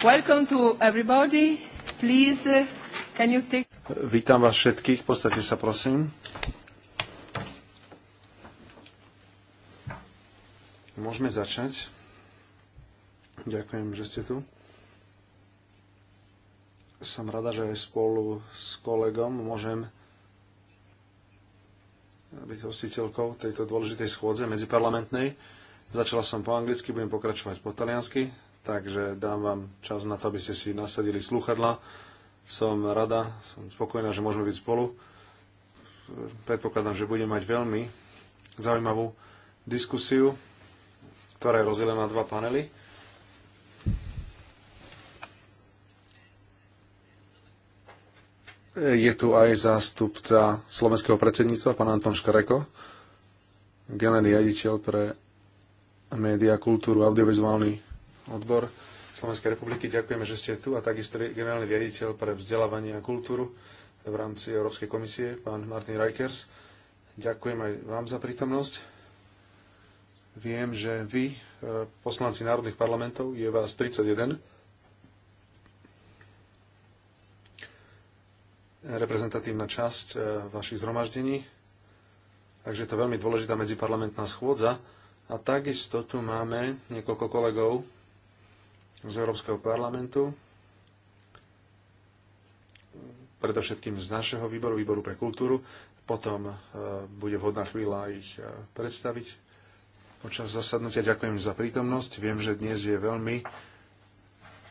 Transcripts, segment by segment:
Welcome to everybody. Please, uh, can you take... Vítam vás všetkých, postavte sa prosím. Môžeme začať. Ďakujem, že ste tu. Som rada, že aj spolu s kolegom môžem byť hostiteľkou tejto dôležitej schôdze medziparlamentnej. Začala som po anglicky, budem pokračovať po taliansky takže dám vám čas na to, aby ste si nasadili sluchadla. Som rada, som spokojná, že môžeme byť spolu. Predpokladám, že budem mať veľmi zaujímavú diskusiu, ktorá je rozdelená na dva panely. Je tu aj zástupca slovenského predsedníctva, pán Anton Škareko, generálny riaditeľ pre média, kultúru, audiovizuálny odbor Slovenskej republiky. Ďakujeme, že ste tu a takisto generálny riaditeľ pre vzdelávanie a kultúru v rámci Európskej komisie, pán Martin Rajkers. Ďakujem aj vám za prítomnosť. Viem, že vy, e, poslanci národných parlamentov, je vás 31. reprezentatívna časť e, vašich zhromaždení. Takže je to veľmi dôležitá medziparlamentná schôdza. A takisto tu máme niekoľko kolegov z Európskeho parlamentu, predovšetkým z našeho výboru, výboru pre kultúru. Potom e, bude vhodná chvíľa ich e, predstaviť počas zasadnutia. Ďakujem za prítomnosť. Viem, že dnes je veľmi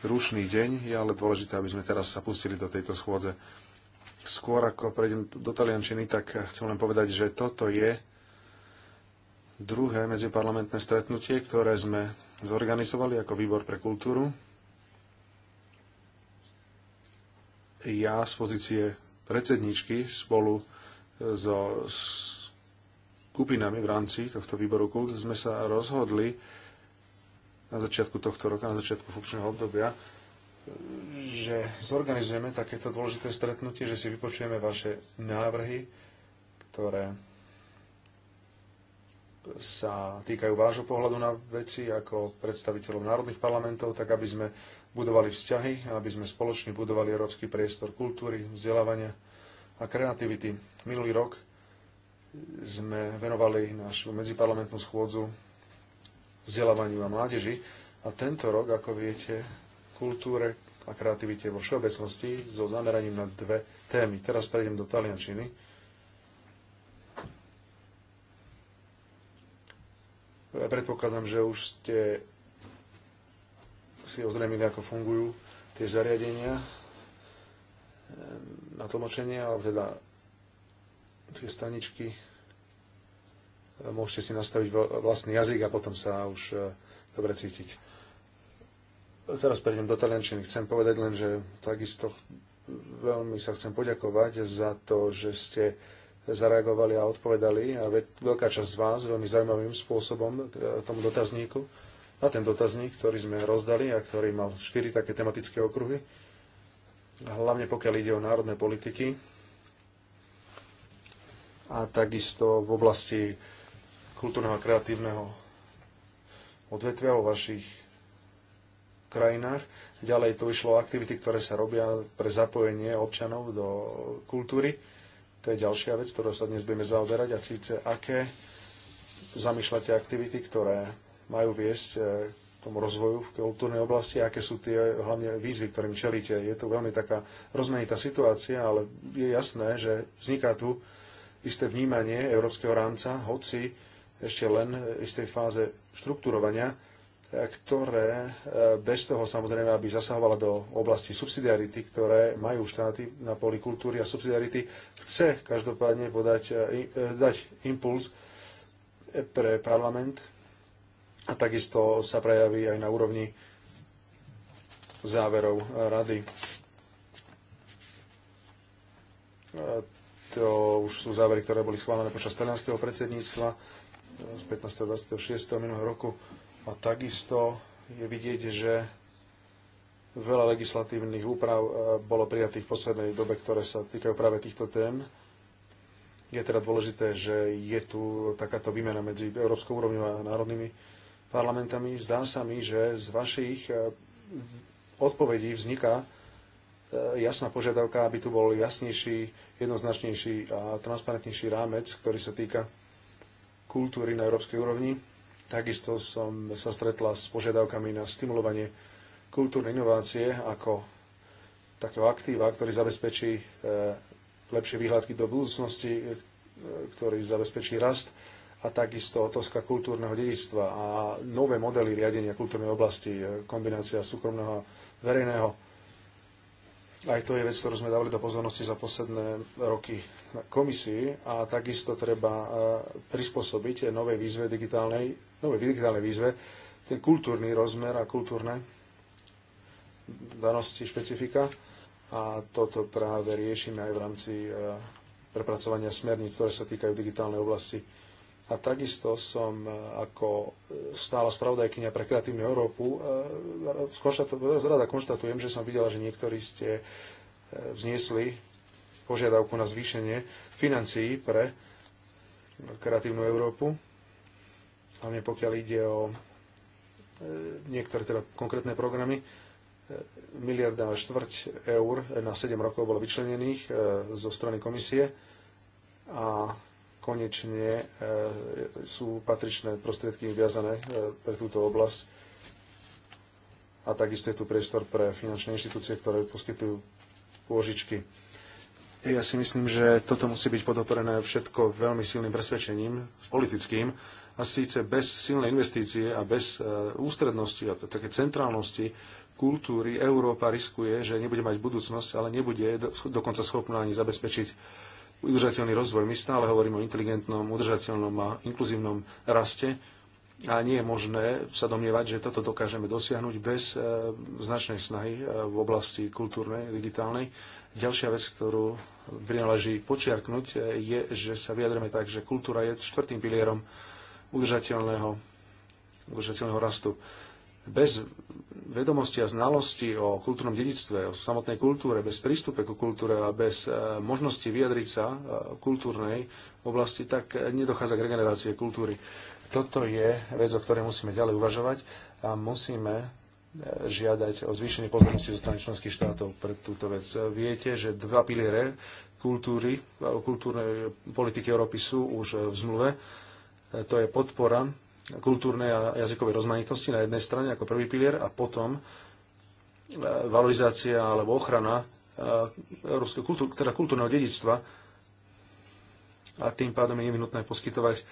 rušný deň, je ale dôležité, aby sme teraz sa pustili do tejto schôdze. Skôr ako prejdem do Taliančiny, tak chcem len povedať, že toto je druhé medziparlamentné stretnutie, ktoré sme zorganizovali ako výbor pre kultúru. Ja z pozície predsedničky spolu e, so skupinami v rámci tohto výboru kult sme sa rozhodli na začiatku tohto roka, na začiatku funkčného obdobia, e, že zorganizujeme takéto dôležité stretnutie, že si vypočujeme vaše návrhy, ktoré sa týkajú vášho pohľadu na veci ako predstaviteľov národných parlamentov, tak aby sme budovali vzťahy, aby sme spoločne budovali európsky priestor kultúry, vzdelávania a kreativity. Minulý rok sme venovali našu medziparlamentnú schôdzu vzdelávaniu a mládeži a tento rok, ako viete, kultúre a kreativite vo všeobecnosti so zameraním na dve témy. Teraz prejdem do taliančiny Predpokladám, že už ste si ozrejmili, ako fungujú tie zariadenia ehm, na tlmočenie, alebo teda tie staničky. Môžete si nastaviť vlastný jazyk a potom sa už e, dobre cítiť. Teraz prejdem do Taliančiny. Chcem povedať len, že takisto veľmi sa chcem poďakovať za to, že ste zareagovali a odpovedali a veľká časť z vás veľmi zaujímavým spôsobom k e, tomu dotazníku, na ten dotazník, ktorý sme rozdali a ktorý mal štyri také tematické okruhy, hlavne pokiaľ ide o národné politiky a takisto v oblasti kultúrneho a kreatívneho odvetvia vo vašich krajinách. Ďalej tu išlo aktivity, ktoré sa robia pre zapojenie občanov do kultúry to je ďalšia vec, ktorou sa dnes budeme zaoberať a síce aké zamýšľate aktivity, ktoré majú viesť e, k tomu rozvoju v kultúrnej oblasti, aké sú tie hlavne výzvy, ktorým čelíte. Je to veľmi taká rozmanitá situácia, ale je jasné, že vzniká tu isté vnímanie európskeho rámca, hoci ešte len istej fáze štruktúrovania ktoré e, bez toho samozrejme, aby zasahovala do oblasti subsidiarity, ktoré majú štáty na poli kultúry a subsidiarity, chce každopádne podať, e, e, dať impuls pre parlament a takisto sa prejaví aj na úrovni záverov rady. To už sú závery, ktoré boli schválené počas talianského predsedníctva z 15. 26. minulého roku a takisto je vidieť, že veľa legislatívnych úprav e, bolo prijatých v poslednej dobe, ktoré sa týkajú práve týchto tém. Je teda dôležité, že je tu takáto výmena medzi európskou úrovňou a národnými parlamentami. Zdá sa mi, že z vašich e, odpovedí vzniká e, jasná požiadavka, aby tu bol jasnejší, jednoznačnejší a transparentnejší rámec, ktorý sa týka kultúry na európskej úrovni Takisto som sa stretla s požiadavkami na stimulovanie kultúrnej inovácie ako takého aktíva, ktorý zabezpečí e, lepšie výhľadky do budúcnosti, e, ktorý zabezpečí rast a takisto otázka kultúrneho dedictva a nové modely riadenia kultúrnej oblasti, e, kombinácia súkromného a verejného. Aj to je vec, ktorú sme dávali do pozornosti za posledné roky komisii a takisto treba prispôsobiť novej výzve digitálnej dobre, v digitálnej výzve, ten kultúrny rozmer a kultúrne danosti, špecifika a toto práve riešime aj v rámci e, prepracovania smerníc, ktoré sa týkajú digitálnej oblasti. A takisto som e, ako e, stála spravodajkynia pre kreatívnu Európu, rada konštatujem, že som videla, že niektorí ste vzniesli požiadavku na zvýšenie financií pre kreatívnu Európu hlavne pokiaľ ide o e, niektoré teda konkrétne programy, e, miliarda a štvrť eur na 7 rokov bolo vyčlenených e, zo strany komisie a konečne sú patričné prostriedky viazané pre túto oblasť a takisto je tu priestor pre finančné inštitúcie, ktoré poskytujú pôžičky. Ja si myslím, že toto musí byť podoporené všetko veľmi silným presvedčením, politickým, a síce bez silnej investície a bez e, ústrednosti a také centrálnosti kultúry Európa riskuje, že nebude mať budúcnosť, ale nebude dokonca schopná ani zabezpečiť udržateľný rozvoj. My stále hovoríme o inteligentnom, udržateľnom a inkluzívnom raste a nie je možné sa domnievať, že toto dokážeme dosiahnuť bez e, značnej snahy e, v oblasti kultúrnej, digitálnej. Ďalšia vec, ktorú prináleží počiarknúť, je, že sa vyjadreme tak, že kultúra je štvrtým pilierom udržateľného, udržateľného rastu. Bez vedomosti a znalosti o kultúrnom dedictve, o samotnej kultúre, bez prístupe ku kultúre a bez e, možnosti vyjadriť sa e, kultúrnej oblasti, tak e, nedochádza k regenerácie kultúry. Toto je vec, o ktorej musíme ďalej uvažovať a musíme žiadať o zvýšenie pozornosti zo strany členských štátov pre túto vec. Viete, že dva piliere kultúry, kultúrnej politiky Európy sú už v zmluve to je podpora kultúrnej a jazykovej rozmanitosti na jednej strane ako prvý pilier a potom e, valorizácia alebo ochrana európskeho kultúr, teda kultúrneho dedictva a tým pádom je nevyhnutné poskytovať e,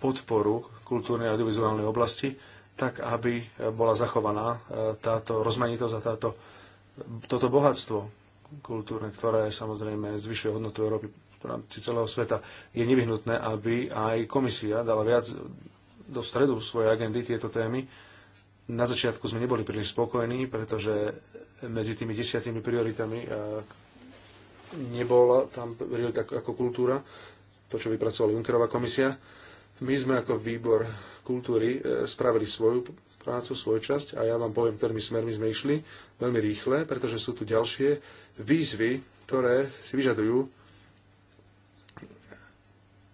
podporu kultúrnej a audiovizuálnej oblasti, tak aby e, bola zachovaná táto rozmanitosť a táto, toto bohatstvo kultúrne, ktoré samozrejme zvyšuje hodnotu Európy v rámci celého sveta, je nevyhnutné, aby aj komisia dala viac do stredu svojej agendy tieto témy. Na začiatku sme neboli príliš spokojní, pretože medzi tými desiatými prioritami nebola tam priorita ako kultúra, to, čo vypracovala Junckerová komisia. My sme ako výbor kultúry e, spravili svoju prácu, svoju časť a ja vám poviem, ktorými smermi sme išli veľmi rýchle, pretože sú tu ďalšie výzvy, ktoré si vyžadujú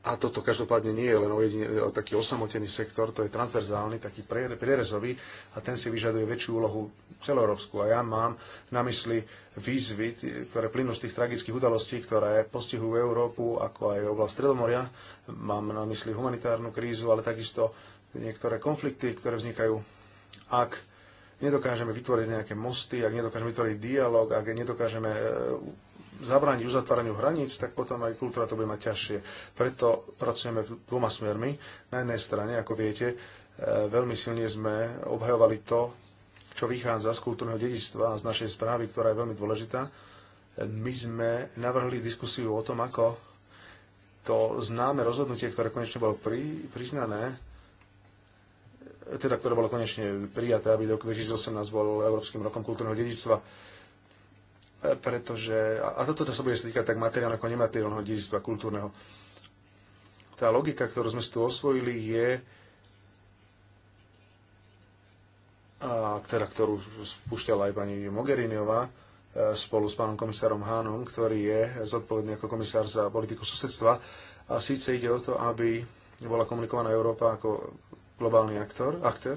a toto každopádne nie je len ojedine, e, taký osamotený sektor, to je transverzálny, taký prierezový a ten si vyžaduje väčšiu úlohu celoeurópsku. A ja mám na mysli výzvy, ktoré plynú z tých tragických udalostí, ktoré postihujú Európu, ako aj oblasť Stredomoria. Mám na mysli humanitárnu krízu, ale takisto niektoré konflikty, ktoré vznikajú. Ak nedokážeme vytvoriť nejaké mosty, ak nedokážeme vytvoriť dialog, ak nedokážeme e, zabrániť uzatváraniu hraníc, tak potom aj kultúra to bude mať ťažšie. Preto pracujeme dvoma smermi. Na jednej strane, ako viete, e, veľmi silne sme obhajovali to, čo vychádza z kultúrneho dedičstva a z našej správy, ktorá je veľmi dôležitá. My sme navrhli diskusiu o tom, ako to známe rozhodnutie, ktoré konečne bolo pri, priznané, e, teda ktoré bolo konečne prijaté, aby rok 2018 bol Európskym rokom kultúrneho dedičstva, pretože, a toto sa bude týkať tak materiálneho ako nemateriálneho dedičstva kultúrneho. Tá logika, ktorú sme si tu osvojili, je, a, ktorá, teda, ktorú spúšťala aj pani Mogheriniová e, spolu s pánom komisárom Hánom, ktorý je zodpovedný ako komisár za politiku susedstva. A síce ide o to, aby bola komunikovaná Európa ako globálny aktor, aktér, aktér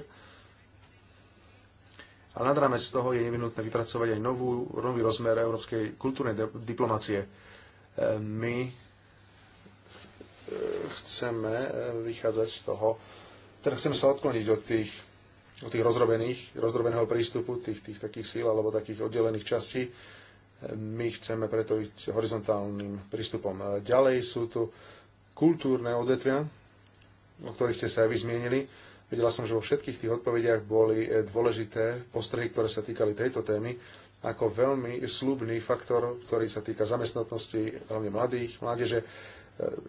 a nad rámec toho je nevinutné vypracovať aj novú, nový rozmer európskej kultúrnej diplomácie. E, my e, chceme e, vychádzať z toho, teda chceme sa odkloniť od tých, od tých rozrobených, rozrobeného prístupu, tých, tých takých síl alebo takých oddelených častí. My chceme preto ísť horizontálnym prístupom. Ďalej sú tu kultúrne odvetvia, o ktorých ste sa aj zmienili. Videla som, že vo všetkých tých odpovediach boli eh, dôležité postrehy, ktoré sa týkali tejto témy, ako veľmi slubný faktor, ktorý sa týka zamestnatnosti, hlavne mladých, mládeže, eh,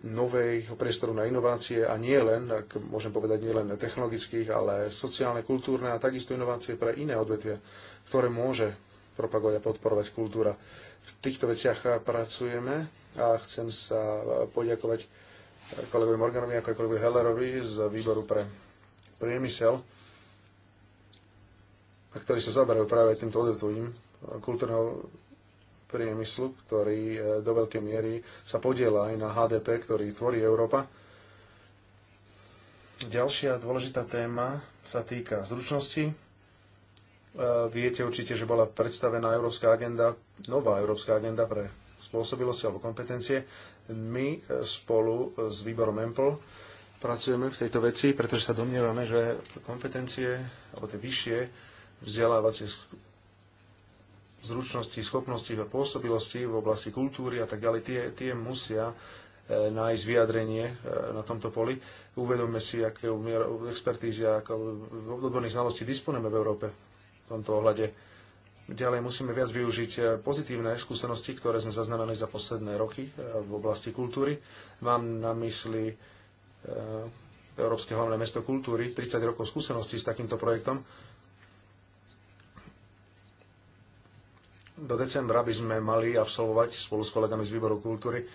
novej priestoru na inovácie a nie len, ak môžem povedať, nie len technologických, ale sociálne, kultúrne a takisto inovácie pre iné odvetvia, ktoré môže propagovať a podporovať kultúra. V týchto veciach pracujeme a chcem sa eh, poďakovať kolegovi Morganovi ako aj kolegovi Hellerovi z výboru pre priemysel, ktorí sa zaberajú práve týmto odvetvím kultúrneho priemyslu, ktorý e, do veľkej miery sa podiela aj na HDP, ktorý tvorí Európa. Ďalšia dôležitá téma sa týka zručnosti. E, viete určite, že bola predstavená európska agenda, nová európska agenda pre spôsobilosti alebo kompetencie. My e, spolu s výborom MPL pracujeme v tejto veci, pretože sa domnievame, že kompetencie alebo tie vyššie vzdelávacie zručnosti, schopnosti a pôsobilosti v oblasti kultúry a tak ďalej, tie, tie musia e, nájsť vyjadrenie e, na tomto poli. Uvedomme si, aké expertízy a odborných znalostí disponujeme v Európe v tomto ohľade. Ďalej musíme viac využiť e, pozitívne skúsenosti, ktoré sme zaznamenali za posledné roky v oblasti kultúry. Mám na mysli E, Európske hlavné mesto kultúry, 30 rokov skúseností s takýmto projektom. Do decembra by sme mali absolvovať spolu s kolegami z výboru kultúry e,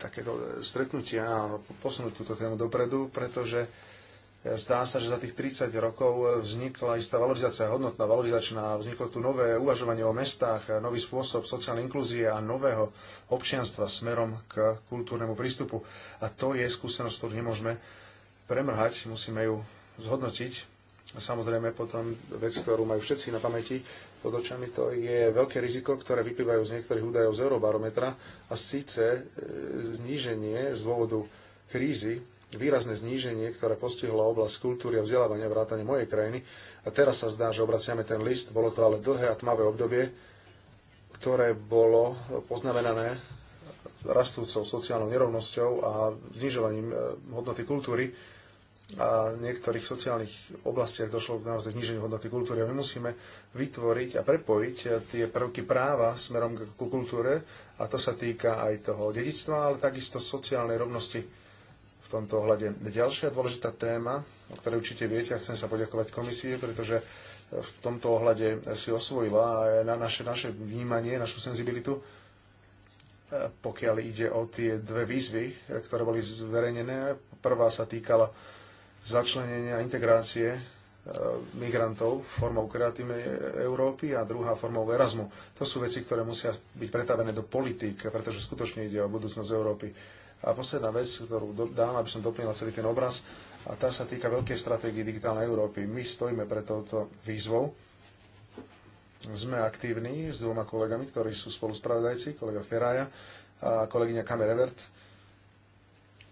takéto stretnutia a posunúť túto tému dopredu, pretože Zdá sa, že za tých 30 rokov vznikla istá valorizácia, hodnotná valorizačná, vzniklo tu nové uvažovanie o mestách, nový spôsob sociálnej inklúzie a nového občianstva smerom k kultúrnemu prístupu. A to je skúsenosť, ktorú nemôžeme premrhať, musíme ju zhodnotiť. A samozrejme potom vec, ktorú majú všetci na pamäti pod očami, to je veľké riziko, ktoré vyplývajú z niektorých údajov z Eurobarometra a síce e, zníženie z dôvodu krízy výrazné zníženie, ktoré postihlo oblasť kultúry a vzdelávania vrátane mojej krajiny. A teraz sa zdá, že obraciame ten list. Bolo to ale dlhé a tmavé obdobie, ktoré bolo poznamenané rastúcou sociálnou nerovnosťou a znižovaním e, hodnoty kultúry a v niektorých sociálnych oblastiach došlo k naozaj zniženiu hodnoty kultúry. A my musíme vytvoriť a prepojiť e, tie prvky práva smerom ku kultúre a to sa týka aj toho dedictva, ale takisto sociálnej rovnosti tomto ohľade. Ďalšia dôležitá téma, o ktorej určite viete, a chcem sa poďakovať komisii, pretože v tomto ohľade si osvojila aj na naše, naše vnímanie, našu senzibilitu, e, pokiaľ ide o tie dve výzvy, ktoré boli zverejnené. Prvá sa týkala začlenenia a integrácie e, migrantov formou kreatívnej Európy a druhá formou Erasmu. To sú veci, ktoré musia byť pretavené do politík, pretože skutočne ide o budúcnosť Európy a posledná vec, ktorú dám, aby som doplnil celý ten obraz, a tá sa týka veľkej stratégie digitálnej Európy. My stojíme pre touto výzvou. Sme aktívni s dvoma kolegami, ktorí sú spoluspravodajci, kolega Feraja a kolegyňa Kamerevert.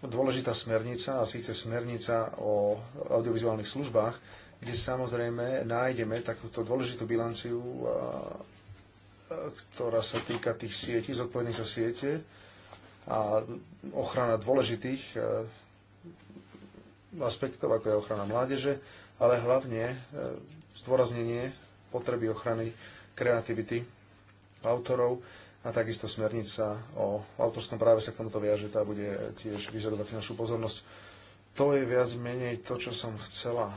Dôležitá smernica, a síce smernica o audiovizuálnych službách, kde samozrejme nájdeme takúto dôležitú bilanciu, ktorá sa týka tých sietí, zodpovedných za siete, a ochrana dôležitých e, aspektov, ako je ochrana mládeže, ale hlavne e, zdôraznenie potreby ochrany kreativity autorov a takisto smernica o autorskom práve sa k tomuto viaže, tá bude tiež vyžadovať si našu pozornosť. To je viac menej to, čo som chcela, e,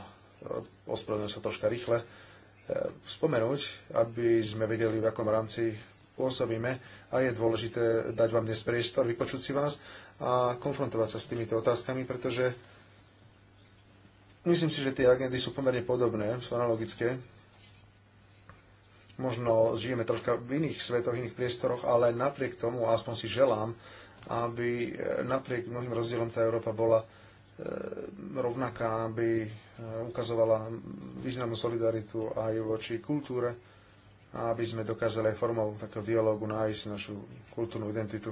ospravedlňujem sa troška rýchle, spomenúť, aby sme vedeli, v akom rámci pôsobíme a je dôležité dať vám dnes priestor, vypočuť si vás a konfrontovať sa s týmito otázkami, pretože myslím si, že tie agendy sú pomerne podobné, sú analogické. Možno žijeme troška v iných svetoch, iných priestoroch, ale napriek tomu, aspoň si želám, aby eh, napriek mnohým rozdielom tá Európa bola eh, rovnaká, aby eh, ukazovala významnú solidaritu aj voči kultúre, a aby sme dokázali aj formou takého dialógu nájsť našu kultúrnu identitu.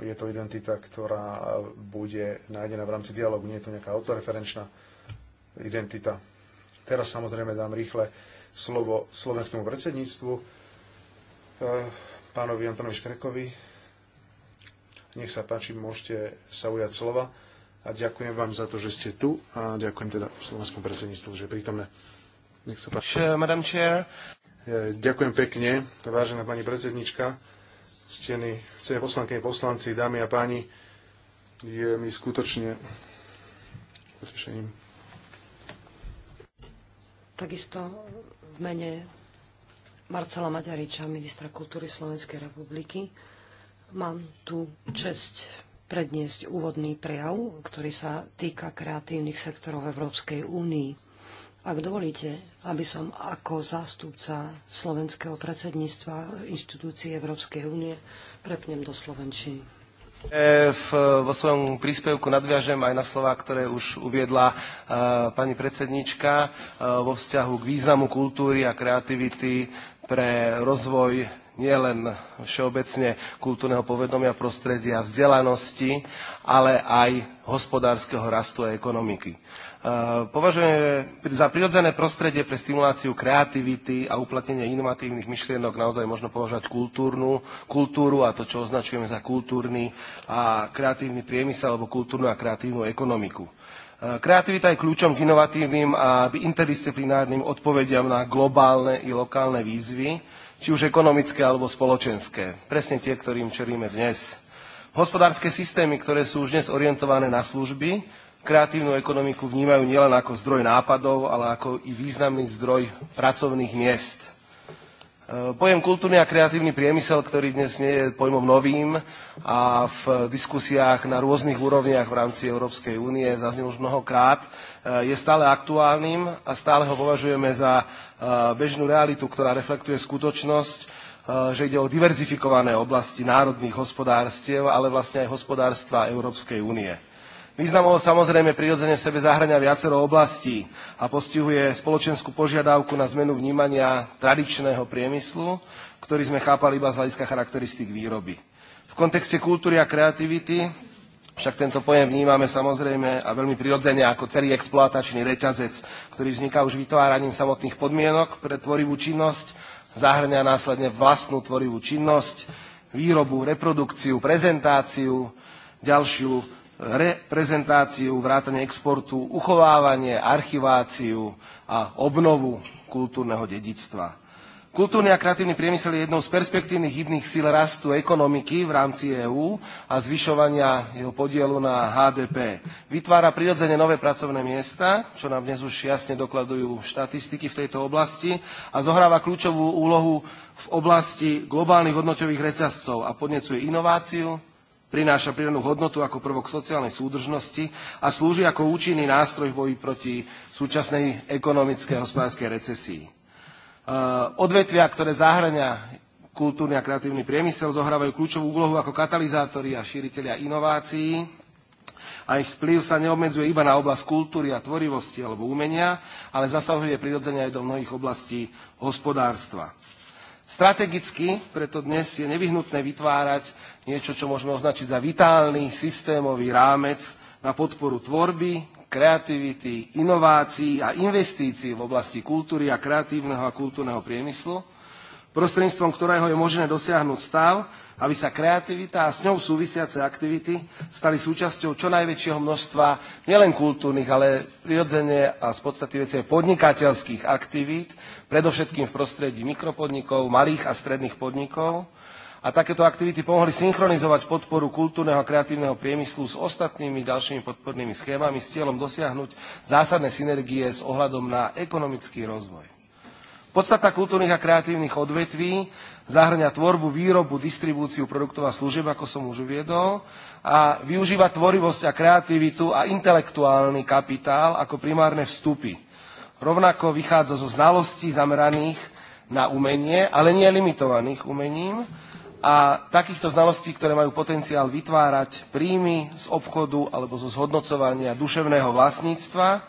Je to identita, ktorá bude nájdená v rámci dialógu, nie je to nejaká autoreferenčná identita. Teraz samozrejme dám rýchle slovo slovenskému predsedníctvu, eh, pánovi Antonovi Štrekovi. Nech sa páči, môžete sa ujať slova. A ďakujem vám za to, že ste tu a ďakujem teda slovenskému predsedníctvu, že je prítomné. Nech sa páči. Madam Chair. Ďakujem pekne, vážená pani predsednička, ctení, ctení poslanky, poslanci, dámy a páni. Je mi skutočne potešením. Takisto v mene Marcela Maďariča, ministra kultúry Slovenskej republiky, mám tu čest predniesť úvodný prejav, ktorý sa týka kreatívnych sektorov Európskej únii. Ak dovolíte, aby som ako zástupca slovenského predsedníctva inštitúcie Európskej únie prepnem do Slovenčiny. E, v, vo svojom príspevku nadviažem aj na slova, ktoré už uviedla uh, pani predsednička uh, vo vzťahu k významu kultúry a kreativity pre rozvoj nielen všeobecne kultúrneho povedomia prostredia, vzdelanosti, ale aj hospodárskeho rastu a ekonomiky. Eh, Považujeme za prirodzené prostredie pre stimuláciu kreativity a uplatnenie inovatívnych myšlienok naozaj možno považovať kultúrnu, kultúru a to, čo označujeme za kultúrny a kreatívny priemysel alebo kultúrnu a kreatívnu ekonomiku. Eh, kreativita je kľúčom k inovatívnym a interdisciplinárnym odpovediam na globálne i lokálne výzvy, či už ekonomické alebo spoločenské. Presne tie, ktorým čelíme dnes. Hospodárske systémy, ktoré sú už dnes orientované na služby, Kreatívnu ekonomiku vnímajú nielen ako zdroj nápadov, ale ako i významný zdroj pracovných miest. E, pojem kultúrny a kreatívny priemysel, ktorý dnes nie je pojmom novým a v diskusiách na rôznych úrovniach v rámci Európskej únie zaznel už mnohokrát, e, je stále aktuálnym a stále ho považujeme za e, bežnú realitu, ktorá reflektuje skutočnosť, že ide o diverzifikované oblasti národných hospodárstiev, ale vlastne aj hospodárstva Európskej únie. Významovo samozrejme prirodzene v sebe zahrania viacero oblastí a postihuje spoločenskú požiadavku na zmenu vnímania tradičného priemyslu, ktorý sme chápali iba z hľadiska charakteristik výroby. V kontexte kultúry a kreativity však tento pojem vnímame samozrejme a veľmi prirodzene ako celý exploatačný reťazec, ktorý vzniká už vytváraním samotných podmienok pre tvorivú činnosť, zahrňa následne vlastnú tvorivú činnosť, výrobu, reprodukciu, prezentáciu, ďalšiu reprezentáciu, vrátanie exportu, uchovávanie, archiváciu a obnovu kultúrneho dedictva. Kultúrny a kreatívny priemysel je jednou z perspektívnych hybných síl rastu ekonomiky v rámci EÚ a zvyšovania jeho podielu na HDP. Vytvára prirodzene nové pracovné miesta, čo nám dnes už jasne dokladujú štatistiky v tejto oblasti a zohráva kľúčovú úlohu v oblasti globálnych hodnotových reťazcov a podnecuje inováciu, prináša pridanú hodnotu ako prvok sociálnej súdržnosti a slúži ako účinný nástroj v boji proti súčasnej ekonomickej a hospodárskej recesii. E, odvetvia, ktoré zahrania kultúrny a kreatívny priemysel zohrávajú kľúčovú úlohu ako katalizátori a šíriteľia inovácií a ich vplyv sa neobmedzuje iba na oblasť kultúry a tvorivosti alebo umenia, ale zasahuje prirodzene aj do mnohých oblastí hospodárstva. Strategicky preto dnes je nevyhnutné vytvárať niečo, čo môžeme označiť za vitálny systémový rámec na podporu tvorby, kreativity, inovácií a investícií v oblasti kultúry a kreatívneho a kultúrneho priemyslu, prostredníctvom ktorého je možné dosiahnuť stav, aby sa kreativita a s ňou súvisiace aktivity stali súčasťou čo najväčšieho množstva nielen kultúrnych, ale prirodzene a z podstaty veci podnikateľských aktivít, predovšetkým v prostredí mikropodnikov, malých a stredných podnikov. A takéto aktivity pomohli synchronizovať podporu kultúrneho a kreatívneho priemyslu s ostatnými ďalšími podpornými schémami s cieľom dosiahnuť zásadné synergie s ohľadom na ekonomický rozvoj. Podstata kultúrnych a kreatívnych odvetví zahrňa tvorbu, výrobu, distribúciu produktov a služieb, ako som už uviedol, a využíva tvorivosť a kreativitu a intelektuálny kapitál ako primárne vstupy. Rovnako vychádza zo znalostí zameraných na umenie, ale nie limitovaných umením, a takýchto znalostí, ktoré majú potenciál vytvárať príjmy z obchodu alebo zo zhodnocovania duševného vlastníctva,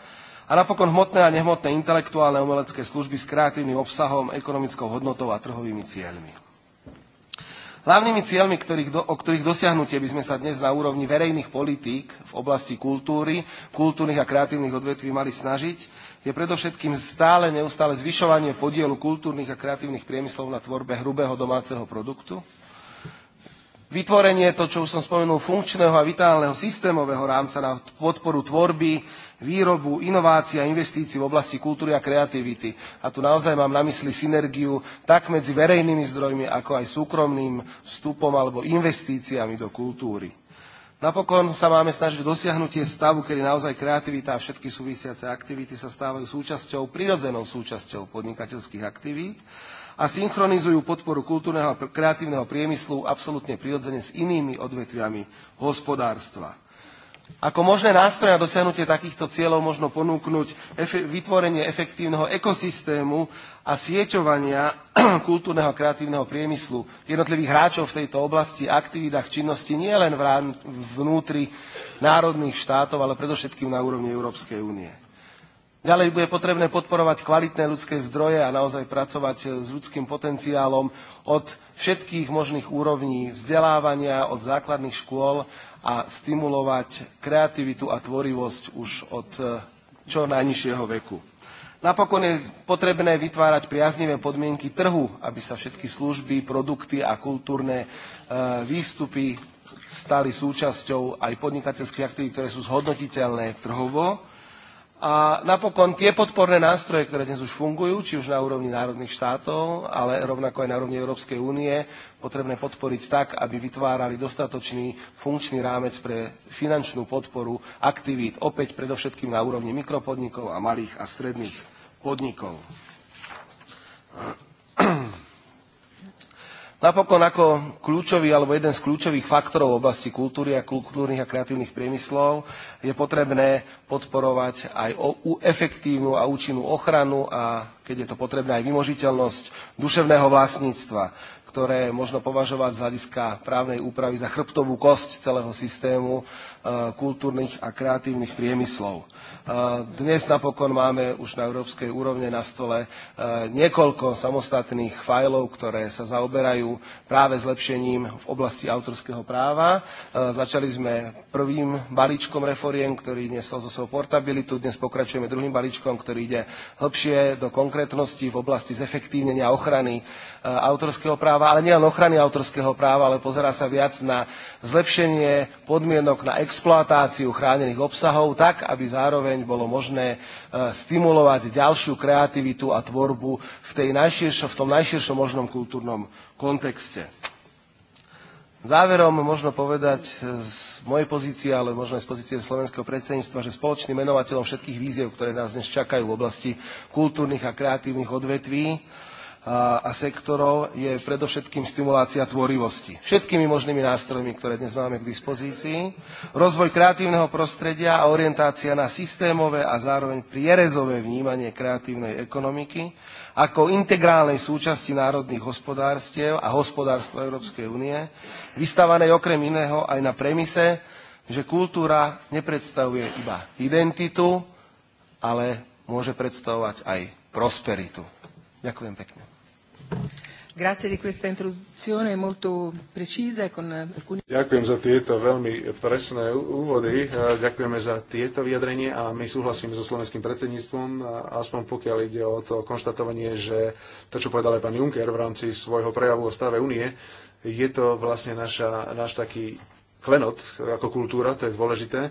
a napokon hmotné a nehmotné intelektuálne umelecké služby s kreatívnym obsahom, ekonomickou hodnotou a trhovými cieľmi. Hlavnými cieľmi, ktorých do, o ktorých dosiahnutie by sme sa dnes na úrovni verejných politík v oblasti kultúry, kultúrnych a kreatívnych odvetví mali snažiť, je predovšetkým stále neustále zvyšovanie podielu kultúrnych a kreatívnych priemyslov na tvorbe hrubého domáceho produktu, vytvorenie to, čo už som spomenul, funkčného a vitálneho systémového rámca na podporu tvorby výrobu, inovácia, investícií v oblasti kultúry a kreativity. A tu naozaj mám na mysli synergiu tak medzi verejnými zdrojmi, ako aj súkromným vstupom alebo investíciami do kultúry. Napokon sa máme snažiť dosiahnutie stavu, kedy naozaj kreativita a všetky súvisiace aktivity sa stávajú súčasťou, prirodzenou súčasťou podnikateľských aktivít a synchronizujú podporu kultúrneho a kreatívneho priemyslu absolútne prirodzene s inými odvetviami hospodárstva. Ako možné nástroje na dosiahnutie takýchto cieľov možno ponúknuť vytvorenie efektívneho ekosystému a sieťovania kultúrneho a kreatívneho priemyslu, jednotlivých hráčov v tejto oblasti, aktivitách, činnosti nielen vnútri národných štátov, ale predovšetkým na úrovni Európskej únie. Ďalej bude potrebné podporovať kvalitné ľudské zdroje a naozaj pracovať eh, s ľudským potenciálom od všetkých možných úrovní vzdelávania, od základných škôl a stimulovať kreativitu a tvorivosť už od e, čo najnižšieho veku. Napokon je potrebné vytvárať priaznivé podmienky trhu, aby sa všetky služby, produkty a kultúrne e, výstupy stali súčasťou aj podnikateľských aktivít, ktoré sú zhodnotiteľné trhovo a napokon tie podporné nástroje, ktoré dnes už fungujú, či už na úrovni národných štátov, ale rovnako aj na úrovni Európskej únie, potrebné podporiť tak, aby vytvárali dostatočný funkčný rámec pre finančnú podporu aktivít, opäť predovšetkým na úrovni mikropodnikov a malých a stredných podnikov. Napokon ako kľúčový alebo jeden z kľúčových faktorov v oblasti kultúry a kultúrnych a kreatívnych priemyslov je potrebné podporovať aj efektívnu a účinnú ochranu a keď je to potrebné aj vymožiteľnosť duševného vlastníctva, ktoré možno považovať z hľadiska právnej úpravy za chrbtovú kosť celého systému Eh, kultúrnych a kreatívnych priemyslov. Eh, dnes napokon máme už na európskej úrovne na stole eh, niekoľko samostatných fajlov, ktoré sa zaoberajú práve zlepšením v oblasti autorského práva. Začali sme prvým balíčkom reforiem, ktorý nesol zo svojho portabilitu. Dnes pokračujeme druhým balíčkom, ktorý ide hĺbšie do konkrétnosti v oblasti zefektívnenia ochrany autorského práva, ale nielen ochrany autorského práva, ale pozerá sa viac na zlepšenie podmienok na exploatáciu chránených obsahov tak, aby zároveň bolo možné e, stimulovať ďalšiu kreativitu a tvorbu v, tej najširšo, v tom najširšom možnom kultúrnom kontexte. Záverom možno povedať e, z mojej pozície, ale možno aj z pozície slovenského predsedníctva, že spoločným menovateľom všetkých víziev, ktoré nás dnes čakajú v oblasti kultúrnych a kreatívnych odvetví, a sektorov je predovšetkým stimulácia tvorivosti. Všetkými možnými nástrojmi, ktoré dnes máme k dispozícii, rozvoj kreatívneho prostredia a orientácia na systémové a zároveň prierezové vnímanie kreatívnej ekonomiky ako integrálnej súčasti národných hospodárstiev a hospodárstva Európskej únie, vystávanej okrem iného aj na premise, že kultúra nepredstavuje iba identitu, ale môže predstavovať aj prosperitu. Ďakujem pekne. E Ďakujem za tieto veľmi presné úvody. E, ďakujeme za tieto vyjadrenie a my súhlasíme so slovenským predsedníctvom, aspoň pokiaľ ide o to konštatovanie, že to, čo povedal aj pán Juncker v rámci svojho prejavu o stave únie, je to vlastne naša, náš taký klenot ako kultúra, to je dôležité.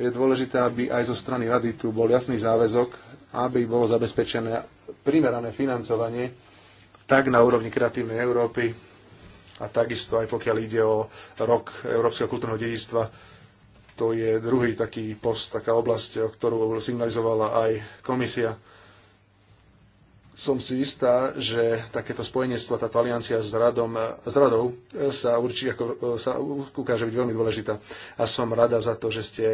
Je dôležité, aby aj zo strany rady tu bol jasný záväzok, aby bolo zabezpečené primerané financovanie tak na úrovni kreatívnej Európy a takisto aj pokiaľ ide o rok Európskeho kultúrneho dedistva, to je druhý taký post, taká oblasť, o ktorú signalizovala aj komisia. Som si istá, že takéto spojenectvo, táto aliancia s, radom, s radou sa, určí, ako, sa ukáže byť veľmi dôležitá. A som rada za to, že ste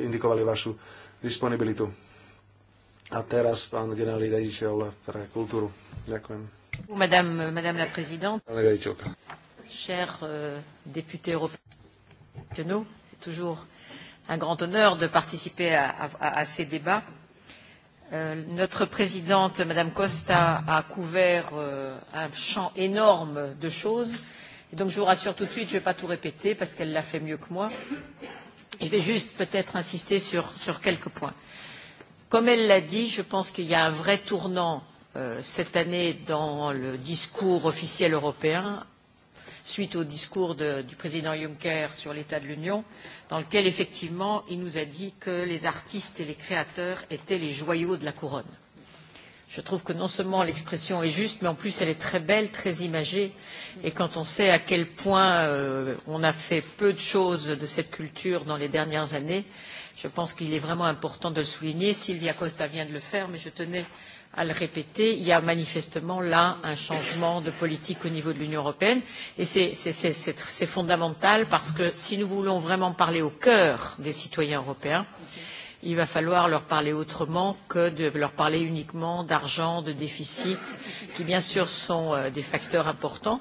indikovali vašu disponibilitu. A teraz pán generálny riaditeľ pre kultúru. Ďakujem. Madame, madame la présidente, chers euh, députés européens, c'est toujours un grand honneur de participer à, à, à ces débats. Euh, notre présidente, Madame Costa, a couvert euh, un champ énorme de choses. Et donc, je vous rassure tout de suite, je ne vais pas tout répéter parce qu'elle l'a fait mieux que moi. Je vais juste peut-être insister sur, sur quelques points. Comme elle l'a dit, je pense qu'il y a un vrai tournant Euh, cette année dans le discours officiel européen suite au discours de, du président Juncker sur l'état de l'Union, dans lequel effectivement il nous a dit que les artistes et les créateurs étaient les joyaux de la couronne. Je trouve que non seulement l'expression est juste, mais en plus elle est très belle, très imagée. Et quand on sait à quel point euh, on a fait peu de choses de cette culture dans les dernières années, je pense qu'il est vraiment important de le souligner. Sylvia Costa vient de le faire, mais je tenais à le répéter, il y a manifestement là un changement de politique au niveau de l'Union européenne et c'est fondamental parce que si nous voulons vraiment parler au cœur des citoyens européens, il va falloir leur parler autrement que de leur parler uniquement d'argent, de déficit, qui bien sûr sont euh, des facteurs importants,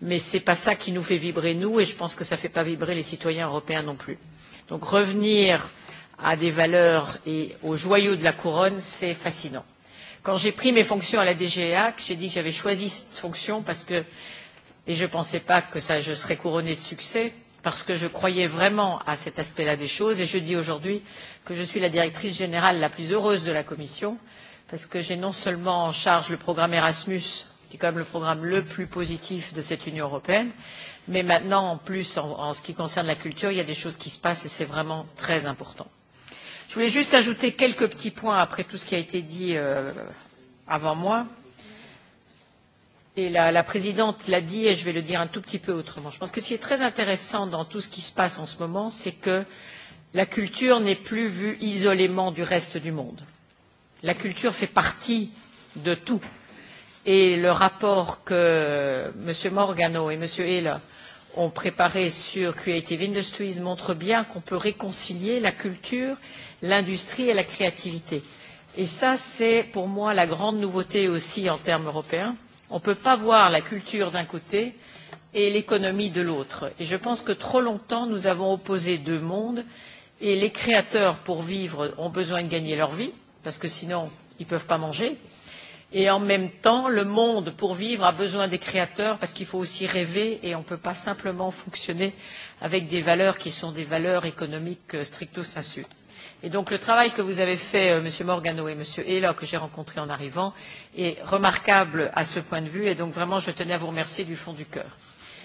mais ce n'est pas ça qui nous fait vibrer nous et je pense que ça ne fait pas vibrer les citoyens européens non plus. Donc revenir à des valeurs et aux joyaux de la couronne, c'est fascinant. Quand j'ai pris mes fonctions à la DGEAC, j'ai dit que j'avais choisi cette fonction parce que, et je ne pensais pas que ça, je serais couronnée de succès, parce que je croyais vraiment à cet aspect-là des choses. Et je dis aujourd'hui que je suis la directrice générale la plus heureuse de la Commission, parce que j'ai non seulement en charge le programme Erasmus, qui est quand même le programme le plus positif de cette Union européenne, mais maintenant, en plus, en, en ce qui concerne la culture, il y a des choses qui se passent et c'est vraiment très important. Je voulais juste ajouter quelques petits points après tout ce qui a été dit euh, avant moi. Et la, la présidente l'a dit et je vais le dire un tout petit peu autrement. Je pense que ce qui est très intéressant dans tout ce qui se passe en ce moment, c'est que la culture n'est plus vue isolément du reste du monde. La culture fait partie de tout. Et le rapport que M. Morgano et M. Hill ont préparé sur Creative Industries montre bien qu'on peut réconcilier la culture l'industrie et la créativité. Et ça, c'est pour moi la grande nouveauté aussi en termes européens. On ne peut pas voir la culture d'un côté et l'économie de l'autre. Et je pense que trop longtemps, nous avons opposé deux mondes et les créateurs, pour vivre, ont besoin de gagner leur vie, parce que sinon, ils ne peuvent pas manger. Et en même temps, le monde, pour vivre, a besoin des créateurs, parce qu'il faut aussi rêver, et on ne peut pas simplement fonctionner avec des valeurs qui sont des valeurs économiques euh, stricto sensu. Et donc le travail que vous avez fait, euh, Monsieur Morgano et Monsieur Ehler, que j'ai rencontré en arrivant, est remarquable à ce point de vue. Et donc vraiment, je tenais à vous remercier du fond du cœur.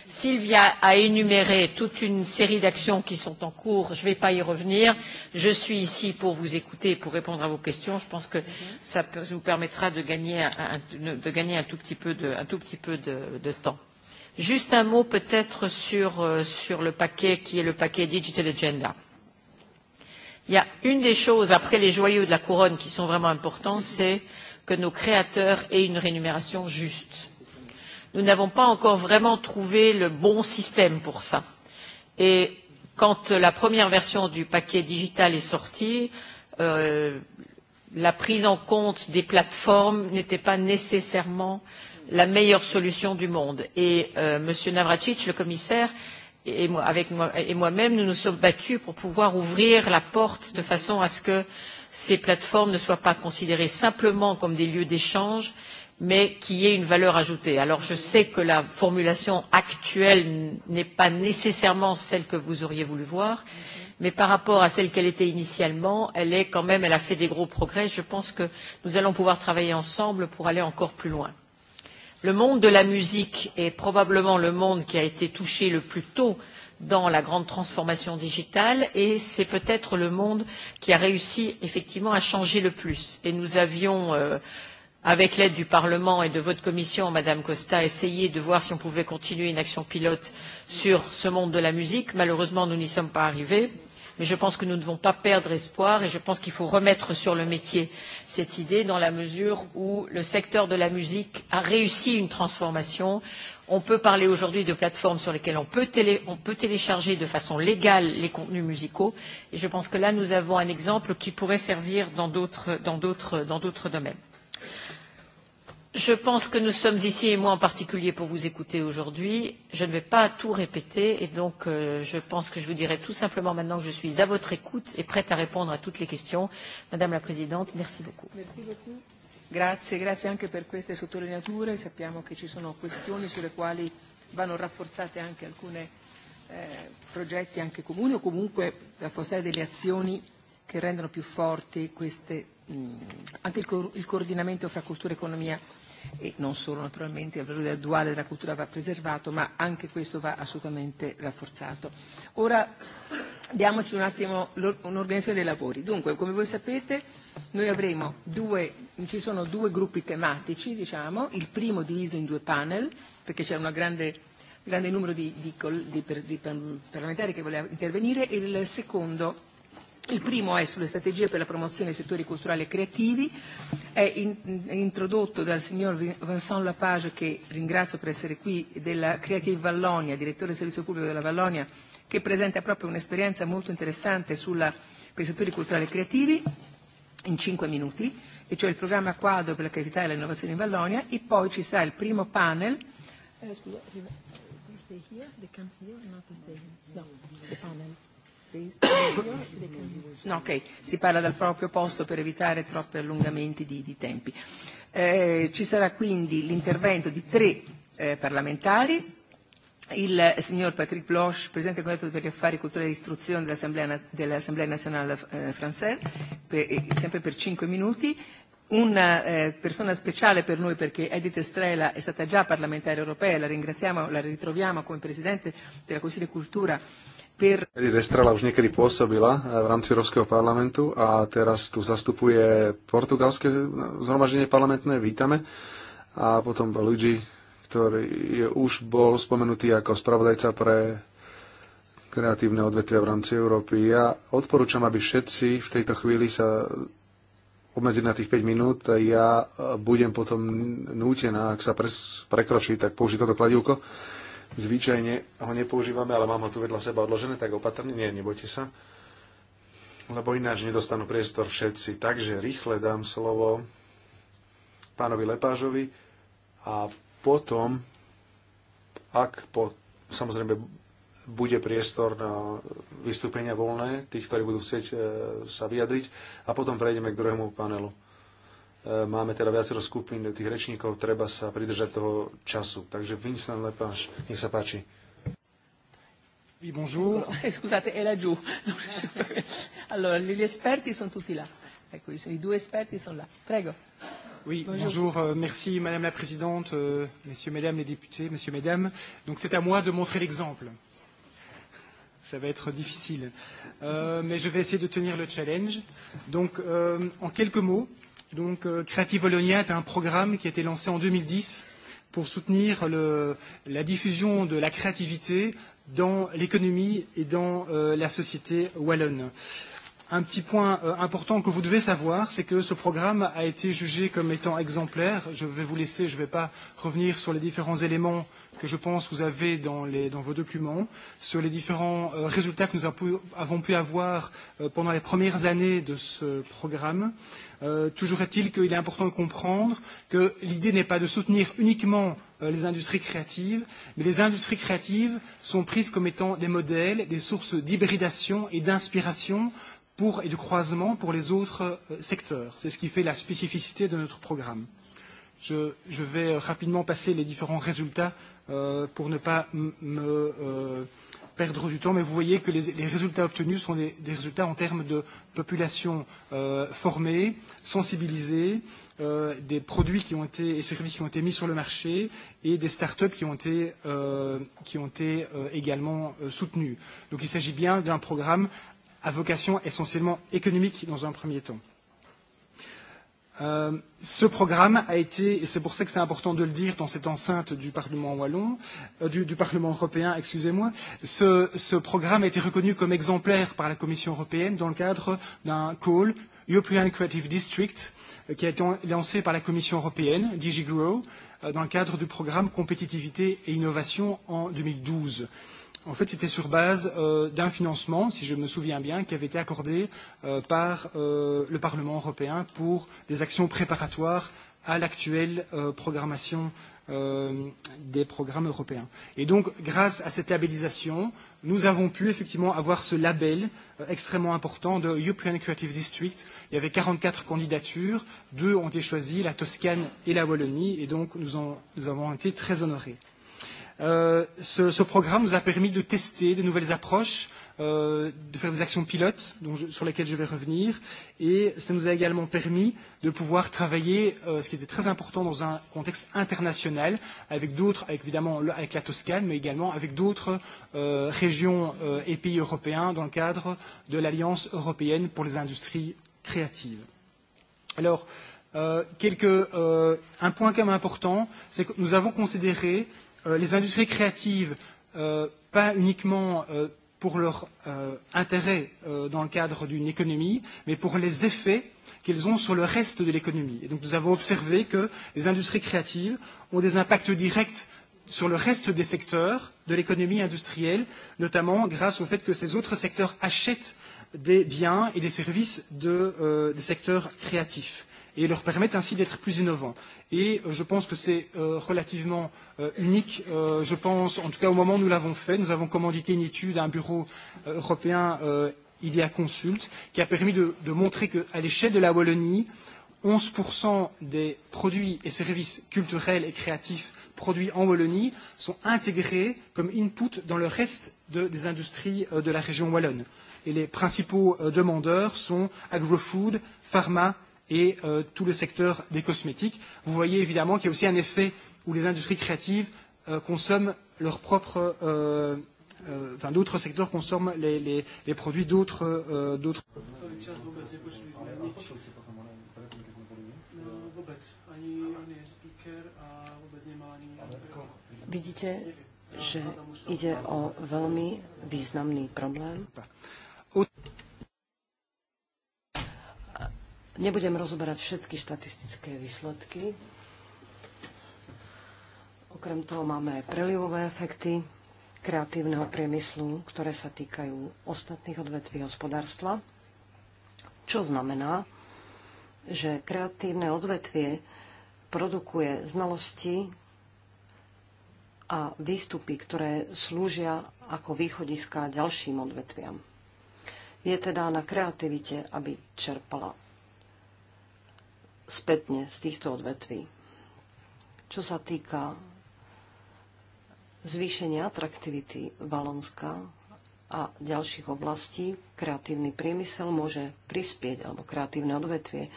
Sylvia a énuméré toute une série d'actions qui sont en cours. Je ne vais pas y revenir. Je suis ici pour vous écouter et pour répondre à vos questions. Je pense que ça vous permettra de gagner un, de gagner un tout petit peu de, un tout petit peu de, de temps. Juste un mot peut-être sur, euh, sur le paquet qui est le paquet Digital Agenda. Il y a une des choses, après les joyaux de la couronne, qui sont vraiment importants, c'est que nos créateurs aient une rémunération juste. Nous n'avons pas encore vraiment trouvé le bon système pour ça. Et quand la première version du paquet digital est sortie, euh, la prise en compte des plateformes n'était pas nécessairement la meilleure solution du monde. Et euh, Monsieur Navracic, le commissaire, et, moi, avec moi, et moi-même, nous nous sommes battus pour pouvoir ouvrir la porte de façon à ce que ces plateformes ne soient pas considérées simplement comme des lieux d'échange, mais qu'il y ait une valeur ajoutée. Alors je sais que la formulation actuelle n'est pas nécessairement celle que vous auriez voulu voir, mais par rapport à celle qu'elle était initialement, elle est quand même, elle a fait des gros progrès. Je pense que nous allons pouvoir travailler ensemble pour aller encore plus loin. Le monde de la musique est probablement le monde qui a été touché le plus tôt dans la grande transformation digitale et c'est peut-être le monde qui a réussi effectivement à changer le plus. Et nous avions euh, avec l'aide du Parlement et de votre commission, Madame Costa, essayé de voir si on pouvait continuer une action pilote sur ce monde de la musique. Malheureusement, nous n'y sommes pas arrivés mais je pense que nous ne devons pas perdre espoir et je pense qu'il faut remettre sur le métier cette idée dans la mesure où le secteur de la musique a réussi une transformation. On peut parler aujourd'hui de plateformes sur lesquelles on peut, télé, on peut télécharger de façon légale les contenus musicaux et je pense que là nous avons un exemple qui pourrait servir dans d'autres domaines. Je pense que nous sommes ici, et moi en particulier, pour vous écouter aujourd'hui. Je ne vais pas tout répéter et donc euh, je pense que je vous dirai tout simplement maintenant que je suis à votre écoute et prête à répondre à toutes les questions. Madame la Présidente, merci beaucoup. Merci beaucoup. Grazie, grazie anche per queste sottolineature. Sappiamo che ci sono questioni sulle quali vanno rafforzate anche alcuni eh, progetti anche comuni o comunque rafforzare delle azioni che rendano più forti queste, mh, mm, anche il, co- il coordinamento fra cultura e economia e non solo naturalmente il valore duale della cultura va preservato, ma anche questo va assolutamente rafforzato. Ora diamoci un attimo un'organizzazione dei lavori. Dunque, come voi sapete, noi avremo due, ci sono due gruppi tematici, diciamo, il primo diviso in due panel, perché c'è un grande, grande numero di, di, di, di parlamentari che voleva intervenire, e il secondo Il primo è sulle strategie per la promozione dei settori culturali e creativi, è in, introdotto dal signor Vincent Lapage, che ringrazio per essere qui, della Creative Vallonia, direttore del servizio pubblico della Vallonia, che presenta proprio un'esperienza molto interessante sulla, per i settori culturali e creativi, in cinque minuti, e cioè il programma quadro per la creatività e l'innovazione in Vallonia, e poi ci sarà il primo panel. Eh, scusa, no, panel. No, ok, si parla dal proprio posto per evitare troppi allungamenti di, di tempi. Eh, ci sarà quindi l'intervento di tre eh, parlamentari, il signor Patrick Bloch, Presidente del Comitato per gli Affari, Cultura e Istruzione dell'Assemblea, dell'Assemblea Nazionale eh, Française, per, eh, sempre per cinque minuti, una eh, persona speciale per noi perché Edith Estrella è stata già parlamentare europea, la ringraziamo, la ritroviamo come Presidente della Consiglio di Cultura per... Estrela už niekedy pôsobila eh, v rámci Európskeho parlamentu a teraz tu zastupuje portugalské eh, zhromaždenie parlamentné. Vítame. A potom Luigi, ktorý je, už bol spomenutý ako spravodajca pre kreatívne odvetvia v rámci Európy. Ja odporúčam, aby všetci v tejto chvíli sa obmedziť na tých 5 minút. Ja budem potom nútená, ak sa prekročí, tak použiť toto kladivko Zvyčajne ho nepoužívame, ale mám ho tu vedľa seba odložené, tak opatrne, nie, nebojte sa, lebo ináč nedostanú priestor všetci. Takže rýchle dám slovo pánovi Lepážovi a potom, ak po, samozrejme bude priestor na vystúpenia voľné, tých, ktorí budú chcieť e, sa vyjadriť a potom prejdeme k druhému panelu. E, máme teda viacero skupín tých rečníkov, treba sa pridržať toho času. Takže Vincent Lepáš, nech sa páči. Oui, bonjour. Eh, scusate, è laggiù. allora, gli esperti sono tutti là. Ecco, i due esperti sono là. Prego. Oui, bonjour. bonjour. Euh, merci Madame la Présidente, euh, Messieurs, Mesdames les députés, Messieurs, Mesdames. Donc c'est à moi de montrer l'exemple. Ça va être difficile, euh, mais je vais essayer de tenir le challenge. Donc, euh, en quelques mots, Donc euh, Creative Wallonia est un programme qui a été lancé en 2010 pour soutenir le, la diffusion de la créativité dans l'économie et dans euh, la société wallonne. Un petit point euh, important que vous devez savoir, c'est que ce programme a été jugé comme étant exemplaire. Je vais vous laisser, je ne vais pas revenir sur les différents éléments que je pense vous avez dans, les, dans vos documents, sur les différents euh, résultats que nous avons pu avoir euh, pendant les premières années de ce programme. Euh, Euh, toujours est-il qu'il est important de comprendre que l'idée n'est pas de soutenir uniquement euh, les industries créatives, mais les industries créatives sont prises comme étant des modèles, des sources d'hybridation et d'inspiration pour, et de croisement pour les autres euh, secteurs. C'est ce qui fait la spécificité de notre programme. Je, je vais euh, rapidement passer les différents résultats euh, pour ne pas me euh, perdre du temps, mais vous voyez que les, les résultats obtenus sont des, des résultats en termes de population euh, formée, sensibilisée, euh, des produits qui ont été, et services qui ont été mis sur le marché et des start-up qui ont été, euh, qui ont été euh, également euh, soutenus. Donc il s'agit bien d'un programme à vocation essentiellement économique dans un premier temps. Euh, ce programme a été, et c'est pour ça que c'est important de le dire dans cette enceinte du Parlement wallon, euh, du, du Parlement européen, excusez-moi, ce, ce programme a été reconnu comme exemplaire par la Commission européenne dans le cadre d'un call European Creative District euh, qui a été lancé par la Commission européenne, DigiGrow, euh, dans le cadre du programme Compétitivité et Innovation en 2012. En fait, c'était sur base euh, d'un financement, si je me souviens bien, qui avait été accordé euh, par euh, le Parlement européen pour des actions préparatoires à l'actuelle euh, programmation euh, des programmes européens. Et donc, grâce à cette labellisation, nous avons pu effectivement avoir ce label euh, extrêmement important de European Creative District. Il y avait 44 candidatures, deux ont été choisies, la Toscane et la Wallonie, et donc nous, en, nous avons été très honorés. Euh, ce, ce programme nous a permis de tester de nouvelles approches, euh, de faire des actions pilotes dont je, sur lesquelles je vais revenir. Et ça nous a également permis de pouvoir travailler, euh, ce qui était très important dans un contexte international, avec d'autres, évidemment avec la Toscane, mais également avec d'autres euh, régions euh, et pays européens dans le cadre de l'Alliance européenne pour les industries créatives. Alors, euh, quelques, euh, un point quand même important, c'est que nous avons considéré euh, Euh, les industries créatives, euh, pas uniquement euh, pour leur euh, intérêt euh, dans le cadre d'une économie, mais pour les effets qu'elles ont sur le reste de l'économie. Et donc nous avons observé que les industries créatives ont des impacts directs sur le reste des secteurs de l'économie industrielle, notamment grâce au fait que ces autres secteurs achètent des biens et des services de, euh, des secteurs créatifs et leur permettent ainsi d'être plus innovants. Et euh, je pense que c'est euh, relativement euh, unique. Euh, je pense, en tout cas au moment où nous l'avons fait, nous avons commandité une étude à un bureau euh, européen, euh, IDEA Consult, qui a permis de, de montrer qu'à l'échelle de la Wallonie, 11% des produits et services culturels et créatifs produits en Wallonie sont intégrés comme input dans le reste de, des industries euh, de la région wallonne. Et les principaux demandeurs sont agrofood, pharma, et euh, tout le secteur des cosmétiques. Vous voyez évidemment qu'il y a aussi un effet où les industries créatives euh, consomment leurs propres euh, euh, enfin d'autres secteurs consomment les, les, les produits d'autres euh, Vidíte, že ide o veľmi významný problém. Nebudem rozoberať všetky štatistické výsledky. Okrem toho máme prelivové efekty kreatívneho priemyslu, ktoré sa týkajú ostatných odvetví hospodárstva, čo znamená, že kreatívne odvetvie produkuje znalosti a výstupy, ktoré slúžia ako východiska ďalším odvetviam. Je teda na kreativite, aby čerpala spätne z týchto odvetví. Čo sa týka zvýšenia atraktivity Valonska a ďalších oblastí, kreatívny priemysel môže prispieť, alebo kreatívne odvetvie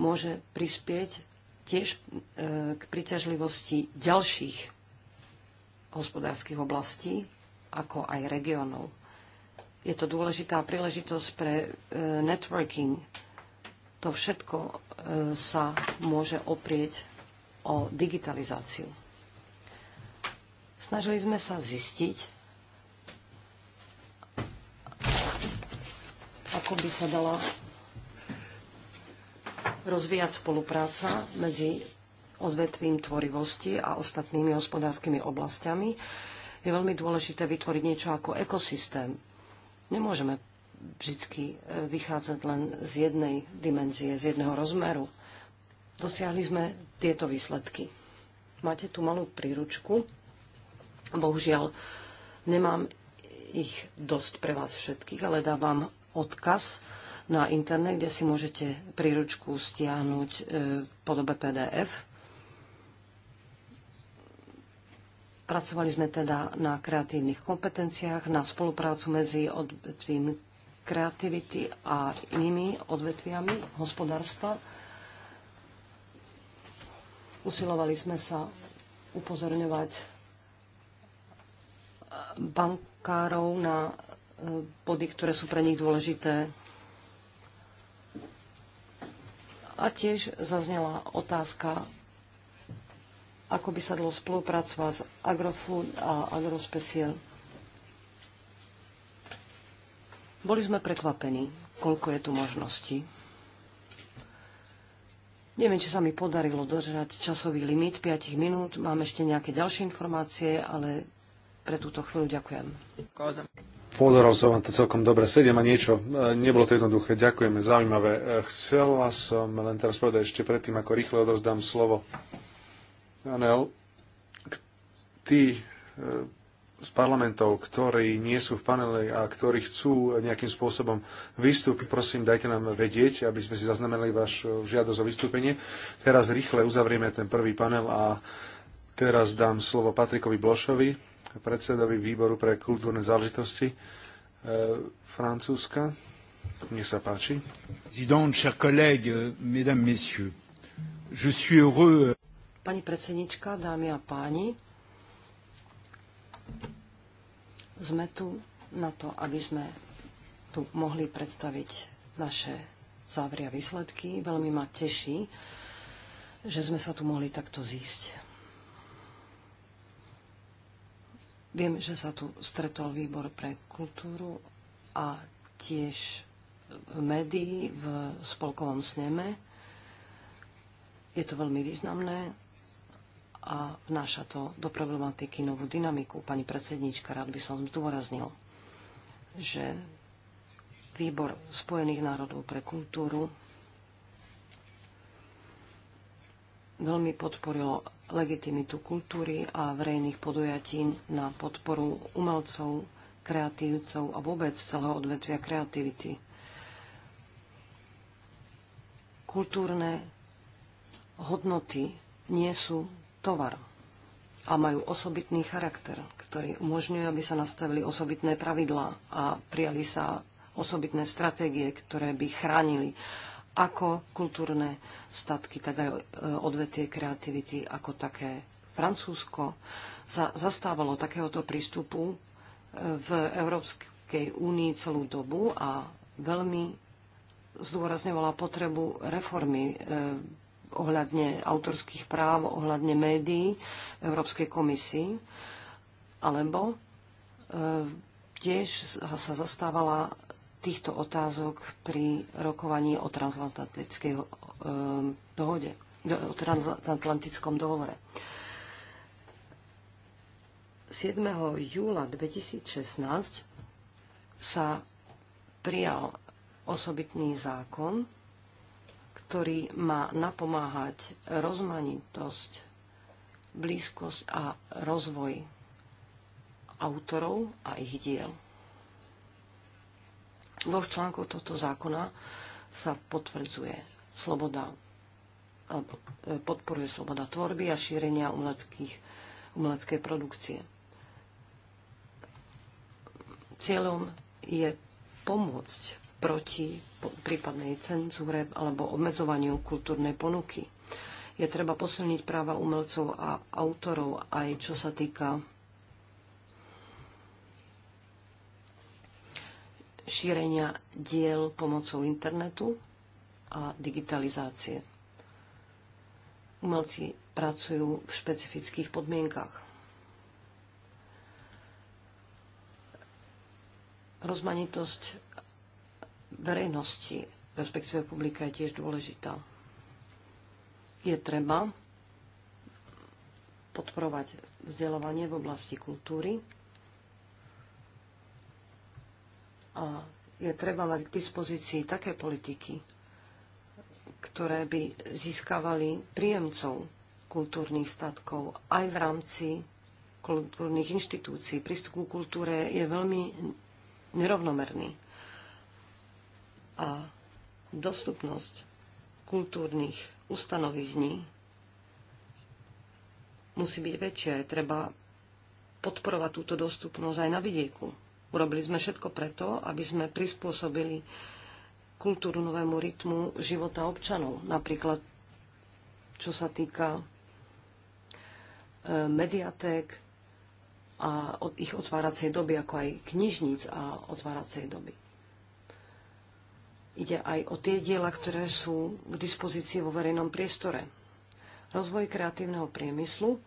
môže prispieť tiež e, k priťažlivosti ďalších hospodárskych oblastí, ako aj regionov. Je to dôležitá príležitosť pre e, networking to všetko e, sa môže oprieť o digitalizáciu. Snažili sme sa zistiť, ako by sa dala rozvíjať spolupráca medzi odvetvím tvorivosti a ostatnými hospodárskymi oblastiami, je veľmi dôležité vytvoriť niečo ako ekosystém. Nemôžeme vždy e, vychádzať len z jednej dimenzie, z jedného rozmeru. Dosiahli sme tieto výsledky. Máte tu malú príručku. Bohužiaľ, nemám ich dosť pre vás všetkých, ale dávam odkaz na internet, kde si môžete príručku stiahnuť e, v podobe PDF. Pracovali sme teda na kreatívnych kompetenciách, na spoluprácu medzi odvetvím kreativity a inými odvetviami hospodárstva. Usilovali sme sa upozorňovať eh, bankárov na eh, body, ktoré sú pre nich dôležité. A tiež zaznela otázka, ako by sa dalo spolupracovať s Agrofood a Agrospecial. Boli sme prekvapení, koľko je tu možností. Neviem, či sa mi podarilo držať časový limit 5 minút. Mám ešte nejaké ďalšie informácie, ale pre túto chvíľu ďakujem. Podaral sa vám to celkom dobre. Sedem a niečo. E, Nebolo to jednoduché. Ďakujeme. Zaujímavé. E, chcela som len teraz povedať ešte predtým, ako rýchle odozdám slovo. Anel, ty e, z parlamentov, ktorí nie sú v panele a ktorí chcú nejakým spôsobom vystúpiť, prosím, dajte nám vedieť, aby sme si zaznamenali váš žiadosť o vystúpenie. Teraz rýchle uzavrieme ten prvý panel a teraz dám slovo Patrikovi Blošovi, predsedovi výboru pre kultúrne záležitosti e, Francúzska. Nech sa páči. Pani predsednička, dámy a páni, Sme tu na to, aby sme tu mohli predstaviť naše závery a výsledky. Veľmi ma teší, že sme sa tu mohli takto zísť. Viem, že sa tu stretol výbor pre kultúru a tiež médií v spolkovom sneme. Je to veľmi významné a vnáša to do problematiky novú dynamiku. Pani predsednička, rád by som zdôraznil, že Výbor Spojených národov pre kultúru veľmi podporilo legitimitu kultúry a verejných podujatí na podporu umelcov, kreatívcov a vôbec celého odvetvia kreativity. Kultúrne hodnoty nie sú tovar a majú osobitný charakter, ktorý umožňuje, aby sa nastavili osobitné pravidlá a prijali sa osobitné stratégie, ktoré by chránili ako kultúrne statky, tak aj e, odvetie kreativity ako také. Francúzsko sa zastávalo takéhoto prístupu e, v Európskej únii celú dobu a veľmi zdôrazňovala potrebu reformy e, ohľadne autorských práv, ohľadne médií Európskej komisii, alebo e, tiež sa zastávala týchto otázok pri rokovaní o transatlantickej e, dohode, o transatlantickom dohovore. 7. júla 2016 sa prijal osobitný zákon ktorý má napomáhať rozmanitosť, blízkosť a rozvoj autorov a ich diel. Vo článku tohto zákona sa potvrdzuje sloboda alebo e, podporuje sloboda tvorby a šírenia umeleckých, umeleckej produkcie. Cieľom je pomôcť proti prípadnej cenzúre alebo obmedzovaniu kultúrnej ponuky. Je treba posilniť práva umelcov a autorov aj čo sa týka šírenia diel pomocou internetu a digitalizácie. Umelci pracujú v špecifických podmienkach. Rozmanitosť verejnosti, respektíve publika, je tiež dôležitá. Je treba podporovať vzdelávanie v oblasti kultúry a je treba mať k dispozícii také politiky, ktoré by získavali príjemcov kultúrnych statkov aj v rámci kultúrnych inštitúcií. Prístup ku kultúre je veľmi nerovnomerný a dostupnosť kultúrnych ustanovizní musí byť väčšia. Je treba podporovať túto dostupnosť aj na vidieku. Urobili sme všetko preto, aby sme prispôsobili kultúru novému rytmu života občanov. Napríklad, čo sa týka e, mediaték a ich otváracej doby, ako aj knižníc a otváracej doby. Ide aj o tie diela, ktoré sú k dispozícii vo verejnom priestore. Rozvoj kreatívneho priemyslu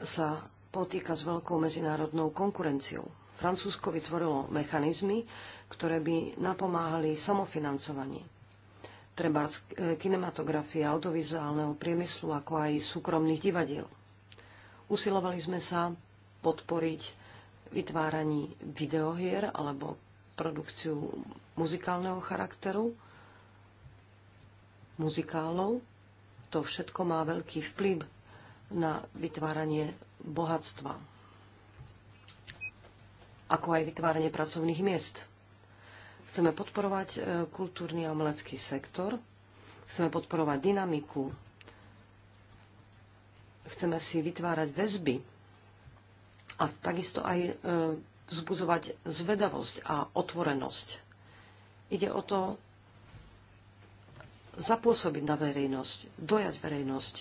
sa potýka s veľkou medzinárodnou konkurenciou. Francúzsko vytvorilo mechanizmy, ktoré by napomáhali samofinancovanie. Treba e, kinematografie audiovizuálneho priemyslu, ako aj súkromných divadiel. Usilovali sme sa podporiť vytváraní videohier alebo produkciu muzikálneho charakteru, muzikálov. To všetko má veľký vplyv na vytváranie bohatstva, ako aj vytváranie pracovných miest. Chceme podporovať e, kultúrny a umelecký sektor, chceme podporovať dynamiku, chceme si vytvárať väzby a takisto aj e, vzbudzovať zvedavosť a otvorenosť. Ide o to zapôsobiť na verejnosť, dojať verejnosť.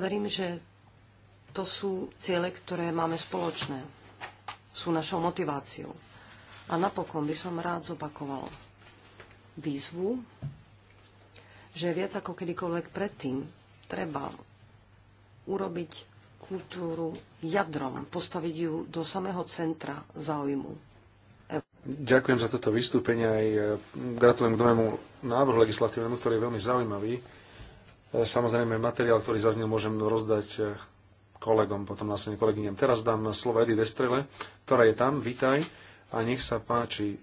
Verím, že to sú ciele, ktoré máme spoločné. Sú našou motiváciou. A napokon by som rád zopakoval výzvu, že viac ako kedykoľvek predtým treba urobiť kultúru jadrom, postaviť ju do samého centra záujmu. Ďakujem za toto vystúpenie aj e, gratulujem k novému návrhu legislatívnemu, ktorý je veľmi zaujímavý. E, samozrejme, materiál, ktorý zaznel, môžem rozdať e, kolegom, potom následne kolegyňam. Teraz dám slovo Edy Destrele, ktorá je tam. Vítaj a nech sa páči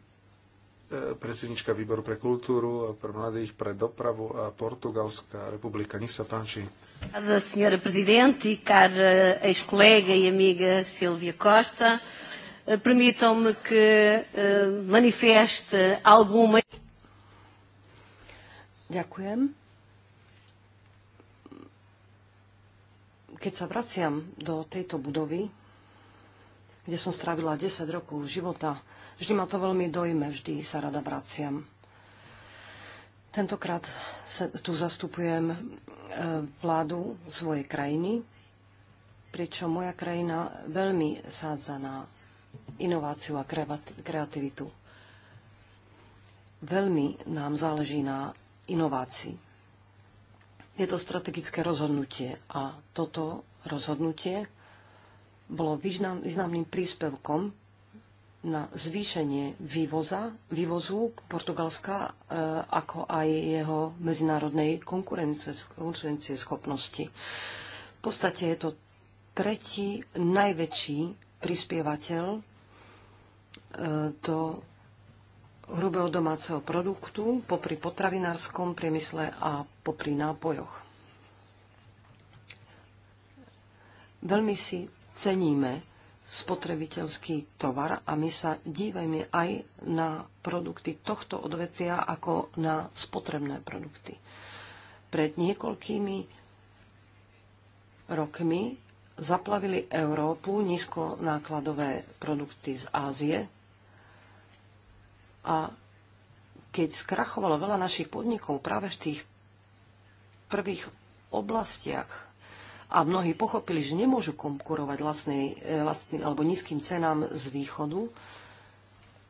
predsednička výboru pre kultúru, pre mladých, pre dopravu a Portugalská republika. Nech sa páči. Obrigada, Sra. Presidente, e cara ex-colega e amiga Silvia Costa, eh, permitam-me que uh, manifeste alguma... Ďakujem. Keď sa vraciam do tejto budovy, kde som strávila 10 rokov života, vždy ma to veľmi dojme, vždy sa rada vraciam. Tentokrát sa tu zastupujem e, vládu svojej krajiny, pričom moja krajina veľmi sádza na inováciu a kreativitu. Veľmi nám záleží na inovácii. Je to strategické rozhodnutie a toto rozhodnutie bolo významným príspevkom na zvýšenie vývoza, vývozu Portugalska, e, ako aj jeho medzinárodnej schopnosti. V podstate je to tretí najväčší prispievateľ e, do hrubého domáceho produktu popri potravinárskom priemysle a popri nápojoch. Veľmi si ceníme spotrebiteľský tovar a my sa dívajme aj na produkty tohto odvetvia ako na spotrebné produkty. Pred niekoľkými rokmi zaplavili Európu nízkonákladové produkty z Ázie a keď skrachovalo veľa našich podnikov práve v tých prvých oblastiach a mnohí pochopili, že nemôžu konkurovať vlastnej, e, vlastný, alebo nízkym cenám z východu,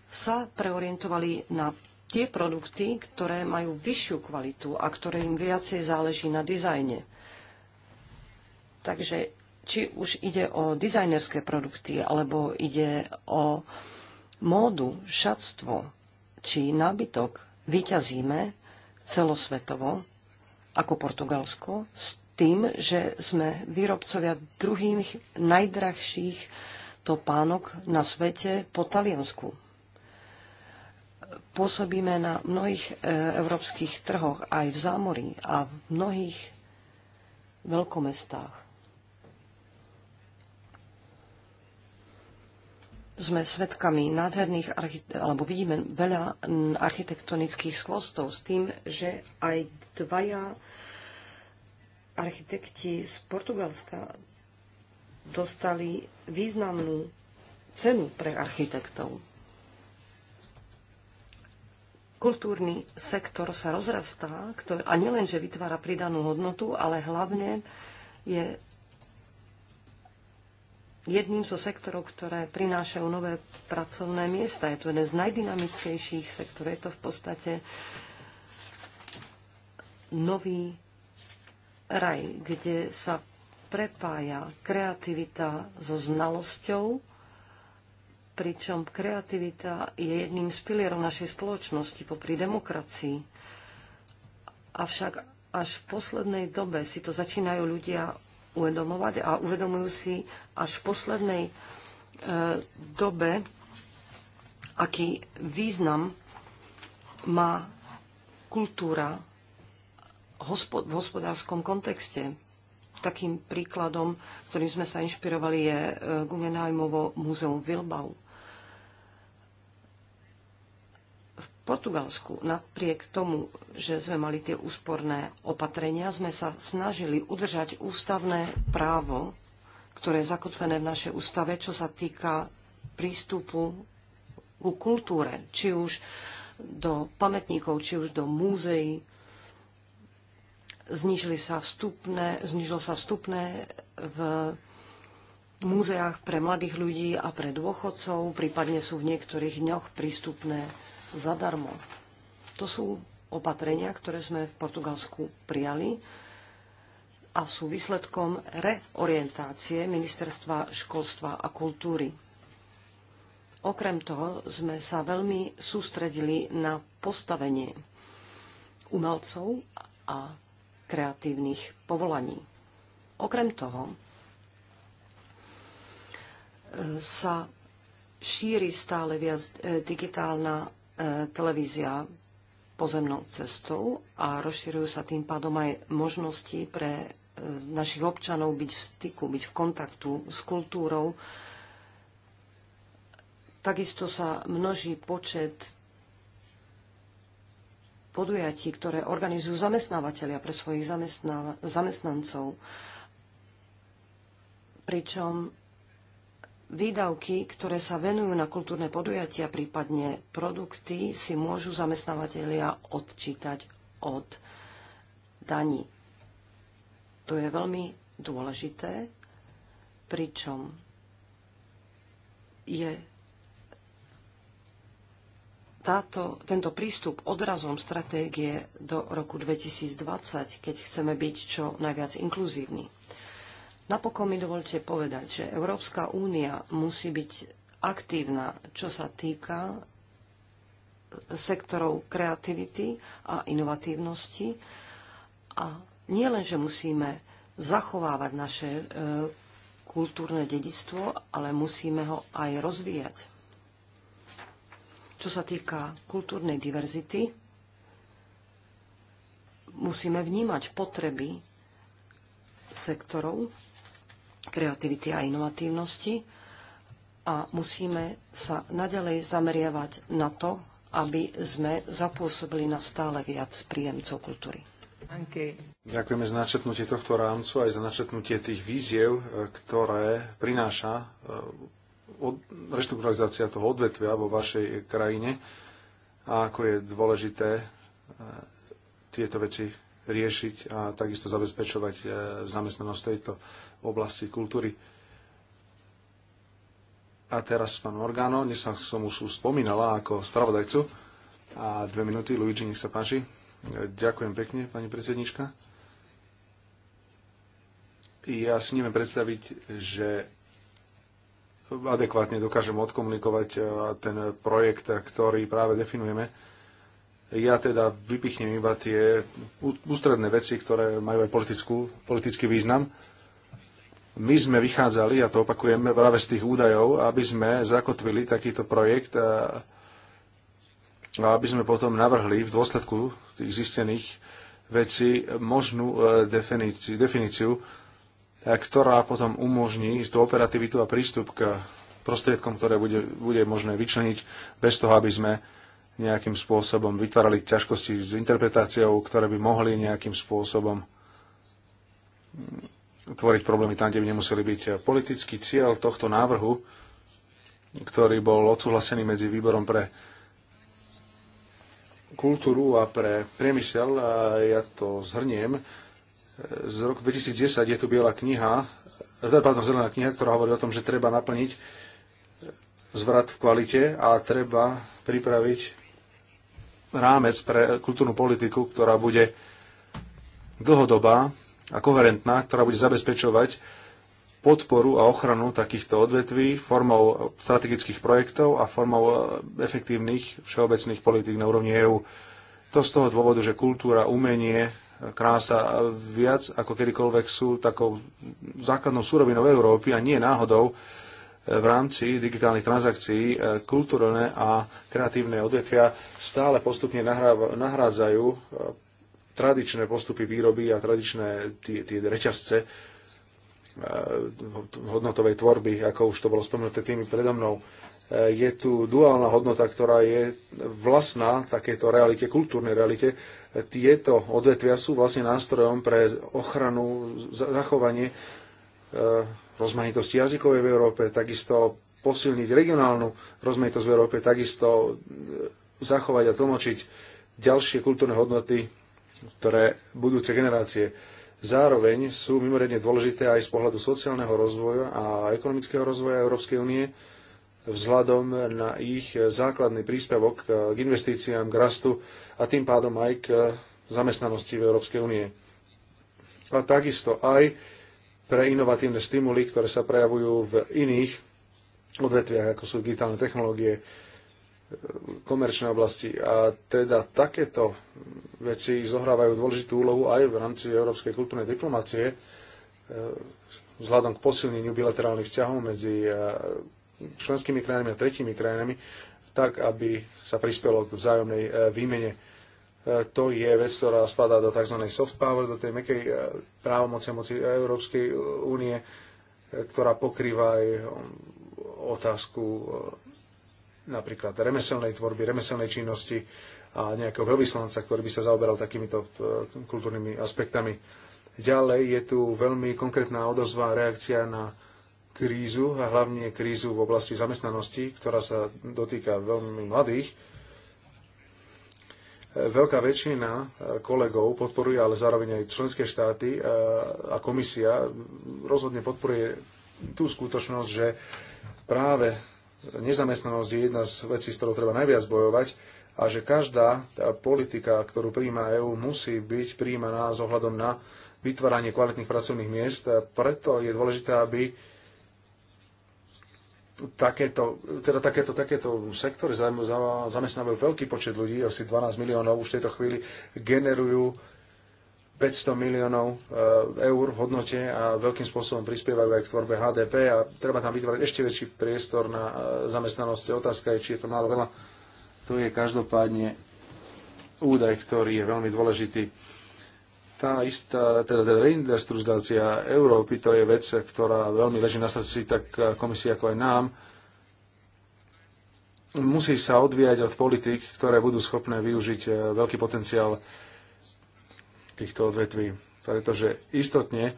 sa preorientovali na tie produkty, ktoré majú vyššiu kvalitu a ktoré im viacej záleží na dizajne. Takže či už ide o dizajnerské produkty, alebo ide o módu, šatstvo či nábytok, vyťazíme celosvetovo ako Portugalsko s tým, že sme výrobcovia druhých najdrahších topánok na svete po Taliansku. Pôsobíme na mnohých e, európskych trhoch aj v zámorí a v mnohých veľkomestách. Sme svetkami nádherných, alebo vidíme veľa architektonických skvostov s tým, že aj dvaja architekti z Portugalska dostali významnú cenu pre architektov. Kultúrny sektor sa rozrastá a nielen, že vytvára pridanú hodnotu, ale hlavne je jedným zo sektorov, ktoré prinášajú nové pracovné miesta. Je to jeden z najdynamickejších sektorov. Je to v podstate nový raj, kde sa prepája kreativita so znalosťou, pričom kreativita je jedným z pilierov našej spoločnosti popri demokracii. Avšak až v poslednej dobe si to začínajú ľudia uvedomovať a uvedomujú si až v poslednej e, dobe, aký význam má kultúra v hospodárskom kontexte. Takým príkladom, ktorým sme sa inšpirovali, je e, Guggenheimovo múzeum Bilbao. V Portugalsku napriek tomu, že sme mali tie úsporné opatrenia, sme sa snažili udržať ústavné právo, ktoré je zakotvené v našej ústave, čo sa týka prístupu ku kultúre, či už do pamätníkov, či už do múzeí, znižili sa vstupné, znižilo sa vstupné v múzeách pre mladých ľudí a pre dôchodcov, prípadne sú v niektorých dňoch prístupné zadarmo. To sú opatrenia, ktoré sme v Portugalsku prijali a sú výsledkom reorientácie Ministerstva školstva a kultúry. Okrem toho sme sa veľmi sústredili na postavenie umelcov a kreatívnych povolaní. Okrem toho e, sa šíri stále viac e, digitálna e, televízia pozemnou cestou a rozširujú sa tým pádom aj možnosti pre našich občanov byť v styku, byť v kontaktu s kultúrou. Takisto sa množí počet podujatí, ktoré organizujú zamestnávateľia pre svojich zamestnancov. Pričom výdavky, ktoré sa venujú na kultúrne podujatia, prípadne produkty, si môžu zamestnávateľia odčítať od daní. To je veľmi dôležité, pričom je táto, tento prístup odrazom stratégie do roku 2020, keď chceme byť čo najviac inkluzívni. Napokon mi dovolte povedať, že Európska únia musí byť aktívna, čo sa týka e, sektorov kreativity a inovatívnosti. A nie len, že musíme zachovávať naše e, kultúrne dedictvo, ale musíme ho aj rozvíjať. Čo sa týka kultúrnej diverzity, musíme vnímať potreby sektorov kreativity a inovatívnosti a musíme sa naďalej zameriavať na to, aby sme zapôsobili na stále viac príjemcov kultúry. Okay. Ďakujeme za načetnutie tohto rámcu aj za načetnutie tých víziev, e, ktoré prináša e, reštrukturalizácia toho odvetvia vo vašej krajine a ako je dôležité e, tieto veci riešiť a takisto zabezpečovať e, zamestnanosť tejto oblasti kultúry. A teraz pán Morgano, dnes som už spomínala ako spravodajcu. A dve minúty, Luigi, nech sa páči. E, ďakujem pekne, pani predsednička. Ja si neviem predstaviť, že adekvátne dokážeme odkomunikovať e, ten projekt, ktorý práve definujeme. Ja teda vypichnem iba tie ústredné veci, ktoré majú aj politickú, politický význam. My sme vychádzali, a to opakujeme práve z tých údajov, aby sme zakotvili takýto projekt a, a aby sme potom navrhli v dôsledku tých zistených vecí možnú e, definíciu, definíciu Eh, ktorá potom umožní istú operativitu a prístup k prostriedkom, ktoré bude, bude možné vyčleniť bez toho, aby sme nejakým spôsobom vytvárali ťažkosti s interpretáciou, ktoré by mohli nejakým spôsobom mm, tvoriť problémy tam, kde by nemuseli byť. Politický cieľ tohto návrhu, ktorý bol odsúhlasený medzi výborom pre kultúru a pre priemysel, a ja to zhrniem, z roku 2010 je tu biela kniha, eh, pardon, zelená kniha, ktorá hovorí o tom, že treba naplniť zvrat v kvalite a treba pripraviť rámec pre kultúrnu politiku, ktorá bude dlhodobá a koherentná, ktorá bude zabezpečovať podporu a ochranu takýchto odvetví formou strategických projektov a formou eh, efektívnych všeobecných politík na úrovni EÚ. To z toho dôvodu, že kultúra, umenie, krása viac ako kedykoľvek sú takou základnou súrovinou Európy a nie náhodou e, v rámci digitálnych transakcií e, kultúrne a kreatívne odvetvia stále postupne nahrádzajú e, tradičné postupy výroby a tradičné tie, tie reťazce hodnotovej tvorby, ako už to bolo spomenuté tými predo mnou je tu duálna hodnota, ktorá je vlastná takéto realite, kultúrnej realite. Tieto odvetvia sú vlastne nástrojom pre ochranu, zachovanie e, rozmanitosti jazykovej v Európe, takisto posilniť regionálnu rozmanitosť v Európe, takisto e, zachovať a tlmočiť ďalšie kultúrne hodnoty pre budúce generácie. Zároveň sú mimoriadne dôležité aj z pohľadu sociálneho rozvoja a ekonomického rozvoja Európskej únie, vzhľadom na ich základný príspevok k investíciám, k rastu a tým pádom aj k zamestnanosti v Európskej únie. A takisto aj pre inovatívne stimuly, ktoré sa prejavujú v iných odvetviach, ako sú digitálne technológie, komerčné oblasti. A teda takéto veci zohrávajú dôležitú úlohu aj v rámci európskej kultúrnej diplomácie eh, vzhľadom k posilneniu bilaterálnych vzťahov medzi eh, členskými krajinami a tretími krajinami, tak aby sa prispelo k vzájomnej e, výmene. E, to je vec, ktorá spadá do tzv. soft power, do tej mekej e, právomoci a moci Európskej únie, ktorá pokrýva aj otázku napríklad remeselnej tvorby, remeselnej činnosti a nejakého veľvyslanca, ktorý by sa zaoberal takýmito kultúrnymi aspektami. Ďalej je tu veľmi konkrétna odozva reakcia na krízu a hlavne krízu v oblasti zamestnanosti, ktorá sa dotýka veľmi mladých. Veľká väčšina e, kolegov podporuje, ale zároveň aj členské štáty e, a komisia rozhodne podporuje tú skutočnosť, že práve nezamestnanosť je jedna z vecí, s ktorou treba najviac bojovať a že každá politika, ktorú príjma EÚ, musí byť príjmaná s ohľadom na vytváranie kvalitných pracovných miest. Preto je dôležité, aby takéto, teda takéto, takéto sektory zamestnávajú veľký počet ľudí, asi 12 miliónov už v tejto chvíli generujú 500 miliónov eh, eur v hodnote a veľkým spôsobom prispievajú aj k tvorbe HDP a treba tam vytvárať ešte väčší priestor na eh, zamestnanosť. Otázka je, či je to málo veľa. To je každopádne údaj, ktorý je veľmi dôležitý tá istá, teda, teda reindustrializácia Európy, to je vec, ktorá veľmi leží na srdci tak eh, komisii ako aj nám, musí sa odvíjať od politik, ktoré budú schopné využiť eh, veľký potenciál týchto odvetví. Pretože istotne eh,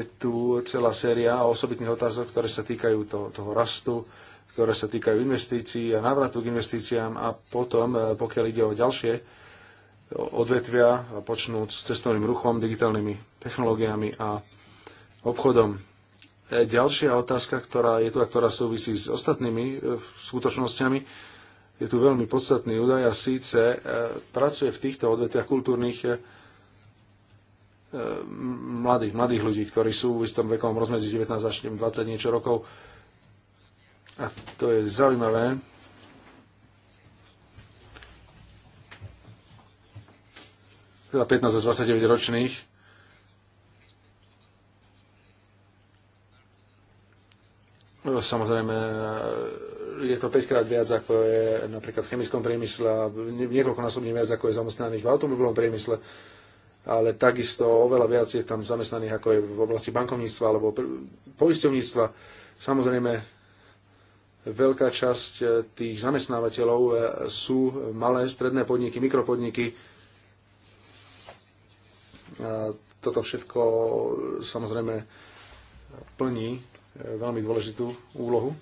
je tu celá séria osobitných otázok, ktoré sa týkajú to, toho rastu, ktoré sa týkajú investícií a návratu k investíciám a potom, pokiaľ ide o ďalšie odvetvia, počnúť s cestovným ruchom, digitálnymi technológiami a obchodom. E, ďalšia otázka, ktorá je tu a ktorá súvisí s ostatnými e, skutočnosťami, je tu veľmi podstatný údaj a síce e, pracuje v týchto odvetviach kultúrnych mladých, mladých ľudí, ktorí sú v istom vekom rozmedzi 19 až 20 niečo rokov. A to je zaujímavé, teda 15 až 29 ročných, no, Samozrejme, je to 5 krát viac, ako je napríklad v chemickom priemysle a niekoľkonásobne viac, ako je zamestnaných v automobilovom priemysle, ale takisto oveľa viac je tam zamestnaných, ako je v oblasti bankovníctva alebo poisťovníctva. Samozrejme, veľká časť tých zamestnávateľov sú malé, stredné podniky, mikropodniky, toto všetko samozrejme plní e, veľmi dôležitú úlohu.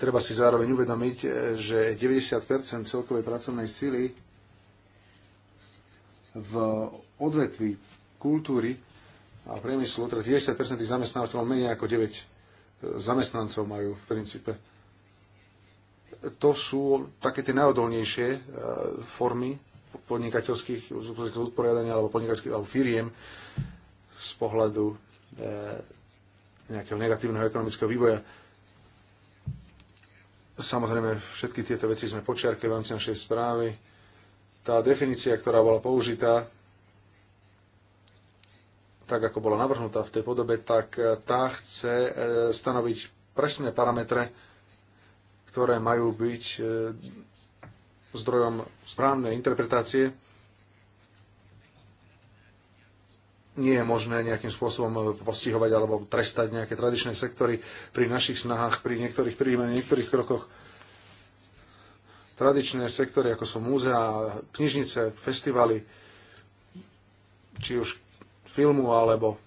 Treba si zároveň uvedomiť, e, že 90 celkovej pracovnej sily v odvetví kultúry a priemyslu, teda 90 tých zamestnávateľov menej ako 9 e, zamestnancov majú v princípe to sú také tie najodolnejšie e, formy podnikateľských odporiadania alebo podnikateľských alebo firiem z pohľadu e, nejakého negatívneho ekonomického vývoja. Samozrejme, všetky tieto veci sme počiarkli v rámci našej správy. Tá definícia, ktorá bola použitá, tak ako bola navrhnutá v tej podobe, tak e, tá chce stanoviť presné parametre, ktoré majú byť e, zdrojom správnej interpretácie, nie je možné nejakým spôsobom e, postihovať alebo trestať nejaké tradičné sektory pri našich snahách, pri niektorých príjme, niektorých krokoch. Tradičné sektory, ako sú múzea, knižnice, festivaly, či už filmu alebo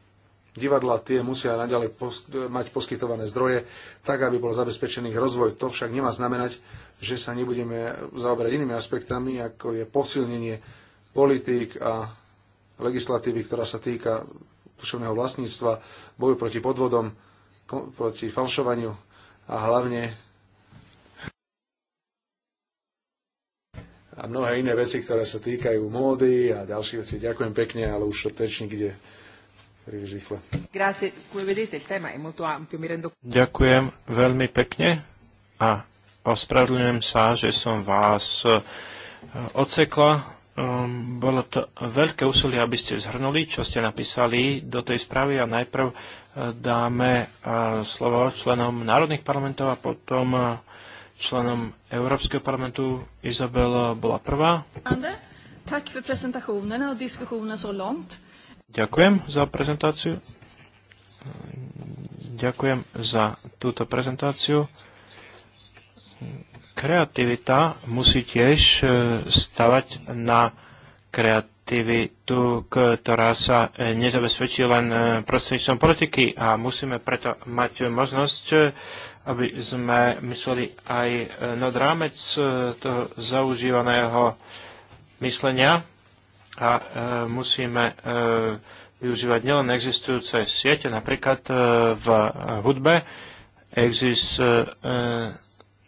Divadla tie musia naďalej pos- mať poskytované zdroje, tak aby bol zabezpečený rozvoj. To však nemá znamenať, že sa nebudeme zaoberať inými aspektami, ako je posilnenie politík a legislatívy, ktorá sa týka duševného vlastníctva, boju proti podvodom, proti falšovaniu a hlavne a mnohé iné veci, ktoré sa týkajú módy a ďalšie veci Ďakujem pekne, ale už to rečník ide príliš rýchle. Ďakujem veľmi pekne a ospravedlňujem sa, že som vás e, odsekla. E, bolo to veľké úsilie, aby ste zhrnuli, čo ste napísali do tej správy a najprv e, dáme slovo členom národných parlamentov a potom členom Európskeho parlamentu. Izabela bola prvá. Tack för presentationerna och diskussionen så långt. Ďakujem za prezentáciu. Ďakujem za túto prezentáciu. Kreativita musí tiež e, stavať na kreativitu, ktorá sa e, nezabezpečí len e, prostredníctvom politiky a musíme preto mať možnosť, aby sme mysleli aj nad rámec toho zaužívaného myslenia a e, musíme e, využívať nielen existujúce siete, napríklad e, v hudbe existuje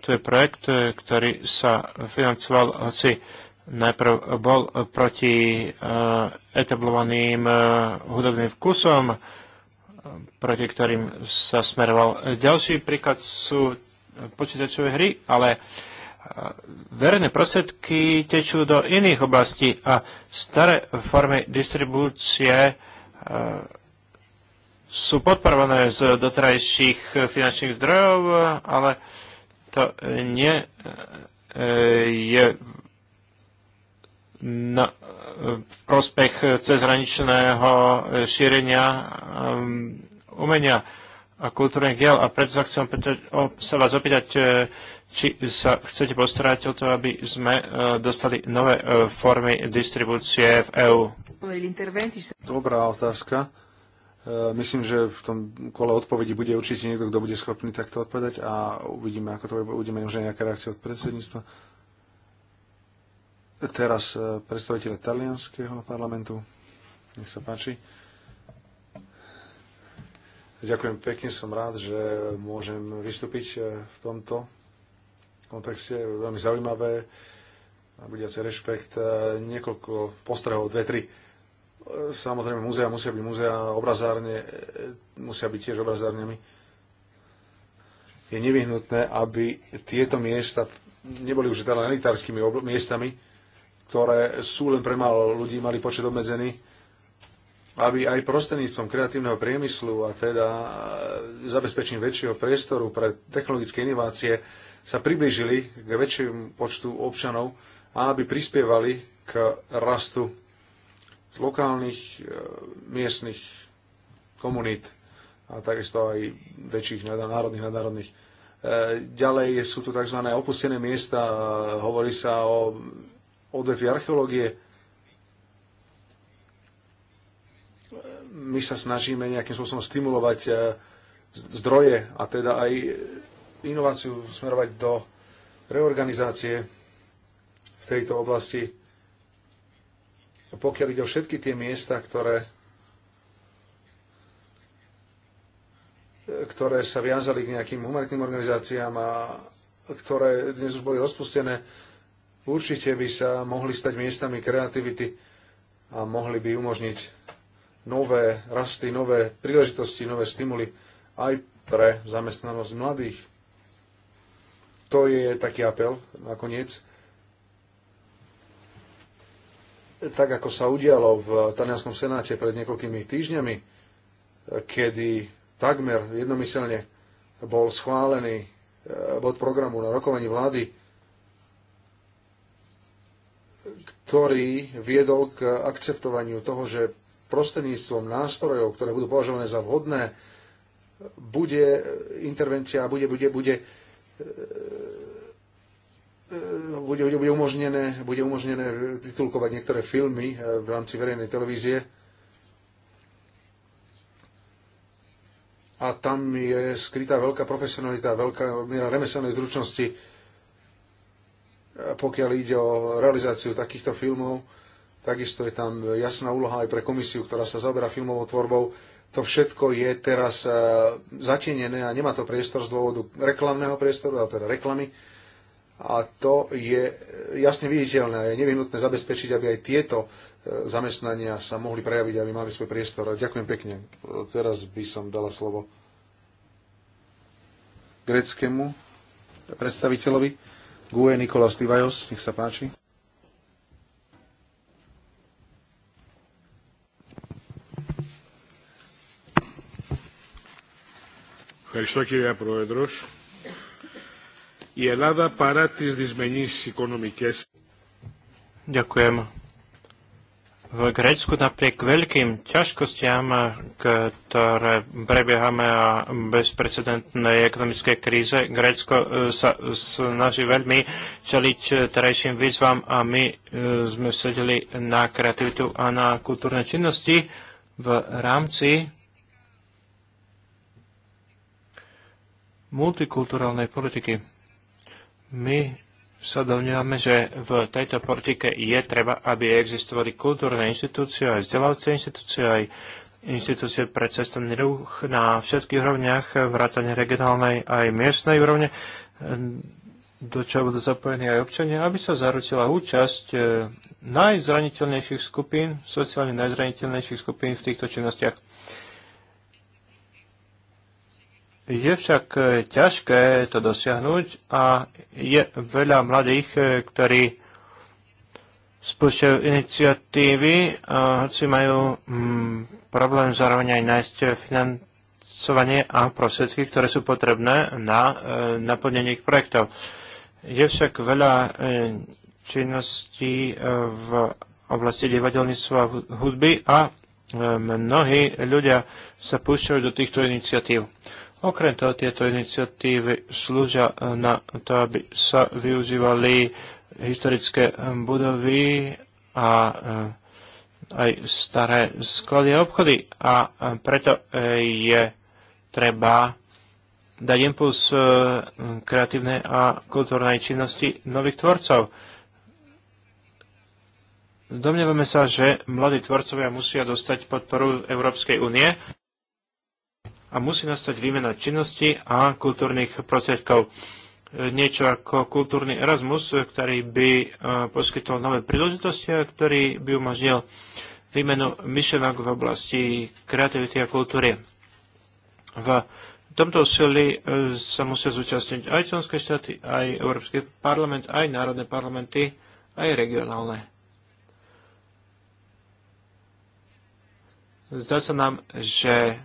e, e, projekt, e, ktorý sa financoval, hoci najprv bol proti etablovaným hudobným vkusom, proti ktorým sa smeroval. Ďalší príklad sú počítačové hry, ale e, verejné prostriedky tečú do iných oblastí a staré formy distribúcie eh, sú podporované z doterajších finančných zdrojov, ale to nie eh, je na prospech cezhraničného šírenia ehm, umenia a kultúrnych diel. A preto sa chcem opýtať, sa vás opýtať, eh, či sa chcete postarať o to, aby sme e, dostali nové e, formy distribúcie v EÚ? Dobrá otázka. E, myslím, že v tom kole odpovedí bude určite niekto, kto bude schopný takto odpovedať a uvidíme, ako to bude. Uvidíme možno nejaká reakcia od predsedníctva. Teraz predstaviteľ talianského parlamentu. Nech sa páči. Ďakujem pekne, som rád, že môžem vystúpiť v tomto kontexte veľmi zaujímavé a budiace rešpekt. E, niekoľko postrehov, dve, tri. E, samozrejme, múzea musia byť múzea, obrazárne e, musia byť tiež obrazárnemi. Je nevyhnutné, aby tieto miesta neboli už teda elitárskymi miestami, ktoré sú len pre málo ľudí, mali počet obmedzený, aby aj prostredníctvom kreatívneho priemyslu a teda zabezpečením väčšieho priestoru pre technologické inovácie sa priblížili k väčšiemu počtu občanov a aby prispievali k rastu lokálnych, e, miestnych komunít a takisto aj väčších národných, nadnárodných. E, ďalej sú tu tzv. opustené miesta, hovorí sa o odvetvi archeológie. My sa snažíme nejakým spôsobom stimulovať e, zdroje a teda aj inováciu smerovať do reorganizácie v tejto oblasti. Pokiaľ ide o všetky tie miesta, ktoré, ktoré sa viazali k nejakým humanitným organizáciám a ktoré dnes už boli rozpustené, určite by sa mohli stať miestami kreativity a mohli by umožniť nové rasty, nové príležitosti, nové stimuly aj pre zamestnanosť mladých. To je taký apel nakoniec. Tak ako sa udialo v talianskom senáte pred niekoľkými týždňami, kedy takmer jednomyselne bol schválený eh, bod programu na rokovaní vlády, ktorý viedol k akceptovaniu toho, že prostredníctvom nástrojov, ktoré budú považované za vhodné, bude intervencia a bude, bude, bude bude, e, no, bude, bude, umožnené, bude umožnené titulkovať niektoré filmy e, v rámci verejnej televízie. A tam je skrytá veľká profesionalita, veľká miera remeselnej zručnosti, e, pokiaľ ide o realizáciu takýchto filmov. Takisto je tam jasná úloha aj pre komisiu, ktorá sa zaoberá filmovou tvorbou to všetko je teraz e, začinené a nemá to priestor z dôvodu reklamného priestoru, teda reklamy. A to je e, jasne viditeľné a je nevyhnutné zabezpečiť, aby aj tieto e, zamestnania sa mohli prejaviť, aby mali svoj priestor. Ďakujem pekne. Teraz by som dala slovo greckému predstaviteľovi. GUE Nikolas Tivajos, nech sa páči. Ευχαριστώ κυρία Πρόεδρος. Η Ελλάδα παρά τις δυσμενείς οικονομικές... Ďakujem. V Grécku napriek veľkým ťažkostiam, ktoré prebiehame a bezprecedentnej ekonomickej kríze, Grécko e, sa snaží veľmi čeliť terajším výzvam a my e, sme sedeli na kreativitu a na kultúrne činnosti v rámci multikulturálnej politiky. My sa domnievame, že v tejto politike je treba, aby existovali kultúrne inštitúcie, aj vzdelávacie inštitúcie, aj inštitúcie pre cestovný ruch na všetkých úrovniach, vrátane regionálnej aj miestnej úrovne, do čoho budú zapojení aj občania, aby sa zaručila účasť e, najzraniteľnejších skupín, sociálne najzraniteľnejších skupín v týchto činnostiach. Je však e, ťažké to dosiahnuť a je veľa mladých, e, ktorí spúšťajú iniciatívy a hoci majú mm, problém zároveň aj nájsť financovanie a prostriedky, ktoré sú potrebné na e, naplnenie ich projektov. Je však veľa e, činností e, v oblasti divadelníctva a hudby a e, mnohí ľudia sa púšťajú do týchto iniciatív. Okrem toho tieto iniciatívy slúžia eh, na to, aby sa využívali historické eh, budovy a eh, aj staré sklady a obchody. A preto je treba dať impuls kreatívnej a kultúrnej činnosti nových tvorcov. Domnievame sa, že mladí tvorcovia musia dostať podporu Európskej únie a musí nastať výmena činnosti a kultúrnych prostriedkov. E, niečo ako kultúrny Erasmus, e, ktorý by e, poskytol nové príležitosti a ktorý by umožnil výmenu myšlenok v oblasti kreativity a kultúry. V tomto úsilí sa musia zúčastniť aj členské štáty, aj Európsky parlament, aj národné parlamenty, aj regionálne. Zdá sa nám, že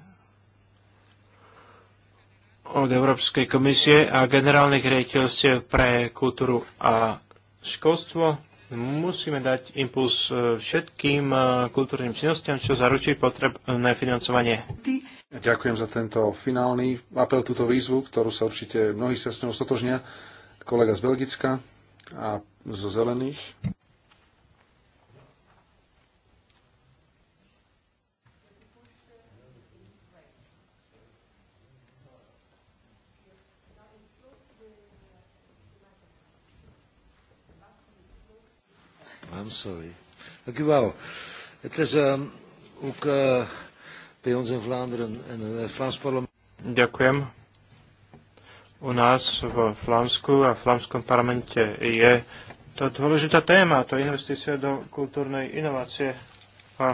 od Európskej komisie a generálnych riaditeľstiev pre kultúru a školstvo. Musíme dať impuls e, všetkým e, kultúrnym činnostiam, čo zaručí potrebné financovanie. Ďakujem za tento finálny apel, túto výzvu, ktorú sa určite mnohí sa s ňou stotožnia. Kolega z Belgicka a zo Zelených. I'm sorry. Dank u wel. Het is um, ook uh, bij ons in Vlaanderen, in het eh, Vlaams parlement. Ďakujem. U nás v Flámsku a v Flámskom parlamente je to dôležitá téma, to investícia do kultúrnej inovácie a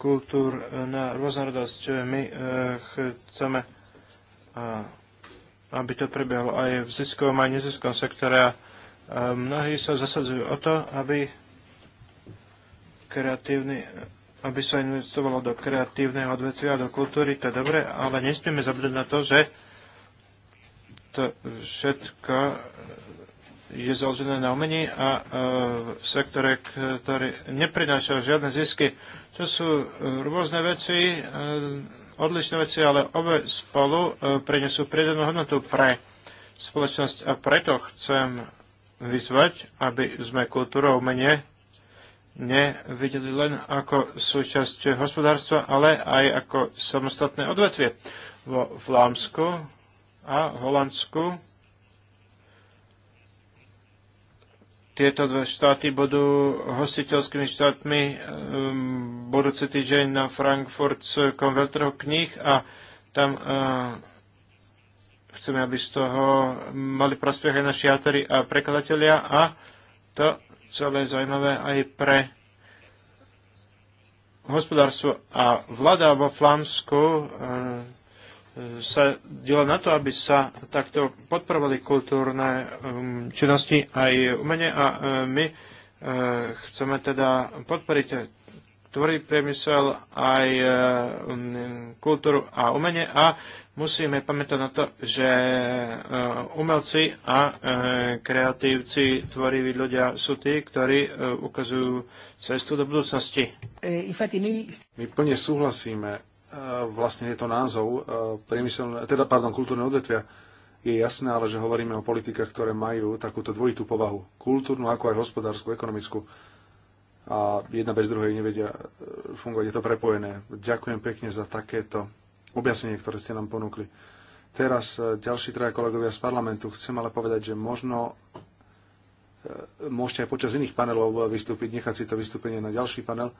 kultúrna rôznorodosť. My e, chceme, a, aby to prebiehalo aj v ziskovom, aj neziskovom sektore a mnohí sa zasadzujú o to, aby kreatívny, aby sa investovalo do kreatívneho odvetvia, a do kultúry, to je dobre, ale nesmieme zabudnúť na to, že to všetko je založené na umení a v e, sektore, ktorý neprináša žiadne zisky. To sú rôzne veci, e, odlišné veci, ale obe spolu e, prinesú prídenú hodnotu pre spoločnosť a preto chcem vyzvať, aby sme kultúru a umenie nevideli len ako súčasť hospodárstva, ale aj ako samostatné odvetvie. Vo Flámsku a Holandsku tieto dve štáty budú hostiteľskými štátmi um, budúci týždeň na Frankfurt Frankfurtskom veľtrhu kníh a tam uh, chceme, aby z toho mali prospech aj naši autory a prekladatelia a to celé zaujímavé aj pre hospodárstvo a vláda vo Flámsku eh, sa diela na to, aby sa takto podporovali kultúrne eh, činnosti aj umenie a eh, my chceme teda podporiť tvorí priemysel, aj e, um, kultúru a umenie a musíme pamätať na to, že e, umelci a e, kreatívci, tvoriví ľudia sú tí, ktorí ukazujú cestu do budúcnosti. My plne súhlasíme, vlastne je to názov, teda, pardon, kultúrne odvetvia, je jasné, ale že hovoríme o politikách, ktoré majú takúto dvojitú povahu. Kultúrnu, ako aj hospodárskú, ekonomickú a jedna bez druhej nevedia e, fungovať. Je to prepojené. Ďakujem pekne za takéto objasnenie, ktoré ste nám ponúkli. Teraz e, ďalší traja kolegovia z parlamentu. Chcem ale povedať, že možno e, môžete aj počas iných panelov vystúpiť, nechať si to vystúpenie na ďalší panel.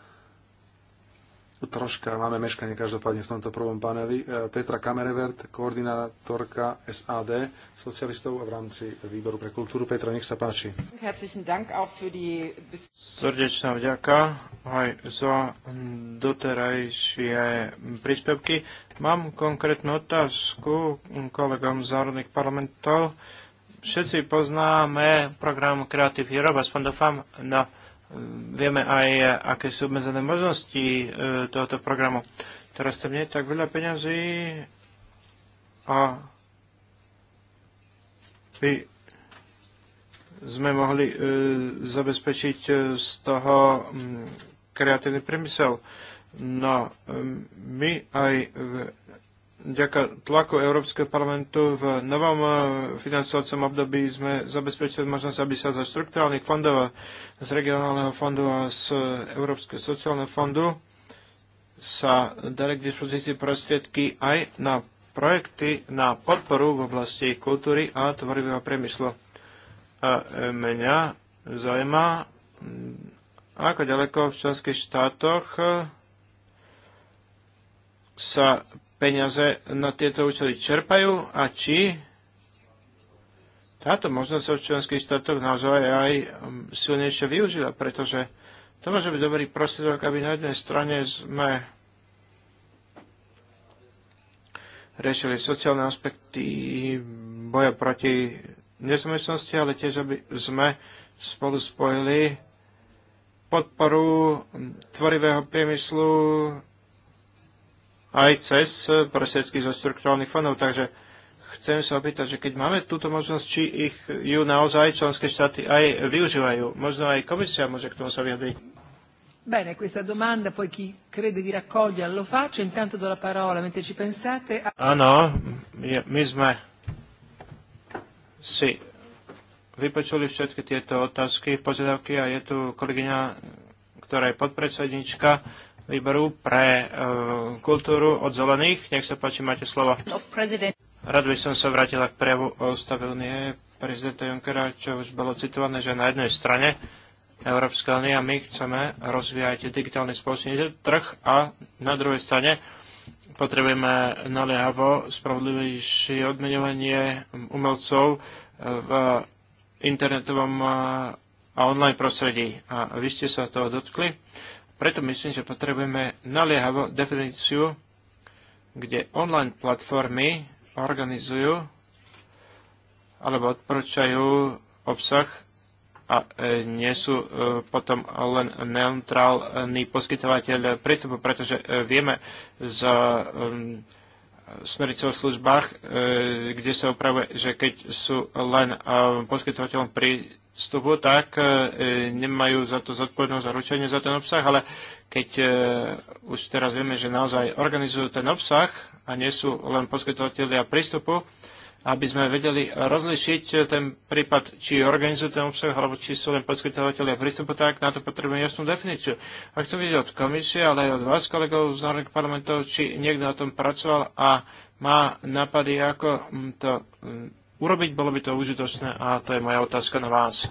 Troška máme meškanie každopádne v tomto prvom paneli. E, Petra Kamerevert, koordinátorka SAD socialistov v rámci Výboru pre kultúru. Petra, nech sa páči. Srdečná vďaka aj za doterajšie príspevky. Mám konkrétnu otázku kolegom z národných parlamentov. Všetci poznáme program Creative Europe, aspoň dúfam, no vieme aj, aké sú obmedzené možnosti e, tohoto programu. Teraz tam nie je tak veľa peňazí a by sme mohli e, zabezpečiť e, z toho kreatívny priemysel. No, my aj v Ďaká tlaku Európskeho parlamentu v novom eh, financovacom období sme zabezpečili možnosť, aby sa za štrukturálnych fondov, z regionálneho fondu a z Európskeho sociálneho fondu sa dali k dispozícii prostriedky aj na projekty na podporu v oblasti kultúry a tvorivého priemyslu. A eh, mňa zaujíma, ako ďaleko v členských štátoch eh, sa peniaze na tieto účely čerpajú a či táto možnosť sa v členských štátoch naozaj aj um, silnejšie využila, pretože to môže byť dobrý prostriedok, aby na jednej strane sme riešili sociálne aspekty boja proti nezamestnosti, ale tiež, aby sme spolu spojili podporu tvorivého priemyslu, aj cez eh, prostriedky zo štruktúrálnych fondov. Takže chcem sa opýtať, že keď máme túto možnosť, či ich ju naozaj členské štáty aj využívajú. Možno aj komisia môže k tomu sa vyjadriť. Bene, questa domanda poi chi crede di raccoglierla lo faccia, intanto do la parola mentre ci pensate. A... Áno, ah, my sme Vi počuli všetky tieto otázky, požiadavky a je tu kolegyňa, ktorá je podpredsednička výboru pre e, kultúru od zelených. Nech sa páči, máte slovo. Rád by som sa vrátila k prejavu o stave prezidenta Junckera, čo už bolo citované, že na jednej strane Európska únia, my chceme rozvíjať digitálny spoločný trh a na druhej strane potrebujeme naliehavo spravodlivejšie odmenovanie umelcov v internetovom a online prostredí. A vy ste sa toho dotkli. Preto myslím, že potrebujeme naliehavú definíciu, kde online platformy organizujú alebo odporúčajú obsah a e, nie sú e, potom len neutrálny poskytovateľ prístupu, pretože e, vieme z smernice o službách, kde sa upravuje, že keď sú len poskytovateľom pri vstupu, tak e, nemajú za to zodpovednosť a ručenie za ten obsah, ale keď e, už teraz vieme, že naozaj organizujú ten obsah a nie sú len poskytovateľia prístupu, aby sme vedeli rozlišiť e, ten prípad, či organizujú ten obsah, alebo či sú len poskytovateľia prístupu, tak na to potrebujeme jasnú definíciu. A chcem vidieť od komisie, ale aj od vás, kolegov z národných parlamentov, či niekto na tom pracoval a má napady, ako mm, to mm, urobiť, bolo by to užitočné a to je moja otázka na vás.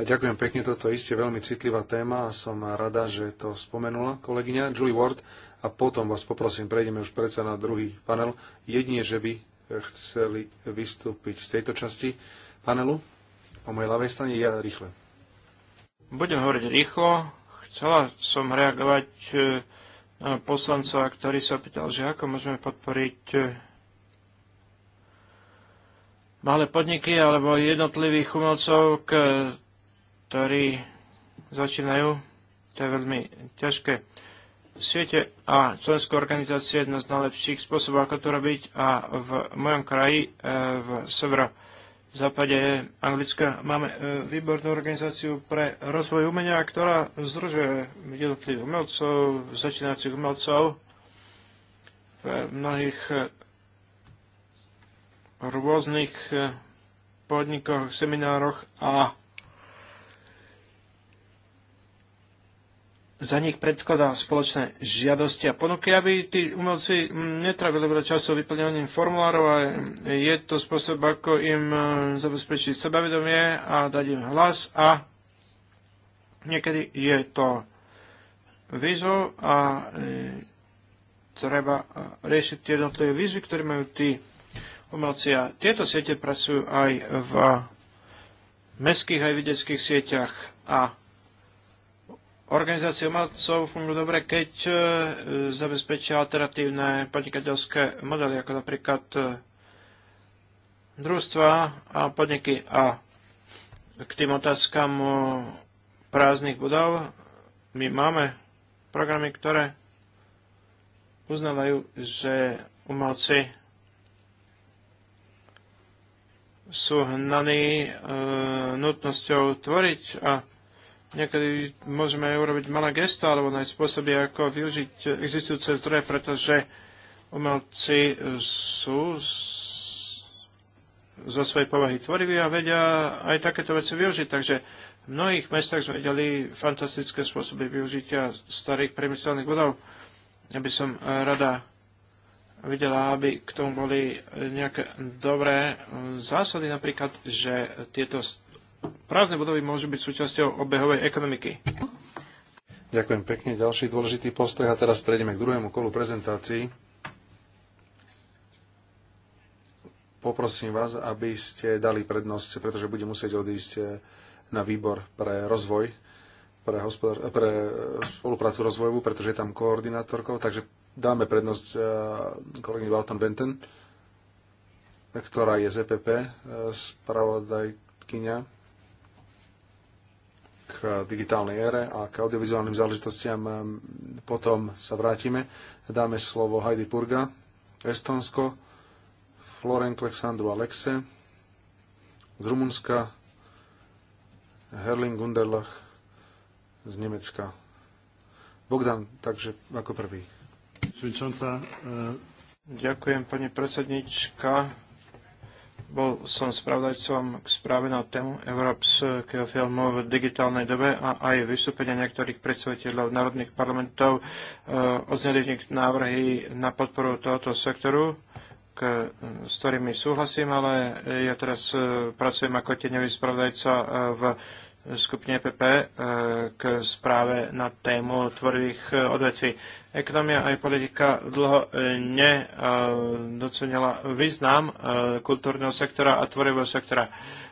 Ďakujem pekne, toto je iste veľmi citlivá téma a som rada, že to spomenula kolegyňa Julie Ward a potom vás poprosím, prejdeme už predsa na druhý panel. Jedine, že by chceli vystúpiť z tejto časti panelu. Po mojej ľavej strane ja rýchle. Budem hovoriť rýchlo. Chcela som reagovať e, na poslanca, ktorý sa pýtal, že ako môžeme podporiť e, malé podniky alebo jednotlivých umelcov, ktorí začínajú. To je veľmi ťažké. V svete a členská organizácie je jedna z najlepších spôsobov, ako to robiť a v mojom kraji, e, v severo západe Anglicka, máme e, výbornú organizáciu pre rozvoj umenia, ktorá združuje jednotlivých umelcov, začínajúcich umelcov v mnohých rôznych e, podnikoch, seminároch a za nich predkladá spoločné žiadosti a ponuky, aby tí umelci netravili veľa času vyplňovaním formulárov a je to spôsob, ako im e, zabezpečiť sebavedomie a dať im hlas a niekedy je to výzvou a e, treba riešiť tie jednotlivé výzvy, ktoré majú tí Umelci A tieto siete pracujú aj v mestských aj videckých sieťach a Organizácie umelcov fungujú dobre, keď e, zabezpečia alternatívne podnikateľské modely, ako napríklad e, družstva a podniky. A k tým otázkam e, prázdnych budov my máme programy, ktoré uznávajú, že umelci sú hnaní e, nutnosťou tvoriť a niekedy môžeme urobiť malé gesto alebo nájsť spôsoby, ako využiť existujúce zdroje, pretože umelci sú zo svojej povahy tvoriví a vedia aj takéto veci využiť. Takže v mnohých mestách sme videli fantastické spôsoby využitia starých priemyselných budov. Ja by som rada videla, aby k tomu boli nejaké dobré zásady, napríklad, že tieto prázdne budovy môžu byť súčasťou obehovej ekonomiky. Ďakujem pekne. Ďalší dôležitý postreh a teraz prejdeme k druhému kolu prezentácií. Poprosím vás, aby ste dali prednosť, pretože budem musieť odísť eh, na výbor pre rozvoj pre, hospodár, pre eh, spoluprácu rozvojovú, pretože je tam koordinátorkou, takže Dáme prednosť eh, kolegy Walton Benten, ktorá je z EPP, eh, spravodajkyňa k digitálnej ére a k audiovizuálnym záležitostiam. Ehm, potom sa vrátime. Dáme slovo Heidi Purga, Estonsko, Florenk Alexandru Alexe, z Rumunska, Herling Gunderlach z Nemecka. Bogdan, takže ako prvý. E, Ďakujem, pani predsednička. Bol som spravodajcom k správe na tému európskeho filmu v digitálnej dobe a aj vystúpenia niektorých predstaviteľov národných parlamentov e, ozneli v nich návrhy na podporu tohoto sektoru k, s ktorými súhlasím, ale ja teraz e, pracujem ako tieňový spravodajca v skupine PP e e, k správe na tému tvorivých e, odvetví. Ekonomia aj politika dlho nedocenila význam kultúrneho sektora a tvorivého sektora.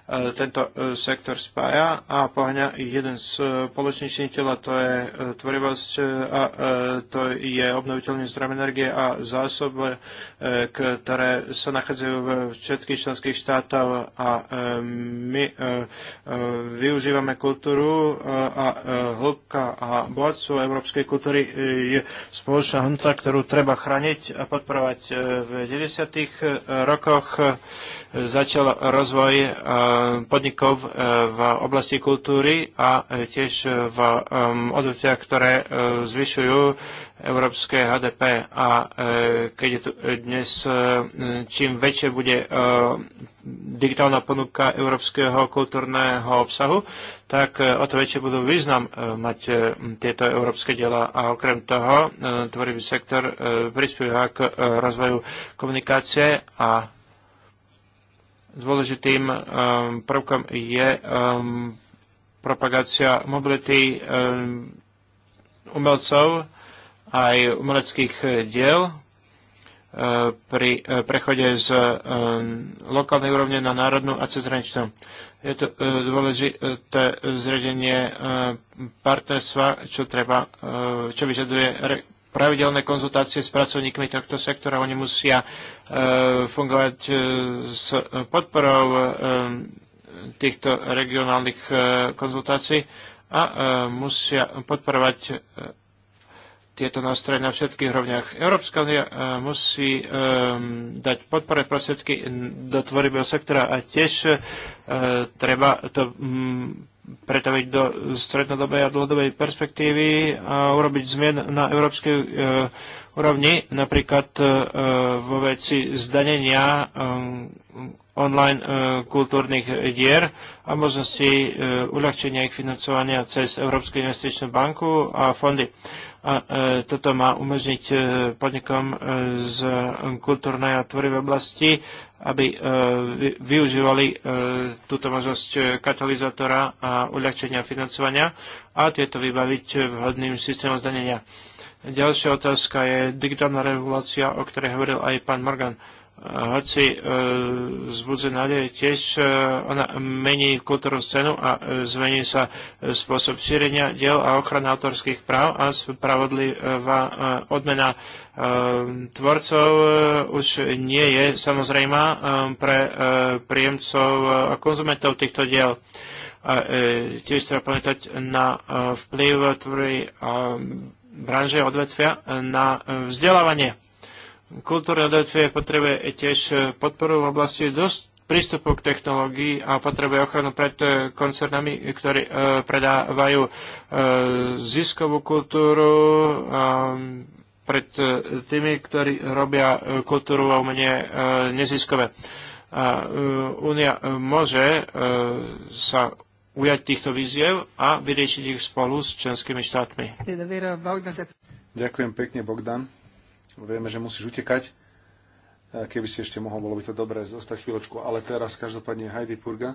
E, tento e, sektor spája a poháňa jeden z spoločných e, činiteľ to je tvorivosť a to je obnoviteľný zdroj energie a zásob, ktoré sa nachádzajú v všetkých členských štátov a my využívame kultúru a hĺbka a bohatstvo európskej kultúry je spoločná hnuta, ktorú treba chrániť a podporovať. V 90. rokoch začal rozvoj e, podnikov e, v oblasti kultúry a e, tiež v odvetviach, ktoré zvyšujú európske HDP a keď je tu dnes, čím väčšie bude digitálna ponuka európskeho kultúrneho obsahu, tak o to väčšie budú význam mať tieto európske diela a okrem toho tvorivý sektor prispieva k rozvoju komunikácie a dôležitým um, prvkom je um, propagácia mobility um, umelcov aj umeleckých diel uh, pri uh, prechode z lokálnej úrovne na národnú a cezhraničnú. Je to uh, dôležité zredenie partnerstva, čo, treba, čo vyžaduje pravidelné konzultácie s pracovníkmi tohto sektora. Oni musia e, fungovať e, s podporou e, týchto regionálnych konzultácií a musia podporovať tieto nástroje na všetkých rovniach. Európska únia musí dať podporné prostriedky do tvorivého sektora a tiež treba to pretaviť do strednodobej a dlhodobej perspektívy a urobiť zmien na európskej e, úrovni, napríklad e, vo veci zdanenia e, online kultúrnych dier a možnosti uľahčenia ich financovania cez Európsku investičnú banku a fondy. A e, toto má umožniť e, podnikom e, z kultúrnej a tvorivej oblasti, aby využívali túto možnosť katalizátora a uľahčenia financovania a tieto vybaviť vhodným systémom zdanenia. Ďalšia otázka je digitálna regulácia, o ktorej hovoril aj pán Morgan hoci e, zbudze nádej, tiež e, ona mení kultúrnu scénu a e, zmení sa e, spôsob šírenia diel a ochrana autorských práv a spravodlivá e, odmena e, tvorcov e, už nie je samozrejmá e, pre e, príjemcov e, a konzumentov týchto diel. e, tiež treba pamätať na e, vplyv tvorej e, branže odvetvia e, na e, vzdelávanie Kultúra DCE potrebuje tiež podporu v oblasti dosť prístupu k technológii a potrebuje ochranu pred eh, koncernami, ktorí e, predávajú e, ziskovú kultúru e, pred tými, ktorí robia kultúru a umenie e, neziskové. A Únia môže e, sa ujať týchto víziev a vyriešiť ich spolu s členskými štátmi. Ďakujem pekne, Bogdan. Vieme, že musíš utekať. Keby si ešte mohol, bolo by to dobré zostať chvíľočku. Ale teraz každopádne Heidi Purga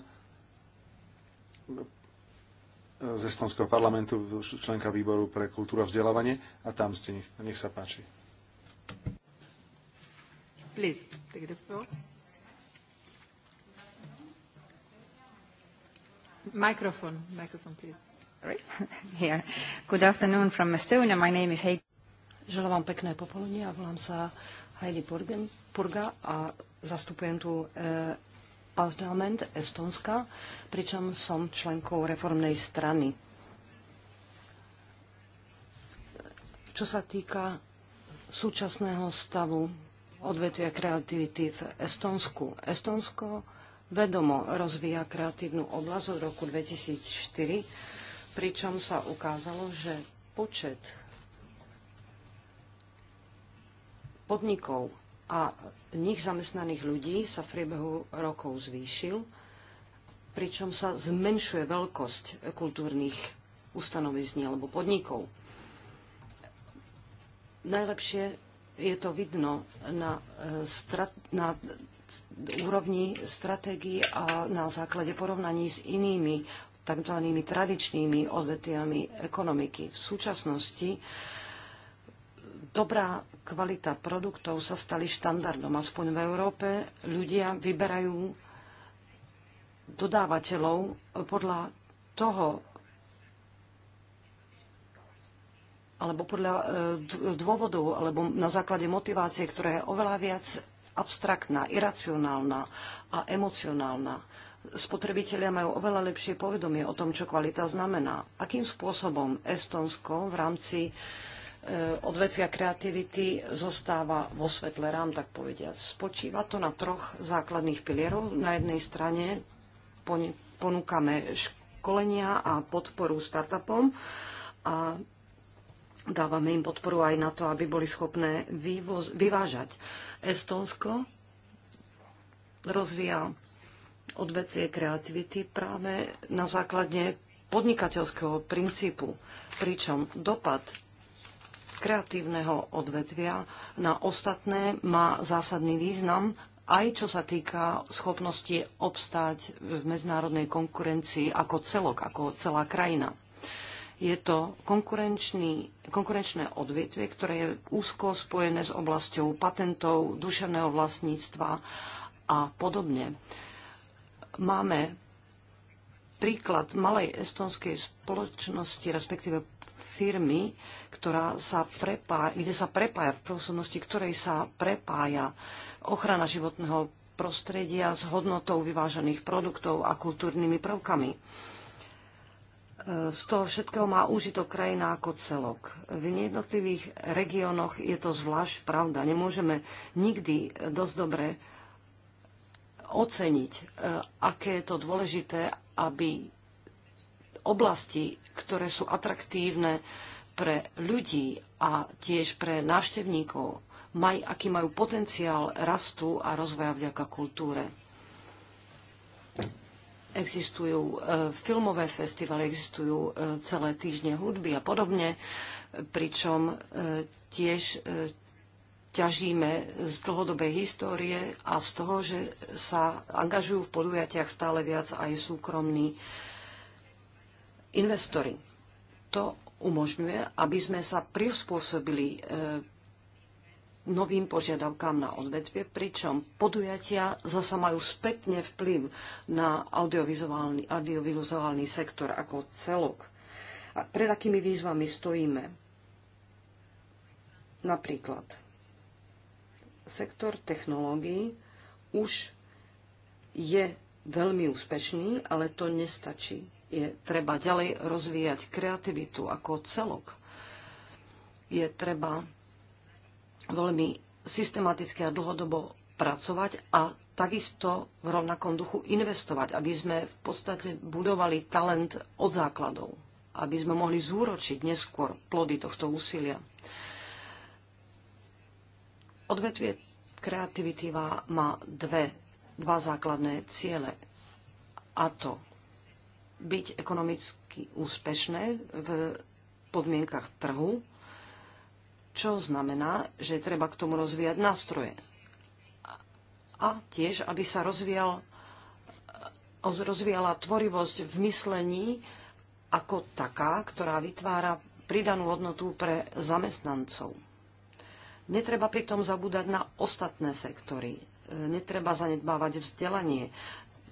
z Estonského parlamentu, členka výboru pre kultúru a vzdelávanie. A tam ste, nech sa páči. Please, take the floor. Microphone, microphone, please. Sorry. Here. Good afternoon from Estonia. My name is Heidi. Želám vám pekné popoludne a volám sa Heidi Purga a zastupujem tu e, parlament Estonska, pričom som členkou reformnej strany. Čo sa týka súčasného stavu odvetvia kreativity v Estonsku. Estonsko vedomo rozvíja kreatívnu oblasť od roku 2004, pričom sa ukázalo, že počet podnikov a nich zamestnaných ľudí sa v priebehu rokov zvýšil, pričom sa zmenšuje veľkosť kultúrnych ustanovizní alebo podnikov. Najlepšie je to vidno na, e, strat, na úrovni stratégií a na základe porovnaní s inými tzv. tradičnými odvetiami ekonomiky. V súčasnosti dobrá kvalita produktov sa stali štandardom. Aspoň v Európe ľudia vyberajú dodávateľov podľa toho, alebo podľa e, dôvodov, alebo na základe motivácie, ktorá je oveľa viac abstraktná, iracionálna a emocionálna. Spotrebitelia majú oveľa lepšie povedomie o tom, čo kvalita znamená. Akým spôsobom Estonsko v rámci uh, Eh, odvetvia kreativity zostáva vo svetle rám, tak povediať. Spočíva to na troch základných pilierov. Na jednej strane ponúkame školenia a podporu startupom a dávame im podporu aj na to, aby boli schopné vývoz, vyvážať. Estonsko rozvíja odvetvie kreativity práve na základe podnikateľského princípu, pričom dopad kreatívneho odvetvia na ostatné má zásadný význam, aj čo sa týka schopnosti obstáť v medzinárodnej konkurencii ako celok, ako celá krajina. Je to konkurenčné odvetvie, ktoré je úzko spojené s oblasťou patentov, duševného vlastníctva a podobne. Máme príklad malej estonskej spoločnosti, respektíve firmy, ktorá sa prepája, kde sa prepája, v prvosúdnosti ktorej sa prepája ochrana životného prostredia s hodnotou vyvážených produktov a kultúrnymi prvkami. E, z toho všetkého má úžito krajina ako celok. V jednotlivých regiónoch je to zvlášť pravda. Nemôžeme nikdy dosť dobre oceniť, e, aké je to dôležité, aby oblasti, ktoré sú atraktívne pre ľudí a tiež pre návštevníkov, maj, aký majú potenciál rastu a rozvoja vďaka kultúre. Existujú e, filmové festivaly, existujú e, celé týždne hudby a podobne, pričom e, tiež e, ťažíme z dlhodobej histórie a z toho, že sa angažujú v podujatiach stále viac aj súkromní investori. To umožňuje, aby sme sa prispôsobili e, novým požiadavkám na odvetvie, pričom podujatia zasa majú spätne vplyv na audiovizuálny, audiovizuálny sektor ako celok. A pred akými výzvami stojíme? Napríklad, sektor technológií už je veľmi úspešný, ale to nestačí. Je treba ďalej rozvíjať kreativitu ako celok. Je treba veľmi systematicky a dlhodobo pracovať a takisto v rovnakom duchu investovať, aby sme v podstate budovali talent od základov, aby sme mohli zúročiť neskôr plody tohto úsilia. Odvetvie kreativity má dve, dva základné ciele. A to byť ekonomicky úspešné v podmienkach trhu, čo znamená, že treba k tomu rozvíjať nástroje. A tiež, aby sa rozvíjal, rozvíjala tvorivosť v myslení ako taká, ktorá vytvára pridanú hodnotu pre zamestnancov. Netreba pritom zabúdať na ostatné sektory. Netreba zanedbávať vzdelanie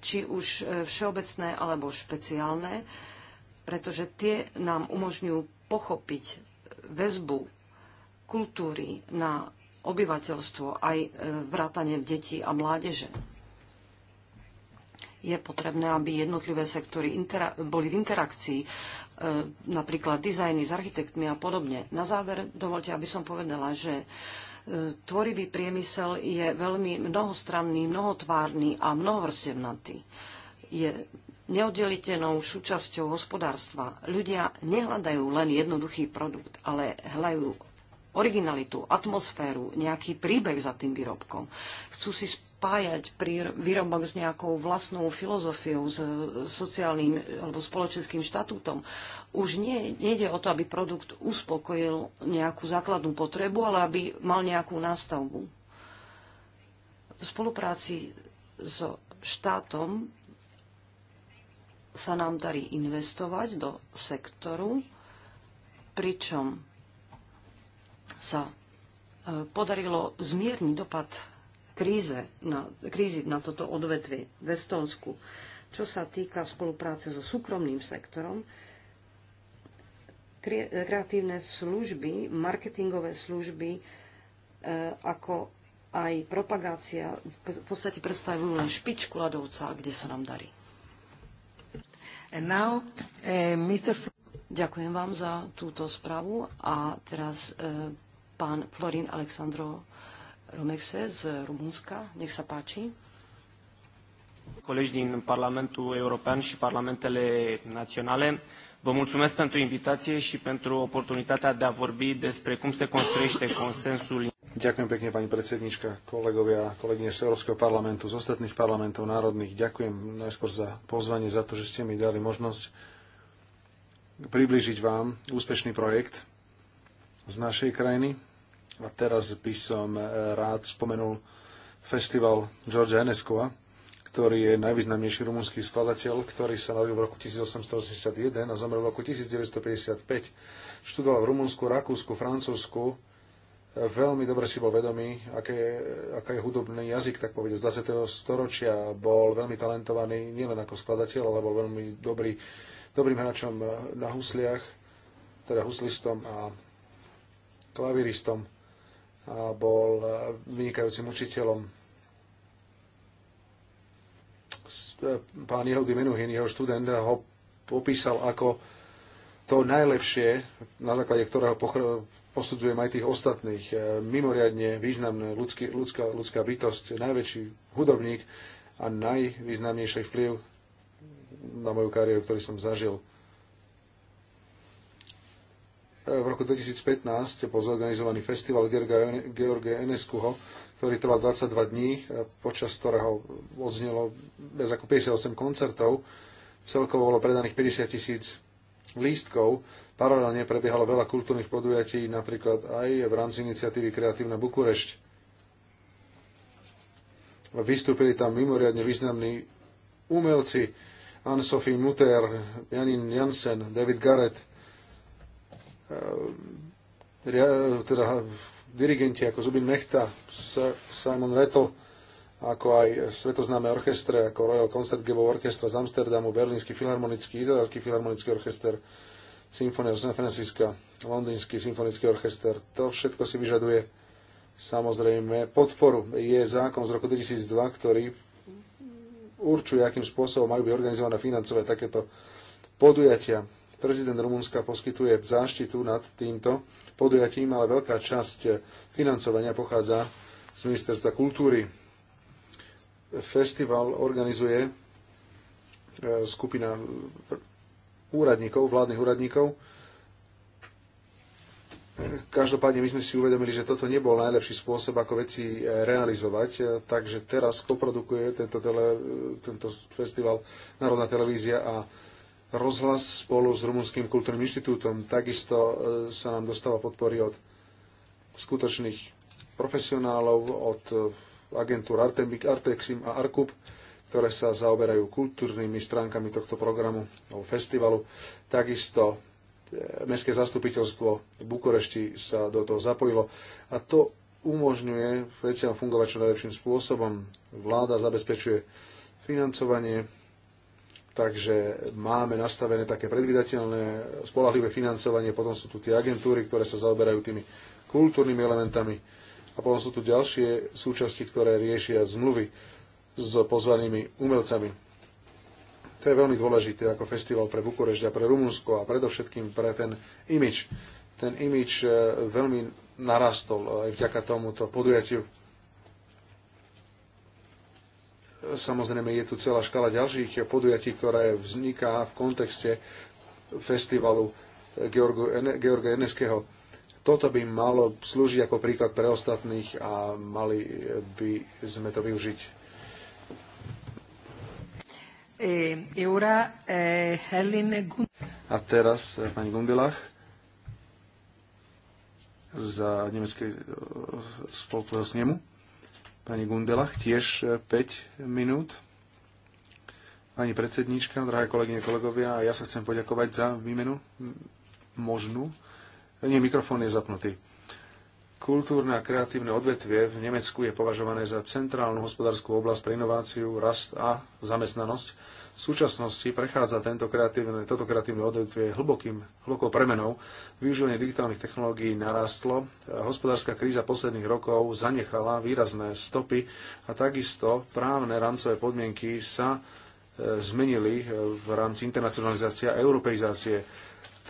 či už e, všeobecné alebo špeciálne, pretože tie nám umožňujú pochopiť väzbu kultúry na obyvateľstvo aj e, vrátanie detí a mládeže. Je potrebné, aby jednotlivé sektory boli v interakcii, e, napríklad dizajny s architektmi a podobne. Na záver dovolte, aby som povedala, že Tvorivý priemysel je veľmi mnohostranný, mnohotvárny a mnohovrstevnatý. Je neoddeliteľnou súčasťou hospodárstva. Ľudia nehľadajú len jednoduchý produkt, ale hľadajú originalitu, atmosféru, nejaký príbeh za tým výrobkom. Chcú si spájať pri výrobok s nejakou vlastnou filozofiou, s sociálnym alebo spoločenským štatútom. Už nie, nejde o to, aby produkt uspokojil nejakú základnú potrebu, ale aby mal nejakú nástavbu. V spolupráci so štátom sa nám darí investovať do sektoru, pričom sa e, podarilo zmierniť dopad kríze, na, krízy na toto odvetvie v Estonsku. Čo sa týka spolupráce so súkromným sektorom, kreatívne služby, marketingové služby, e, ako aj propagácia v podstate predstavujú len špičku ľadovca, kde sa nám darí. And now, eh, Mr. Ďakujem vám za túto správu a teraz eh, pán Florin Aleksandro Romexe z Rumunska. Nech sa páči. Colegi din Parlamentul European și Parlamentele Naționale, vă mulțumesc pentru invitație și pentru oportunitatea de a vorbi despre cum se construiește consensul. Ďakujem pekne, pani predsednička, kolegovia, kolegyne z Európskeho parlamentu, z ostatných parlamentov národných. Ďakujem najskôr za pozvanie, za to, že ste mi dali možnosť približiť vám úspešný projekt z našej krajiny, a teraz by som e, rád spomenul festival George Eneskova, ktorý je najvýznamnejší rumunský skladateľ, ktorý sa narodil v roku 1881 a zomrel v roku 1955. Študoval v Rumunsku, Rakúsku, Francúzsku. E, veľmi dobre si bol vedomý, aké, aká je hudobný jazyk, tak povedať, z 20. storočia. Bol veľmi talentovaný nielen ako skladateľ, ale bol veľmi dobrý, dobrým hráčom e, na husliach, teda huslistom a klaviristom a bol e, vynikajúcim učiteľom. E, pán Jehudy Menuhin, jeho študent, ho popísal ako to najlepšie, na základe ktorého posudzujem aj tých ostatných, e, mimoriadne významná ľudský, ľudská, ľudská bytosť, najväčší hudobník a najvýznamnejší vplyv na moju kariéru, ktorý som zažil v roku 2015 bol zorganizovaný festival George Eneskuho, ktorý trval 22 dní, e, počas ktorého odznelo bez ako 58 koncertov. Celkovo bolo predaných 50 tisíc lístkov. Paralelne prebiehalo veľa kultúrnych podujatí, napríklad aj v rámci iniciatívy Kreatívna Bukurešť. Vystúpili tam mimoriadne významní umelci Anne-Sophie Mutter, Janin Jansen, David Garrett, Ehm, teda dirigenti ako Zubin Mechta, Simon Rettel, ako aj svetoznáme orchestre, ako Royal Concert Gebo Orchestra z Amsterdamu, Berlínsky filharmonický, Izraelský filharmonický orchester, Symfónia San Francisca, Londýnsky symfonický orchester. To všetko si vyžaduje samozrejme podporu. Je zákon z roku 2002, ktorý určuje, akým spôsobom majú byť organizované financové takéto podujatia. Prezident Rumunska poskytuje záštitu nad týmto podujatím, ale veľká časť financovania pochádza z Ministerstva kultúry. Festival organizuje e, skupina úradníkov, vládnych úradníkov. Každopádne my sme si uvedomili, že toto nebol najlepší spôsob, ako veci e, realizovať, e, takže teraz koprodukuje tento, tele, tento festival Národná televízia a rozhlas spolu s Rumunským kultúrnym inštitútom. Takisto e, sa nám dostáva podpory od skutočných profesionálov, od e, agentúr Artemik, Artexim a Arkup, ktoré sa zaoberajú kultúrnymi stránkami tohto programu alebo festivalu. Takisto e, Mestské zastupiteľstvo v Bukurešti sa do toho zapojilo a to umožňuje veciam fungovať čo najlepším spôsobom. Vláda zabezpečuje financovanie Takže máme nastavené také predvydateľné, spolahlivé financovanie, potom sú tu tie agentúry, ktoré sa zaoberajú tými kultúrnymi elementami a potom sú tu ďalšie súčasti, ktoré riešia zmluvy s pozvanými umelcami. To je veľmi dôležité ako festival pre Bukurešť a pre Rumunsko a predovšetkým pre ten imič. Ten imič e, veľmi narastol e, aj vďaka tomuto podujatiu. Samozrejme, je tu celá škala ďalších podujatí, ktoré vzniká v kontexte festivalu Georga Eneského. Toto by malo slúžiť ako príklad pre ostatných a mali by sme to využiť. Eh, eh, a teraz eh, pani Gundelach za nemeckej spolkového snemu pani Gundelach, tiež 5 e, minút. Pani predsedníčka, drahé kolegyne, kolegovia, ja sa chcem poďakovať za výmenu možnú. Nie, mikrofón je zapnutý. Kultúrne a kreatívne odvetvie v Nemecku je považované za centrálnu hospodárskú oblasť pre inováciu, rast a zamestnanosť. V súčasnosti prechádza tento kreatívne, toto kreatívne odvetvie hlbokým, hlbokou premenou. Využívanie digitálnych technológií narastlo. Hospodárska kríza posledných rokov zanechala výrazné stopy a takisto právne rancové podmienky sa e, zmenili v rámci internacionalizácie a europeizácie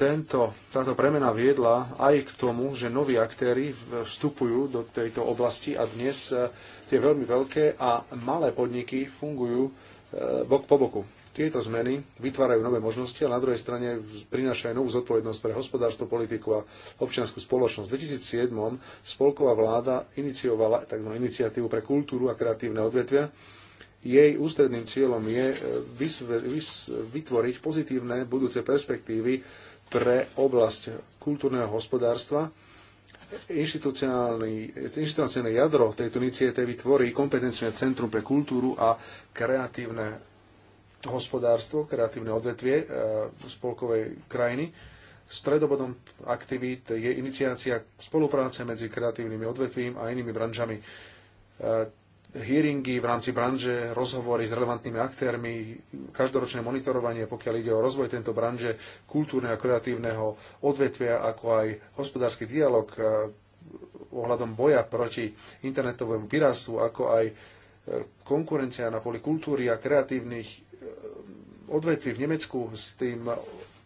tento, táto premena viedla aj k tomu, že noví aktéry vstupujú do tejto oblasti a dnes e, tie veľmi veľké a malé podniky fungujú e, bok po boku. Tieto zmeny vytvárajú nové možnosti a na druhej strane prinášajú novú zodpovednosť pre hospodárstvo, politiku a občianskú spoločnosť. V 2007 spolková vláda iniciovala tzv. iniciatívu pre kultúru a kreatívne odvetvia, jej ústredným cieľom je e, vytvoriť pozitívne budúce perspektívy pre oblasť kultúrneho hospodárstva. Inštitucionálne jadro tejto iniciatívy tvorí kompetenčné centrum pre kultúru a kreatívne hospodárstvo, kreatívne odvetvie e, spolkovej krajiny. Stredobodom aktivít je iniciácia spolupráce medzi kreatívnymi odvetvím a inými branžami e, hearingy v rámci branže, rozhovory s relevantnými aktérmi, každoročné monitorovanie, pokiaľ ide o rozvoj tento branže, kultúrne a kreatívneho odvetvia, ako aj hospodársky dialog e, ohľadom boja proti internetovému piráctvu, ako aj e, konkurencia na poli kultúry a kreatívnych e, odvetví v Nemecku s tým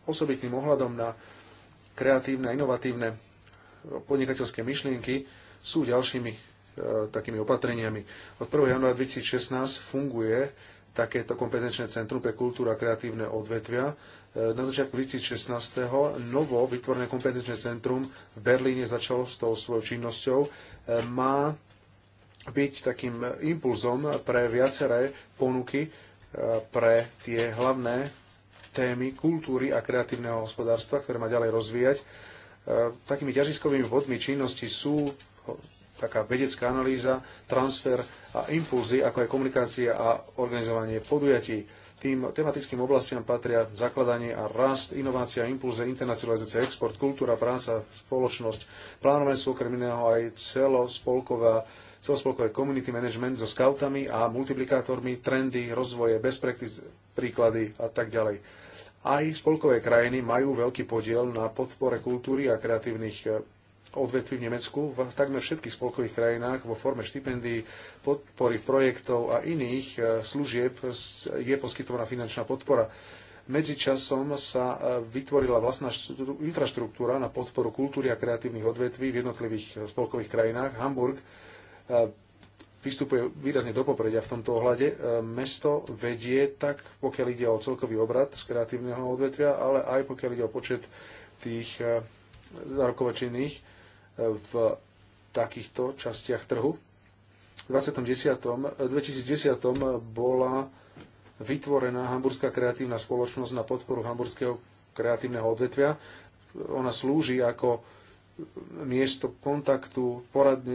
osobitným ohľadom na kreatívne a inovatívne podnikateľské myšlienky sú ďalšími E, takými opatreniami. Od 1. januára 2016 funguje takéto kompetenčné centrum pre kultúru a kreatívne odvetvia. E, na začiatku 2016. novo vytvorené kompetenčné centrum v Berlíne začalo s tou svojou činnosťou. E, má byť takým impulzom pre viaceré ponuky pre tie hlavné témy kultúry a kreatívneho hospodárstva, ktoré má ďalej rozvíjať. Takými ťažiskovými bodmi činnosti sú taká vedecká analýza, transfer a impulzy, ako aj komunikácia a organizovanie podujatí. Tým tematickým oblastiam patria zakladanie a rast, inovácia, impulze, internacionalizácia, export, kultúra, práca, spoločnosť. plánovanie sú okrem iného aj celospolková celospolkové community management so scoutami a multiplikátormi, trendy, rozvoje, best practice, príklady a tak ďalej. Aj spolkové krajiny majú veľký podiel na podpore kultúry a kreatívnych eh, odvetví v Nemecku, v takmer všetkých spolkových krajinách vo forme štipendií, podpory projektov a iných e, služieb je poskytovaná finančná podpora. Medzičasom sa e, vytvorila vlastná infraštruktúra na podporu kultúry a kreatívnych odvetví v jednotlivých e, spolkových krajinách. Hamburg vystupuje výrazne do popredia v tomto ohľade. Mesto vedie tak, pokiaľ ide o celkový obrad z kreatívneho odvetvia, ale aj pokiaľ ide o počet tých zárokovačinných v takýchto častiach trhu. V 2010, 2010 eh, bola vytvorená Hamburská kreatívna spoločnosť na podporu hamburského kreatívneho odvetvia. Ona slúži ako miesto kontaktu,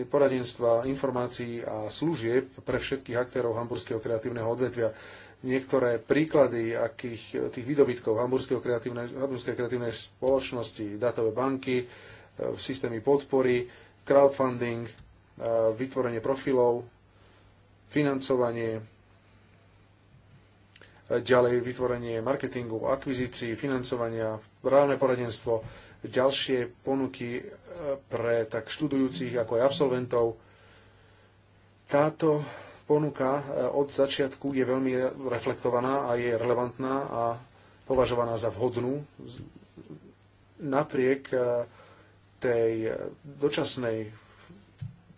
poradenstva, informácií a služieb pre všetkých aktérov hamburského kreatívneho odvetvia. Niektoré príklady akých, tých výdobytkov hamburského kreatívnej, hamburskej kreatívnej spoločnosti, datové banky, systémy podpory, crowdfunding, eh, vytvorenie profilov, financovanie, eh, ďalej vytvorenie marketingu, akvizícií, financovania, reálne poradenstvo, ďalšie ponuky eh, pre tak študujúcich ako aj absolventov. Táto ponuka od začiatku je veľmi reflektovaná a je relevantná a považovaná za vhodnú napriek tej eh, dočasnej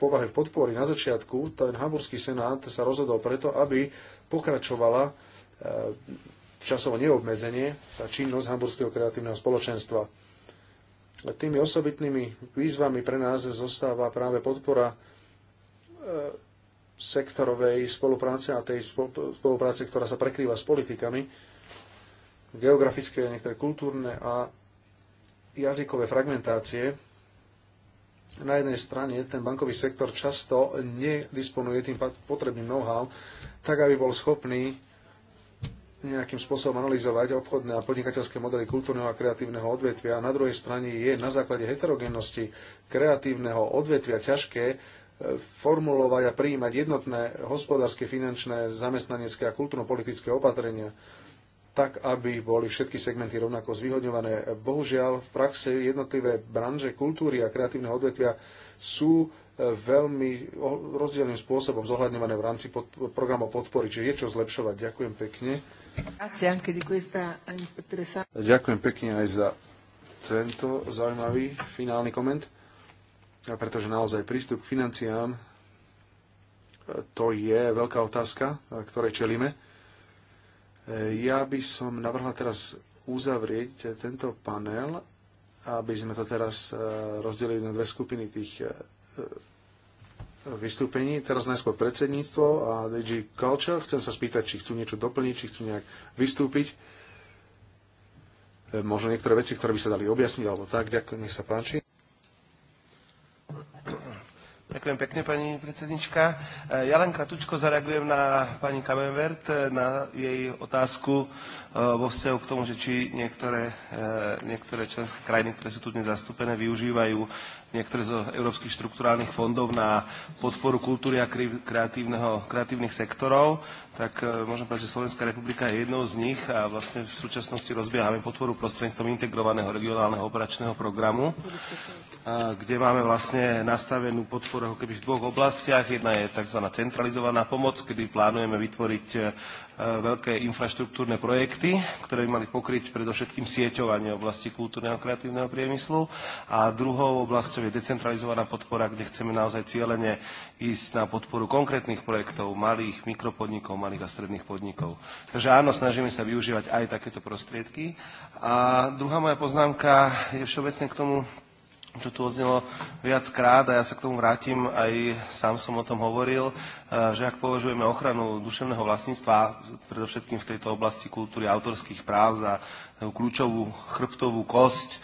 povahe podpory na začiatku, ten Hamburský senát sa rozhodol preto, aby pokračovala eh, časovo neobmedzenie tá činnosť Hamburského kreatívneho spoločenstva. Tými osobitnými výzvami pre nás zostáva práve podpora eh, sektorovej spolupráce a tej spolupráce, ktorá sa prekrýva s politikami, geografické, niektoré kultúrne a jazykové fragmentácie na jednej strane ten bankový sektor často nedisponuje tým potrebným know-how, tak aby bol schopný nejakým spôsobom analyzovať obchodné a podnikateľské modely kultúrneho a kreatívneho odvetvia. A na druhej strane je na základe heterogénnosti kreatívneho odvetvia ťažké e, formulovať a prijímať jednotné hospodárske, finančné, zamestnanecké a kultúrno-politické opatrenia tak, aby boli všetky segmenty rovnako zvýhodňované. Bohužiaľ, v praxe jednotlivé branže kultúry a kreatívne odvetvia sú e, veľmi rozdielným spôsobom zohľadňované v rámci pod, programov podpory, čiže je čo zlepšovať. Ďakujem pekne. Eh, Ďakujem pekne aj za tento zaujímavý finálny koment, pretože naozaj prístup k financiám e, to je veľká otázka, ktorej čelíme Eh, ja by som navrhla teraz uzavrieť tento panel, aby sme to teraz eh, rozdelili na dve skupiny tých eh, vystúpení. Teraz najskôr predsedníctvo a DG Culture. Chcem sa spýtať, či chcú niečo doplniť, či chcú nejak vystúpiť. Možno niektoré veci, ktoré by sa dali objasniť, alebo tak. Ďakujem, nech sa páči. Ďakujem pekne, pani predsednička. E, ja len kratučko zareagujem na pani Kamenvert, e, na jej otázku e, vo vzťahu k tomu, že či niektoré, niektoré členské krajiny, ktoré sú tu dnes zastúpené, využívajú niektoré zo európskych štruktúrálnych fondov na podporu kultúry a kreatívnych sektorov. Tak môžem povedať, že Slovenská republika je jednou z nich a vlastne v súčasnosti rozbiehame podporu prostredníctvom integrovaného regionálneho operačného programu kde máme vlastne nastavenú podporu ako keby v dvoch oblastiach. Jedna je tzv. centralizovaná pomoc, kedy plánujeme vytvoriť e, veľké infraštruktúrne projekty, ktoré by mali pokryť predovšetkým sieťovanie oblasti kultúrneho a kreatívneho priemyslu. A druhou oblasťou je decentralizovaná podpora, kde chceme naozaj cieľene ísť na podporu konkrétnych projektov, malých mikropodnikov, malých a stredných podnikov. Takže áno, snažíme sa využívať aj takéto prostriedky. A druhá moja poznámka je všeobecne k tomu čo tu odznelo viackrát a ja sa k tomu vrátim, aj sám som o tom hovoril, eh, že ak považujeme ochranu duševného vlastníctva, predovšetkým v tejto oblasti kultúry autorských práv za kľúčovú chrbtovú kosť, eh,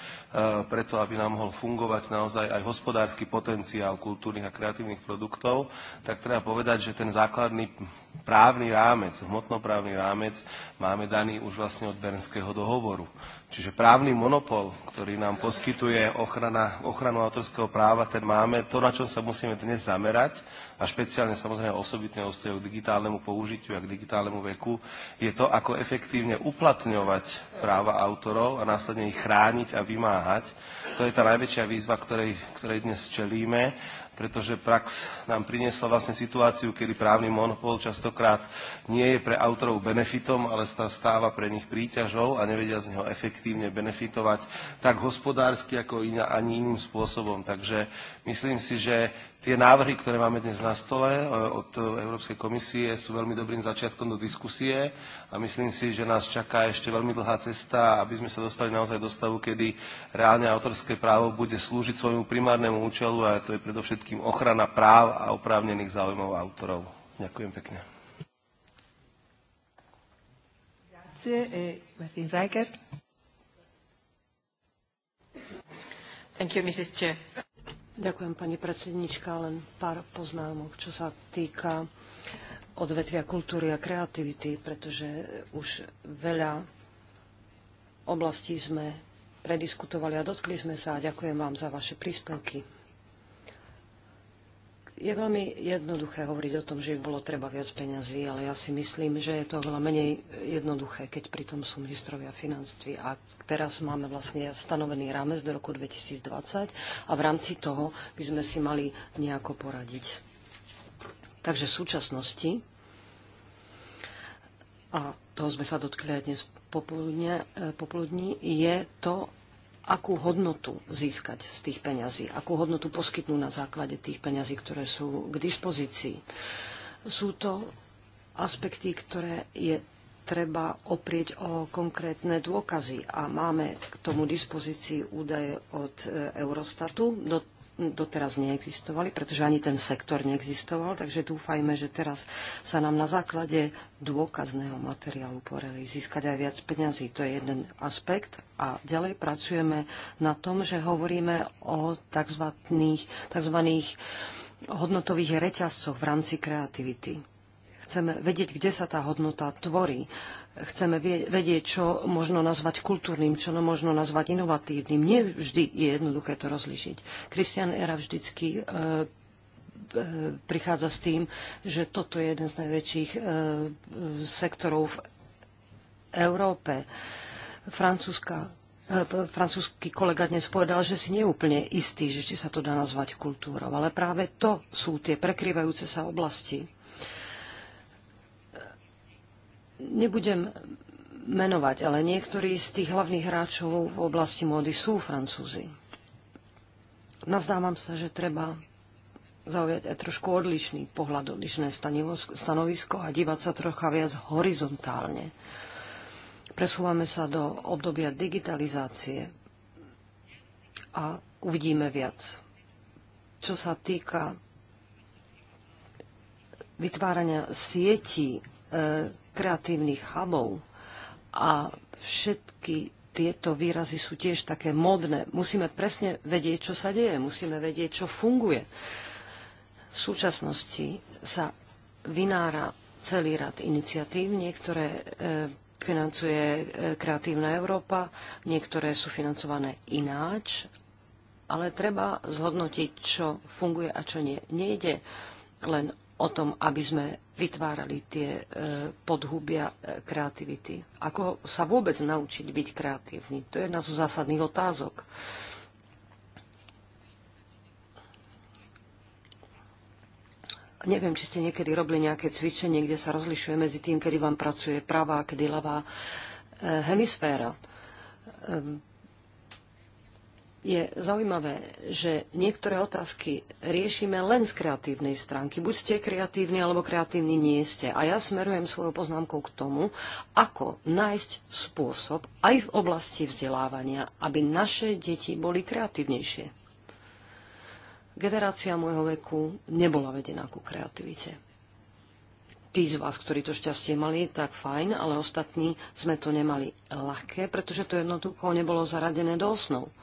preto aby nám mohol fungovať naozaj aj hospodársky potenciál kultúrnych a kreatívnych produktov, tak treba povedať, že ten základný právny rámec, hmotnoprávny rámec máme daný už vlastne od Bernského dohovoru Čiže právny monopol, ktorý nám poskytuje ochrana, ochranu autorského práva, ten máme. To, na čo sa musíme dnes zamerať, a špeciálne samozrejme osobitne ostajú k digitálnemu použitiu a k digitálnemu veku, je to, ako efektívne uplatňovať práva autorov a následne ich chrániť a vymáhať. To je tá najväčšia výzva, ktorej, ktorej dnes čelíme pretože prax nám priniesla vlastne situáciu, kedy právny monopol častokrát nie je pre autorov benefitom, ale stáva pre nich príťažou a nevedia z neho efektívne benefitovať tak hospodársky, ako iná, ani iným spôsobom. Takže myslím si, že Tie návrhy, ktoré máme dnes na stole e, od Európskej komisie, sú veľmi dobrým začiatkom do diskusie a myslím si, že nás čaká ešte veľmi dlhá cesta, aby sme sa dostali naozaj do stavu, kedy reálne autorské právo bude slúžiť svojmu primárnemu účelu a to je predovšetkým ochrana práv a oprávnených záujmov autorov. Ďakujem pekne. E, Thank you, Mrs. Chair. Ďakujem, pani predsednička. Len pár poznámok, čo sa týka odvetvia kultúry a kreativity, pretože už veľa oblastí sme prediskutovali a dotkli sme sa a ďakujem vám za vaše príspevky. Je veľmi jednoduché hovoriť o tom, že ich bolo treba viac peňazí, ale ja si myslím, že je to veľa menej jednoduché, keď pritom sú ministrovia financí. A teraz máme vlastne stanovený rámec do roku 2020 a v rámci toho by sme si mali nejako poradiť. Takže v súčasnosti, a toho sme sa dotkli aj dnes popoludne, e, popoludní, je to, akú hodnotu získať z tých peňazí, akú hodnotu poskytnú na základe tých peňazí, ktoré sú k dispozícii. Sú to aspekty, ktoré je treba oprieť o konkrétne dôkazy a máme k tomu dispozícii údaje od e, Eurostatu. Do doteraz neexistovali, pretože ani ten sektor neexistoval, takže dúfajme, že teraz sa nám na základe dôkazného materiálu poreli získať aj viac peňazí. To je jeden aspekt. A ďalej pracujeme na tom, že hovoríme o tzv. tzv. hodnotových reťazcoch v rámci kreativity chceme vedieť, kde sa tá hodnota tvorí chceme vedieť, čo možno nazvať kultúrnym, čo no možno nazvať inovatívnym. Nie vždy je jednoduché to rozlišiť. Kristian Era vždycky e, e, prichádza s tým, že toto je jeden z najväčších e, sektorov v Európe. Francúzska francúzsky kolega dnes povedal, že si neúplne istý, že či sa to dá nazvať kultúrou. Ale práve to sú tie prekrývajúce sa oblasti, Nebudem menovať, ale niektorí z tých hlavných hráčov v oblasti módy sú Francúzi. Nazdávam sa, že treba zaujať aj trošku odlišný pohľad, odlišné stanovisko a dívať sa trocha viac horizontálne. Presúvame sa do obdobia digitalizácie a uvidíme viac. Čo sa týka vytvárania sietí, e, kreatívnych hubov a všetky tieto výrazy sú tiež také modné. Musíme presne vedieť, čo sa deje, musíme vedieť, čo funguje. V súčasnosti sa vynára celý rad iniciatív, niektoré e, financuje e, Kreatívna Európa, niektoré sú financované ináč, ale treba zhodnotiť, čo funguje a čo nie. Nejde len o tom, aby sme vytvárali tie e, podhubia e, kreativity. Ako sa vôbec naučiť byť kreatívny? To je jedna zo zásadných otázok. Neviem, či ste niekedy robili nejaké cvičenie, kde sa rozlišuje medzi tým, kedy vám pracuje pravá a kedy ľavá e, hemisféra. Ehm, je zaujímavé, že niektoré otázky riešime len z kreatívnej stránky. Buď ste kreatívni, alebo kreatívni nie ste. A ja smerujem svojou poznámkou k tomu, ako nájsť spôsob aj v oblasti vzdelávania, aby naše deti boli kreatívnejšie. Generácia môjho veku nebola vedená ku kreativite. Tí z vás, ktorí to šťastie mali, tak fajn, ale ostatní sme to nemali ľahké, pretože to jednoducho nebolo zaradené do osnov.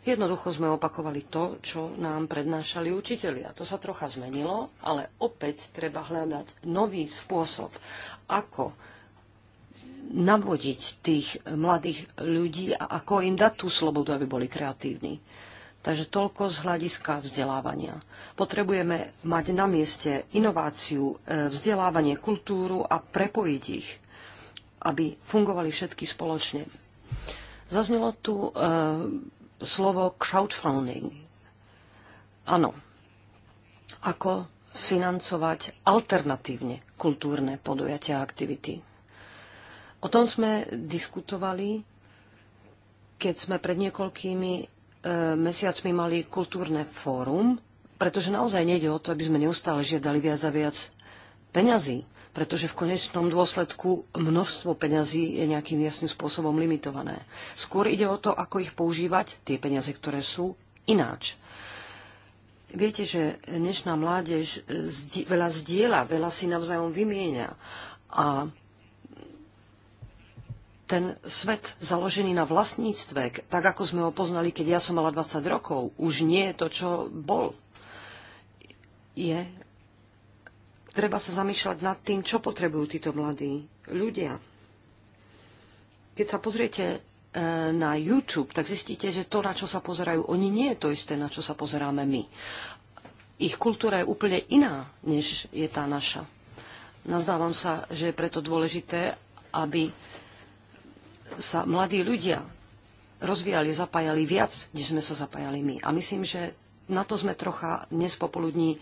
Jednoducho sme opakovali to, čo nám prednášali učitelia. To sa trocha zmenilo, ale opäť treba hľadať nový spôsob, ako navodiť tých mladých ľudí a ako im dať tú slobodu, aby boli kreatívni. Takže toľko z hľadiska vzdelávania. Potrebujeme mať na mieste inováciu, e, vzdelávanie, kultúru a prepojiť ich, aby fungovali všetky spoločne. Zaznelo tu e, slovo crowdfunding. Áno. Ako financovať alternatívne kultúrne podujatia a aktivity. O tom sme diskutovali, keď sme pred niekoľkými e, mesiacmi mali kultúrne fórum, pretože naozaj nejde o to, aby sme neustále žiadali viac a viac peňazí pretože v konečnom dôsledku množstvo peňazí je nejakým jasným spôsobom limitované. Skôr ide o to, ako ich používať, tie peniaze, ktoré sú, ináč. Viete, že dnešná mládež veľa zdieľa, veľa si navzájom vymieňa a ten svet založený na vlastníctve, tak ako sme ho poznali, keď ja som mala 20 rokov, už nie je to, čo bol. Je treba sa zamýšľať nad tým, čo potrebujú títo mladí ľudia. Keď sa pozriete e, na YouTube, tak zistíte, že to, na čo sa pozerajú oni, nie je to isté, na čo sa pozeráme my. Ich kultúra je úplne iná, než je tá naša. Nazdávam sa, že je preto dôležité, aby sa mladí ľudia rozvíjali, zapájali viac, než sme sa zapájali my. A myslím, že na to sme trocha dnes popoludní e,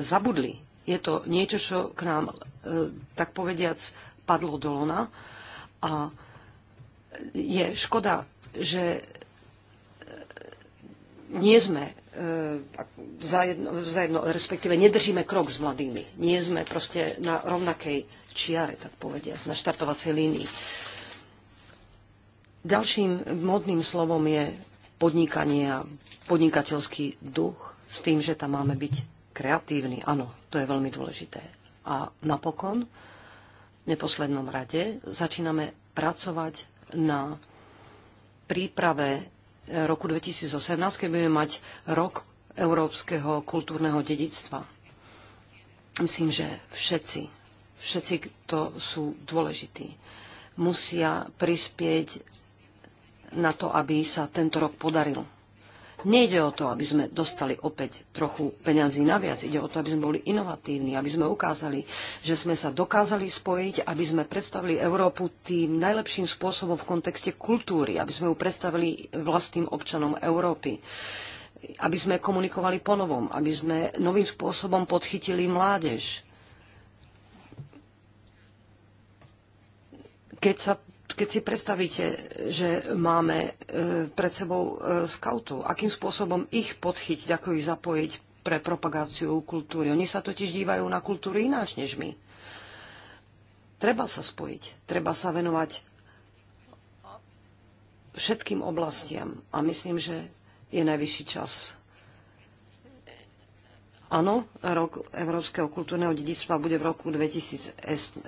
zabudli. Je to niečo, čo k nám, e, tak povediac, padlo do lona a je škoda, že e, nie sme e, za jedno, za jedno, respektíve nedržíme krok s mladými. Nie sme proste na rovnakej čiare, tak povediať, na štartovacej línii. Ďalším modným slovom je podnikanie a podnikateľský duch s tým, že tam máme byť kreatívny, áno, to je veľmi dôležité. A napokon, v neposlednom rade, začíname pracovať na príprave roku 2018, keď budeme mať rok európskeho kultúrneho dedictva. Myslím, že všetci, všetci, kto sú dôležití, musia prispieť na to, aby sa tento rok podaril. Nejde o to, aby sme dostali opäť trochu peňazí naviac. Ide o to, aby sme boli inovatívni, aby sme ukázali, že sme sa dokázali spojiť, aby sme predstavili Európu tým najlepším spôsobom v kontexte kultúry, aby sme ju predstavili vlastným občanom Európy aby sme komunikovali ponovom, aby sme novým spôsobom podchytili mládež. Keď sa keď si predstavíte, že máme e, pred sebou e, skautov, akým spôsobom ich podchytiť, ako ich zapojiť pre propagáciu kultúry. Oni sa totiž dívajú na kultúru ináč než my. Treba sa spojiť, treba sa venovať všetkým oblastiam a myslím, že je najvyšší čas Áno, rok Európskeho kultúrneho dedičstva bude v roku 2018,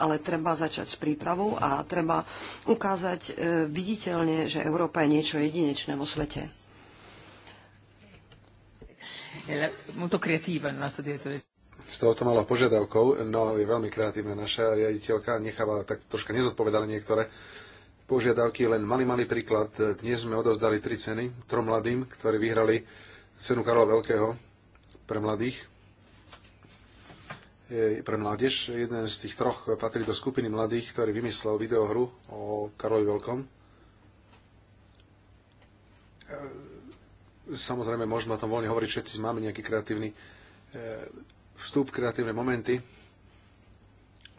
ale treba začať s prípravou a treba ukázať e, viditeľne, že Európa je niečo jedinečné vo svete. Z tohoto malo požiadavkov, no je veľmi kreatívna naša riaditeľka, necháva tak troška nezodpovedané niektoré požiadavky. Len malý, malý príklad. Dnes sme odovzdali tri ceny trom mladým, ktorí vyhrali cenu Karola Veľkého pre mladých, pre mládež. Jeden z tých troch patrí do skupiny mladých, ktorý vymyslel videohru o Karlovi Veľkom. E, samozrejme, môžeme o tom voľne hovoriť, všetci máme nejaký kreatívny e, vstup, kreatívne momenty.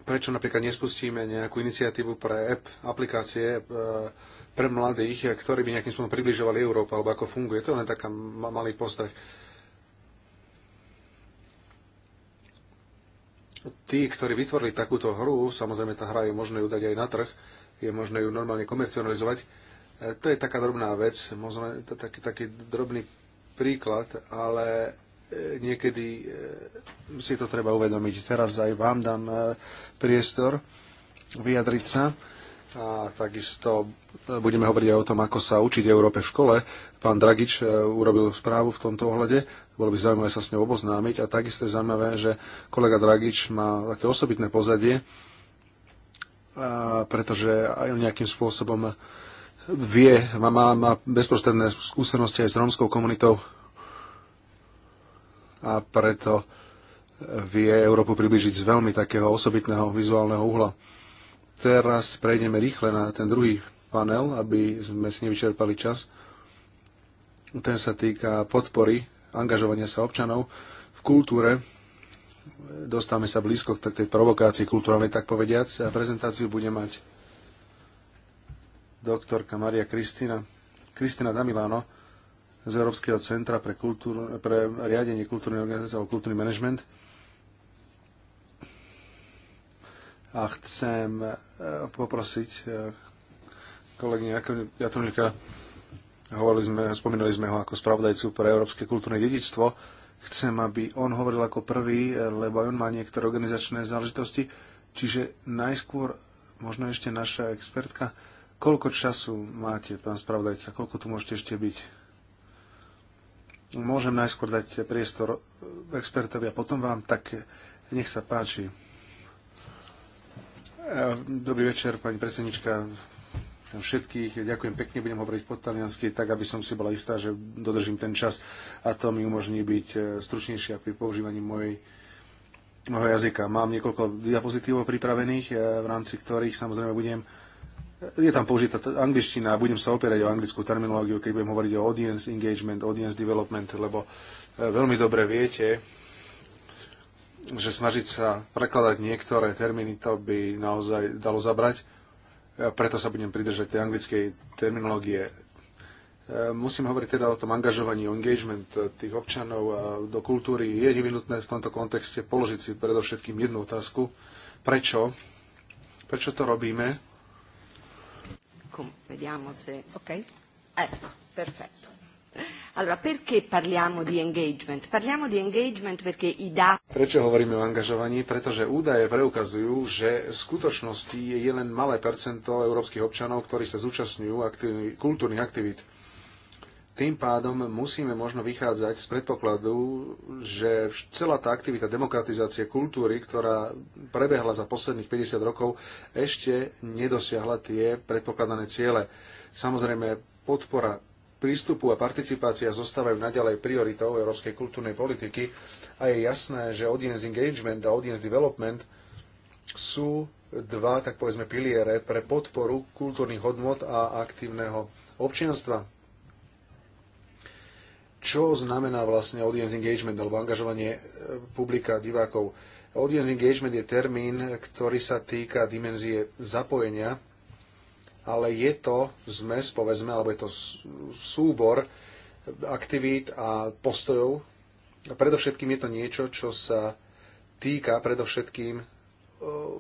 Prečo napríklad nespustíme nejakú iniciatívu pre app, aplikácie e, pre mladých, ktorí by nejakým spôsobom približovali Európu, alebo ako funguje. To je len taká malý postreh tí, ktorí vytvorili takúto hru, samozrejme tá hra je možné ju dať aj na trh, je možné ju normálne komercionalizovať. E, to je taká drobná vec, možno to taký, taký drobný príklad, ale e, niekedy e, si to treba uvedomiť. Teraz aj vám dám priestor vyjadriť sa. A takisto budeme hovoriť aj o tom, ako sa učiť Európe v škole. Pán Dragič urobil správu v tomto ohľade. Bolo by zaujímavé sa s ňou oboznámiť a takisto je zaujímavé, že kolega Dragič má také osobitné pozadie, pretože aj nejakým spôsobom vie, má, má, má bezprostredné skúsenosti aj s rómskou komunitou a preto vie Európu približiť z veľmi takého osobitného vizuálneho uhla. Teraz prejdeme rýchle na ten druhý panel, aby sme si nevyčerpali čas. Ten sa týka podpory angažovania sa občanov v kultúre. Dostávame sa blízko k tej provokácii kultúrnej, tak povediac. A prezentáciu bude mať doktorka Maria Kristina, Kristina Damilano z Európskeho centra pre, kultúr, pre riadenie kultúrnej organizácie alebo kultúrny management. A chcem eh, poprosiť eh, kolegyňa Jatorníka, Hovorili sme, spomínali sme ho ako spravodajcu pre európske kultúrne dedictvo. Chcem, aby on hovoril ako prvý, lebo on má niektoré organizačné záležitosti. Čiže najskôr, možno ešte naša expertka, koľko času máte, pán spravodajca, koľko tu môžete ešte byť? Môžem najskôr dať priestor expertovi a potom vám, tak nech sa páči. Dobrý večer, pani predsednička, všetkých. Ďakujem pekne, budem hovoriť po taliansky, tak aby som si bola istá, že dodržím ten čas a to mi umožní byť e, stručnejšia pri používaní mojej môjho jazyka. Mám niekoľko diapozitívov pripravených, e, v rámci ktorých samozrejme budem e, je tam použitá angličtina a budem sa opierať o anglickú terminológiu, keď budem hovoriť o audience engagement, audience development, lebo veľmi dobre viete, že snažiť sa prekladať niektoré termíny, to by naozaj dalo zabrať preto sa budem pridržať tej anglickej terminológie. E, musím hovoriť teda o tom angažovaní, o engagement tých občanov do kultúry. Je nevinutné v tomto kontexte položiť si predovšetkým jednu otázku. Prečo? Prečo to robíme? Vediamo se... Ok. Ecco, perfetto. Allora, perché parliamo di engagement? Parliamo di engagement perché i dati... Prečo hovoríme o angažovaní? Pretože údaje preukazujú, že v skutočnosti je len malé percento európskych občanov, ktorí sa zúčastňujú aktiv- kultúrnych aktivít. Tým pádom musíme možno vychádzať z predpokladu, že celá tá aktivita demokratizácie kultúry, ktorá prebehla za posledných 50 rokov, ešte nedosiahla tie predpokladané ciele. Samozrejme, podpora prístupu a participácia zostávajú naďalej prioritou európskej kultúrnej politiky a je jasné, že audience engagement a audience development sú dva, tak povedzme, piliere pre podporu kultúrnych hodnot a aktívneho občianstva. Čo znamená vlastne audience engagement alebo angažovanie e, publika, divákov? Audience engagement je termín, ktorý sa týka dimenzie zapojenia ale je to zmes, povedzme, alebo je to súbor aktivít a postojov. A predovšetkým je to niečo, čo sa týka predovšetkým e,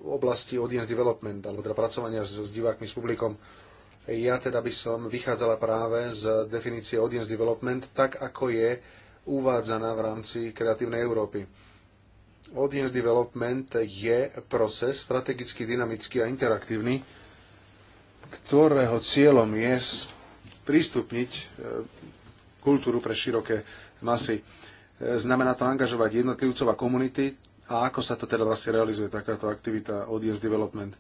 oblasti audience development, alebo teda pracovania s, s divákmi, s publikom. Ja teda by som vychádzala práve z definície audience development, tak ako je uvádzaná v rámci kreatívnej Európy. Audience development je proces strategicky dynamický a interaktívny, ktorého cieľom je prístupniť e, kultúru pre široké masy. E, znamená to angažovať jednotlivcov a komunity a ako sa to teda vlastne realizuje takáto aktivita Audience Development.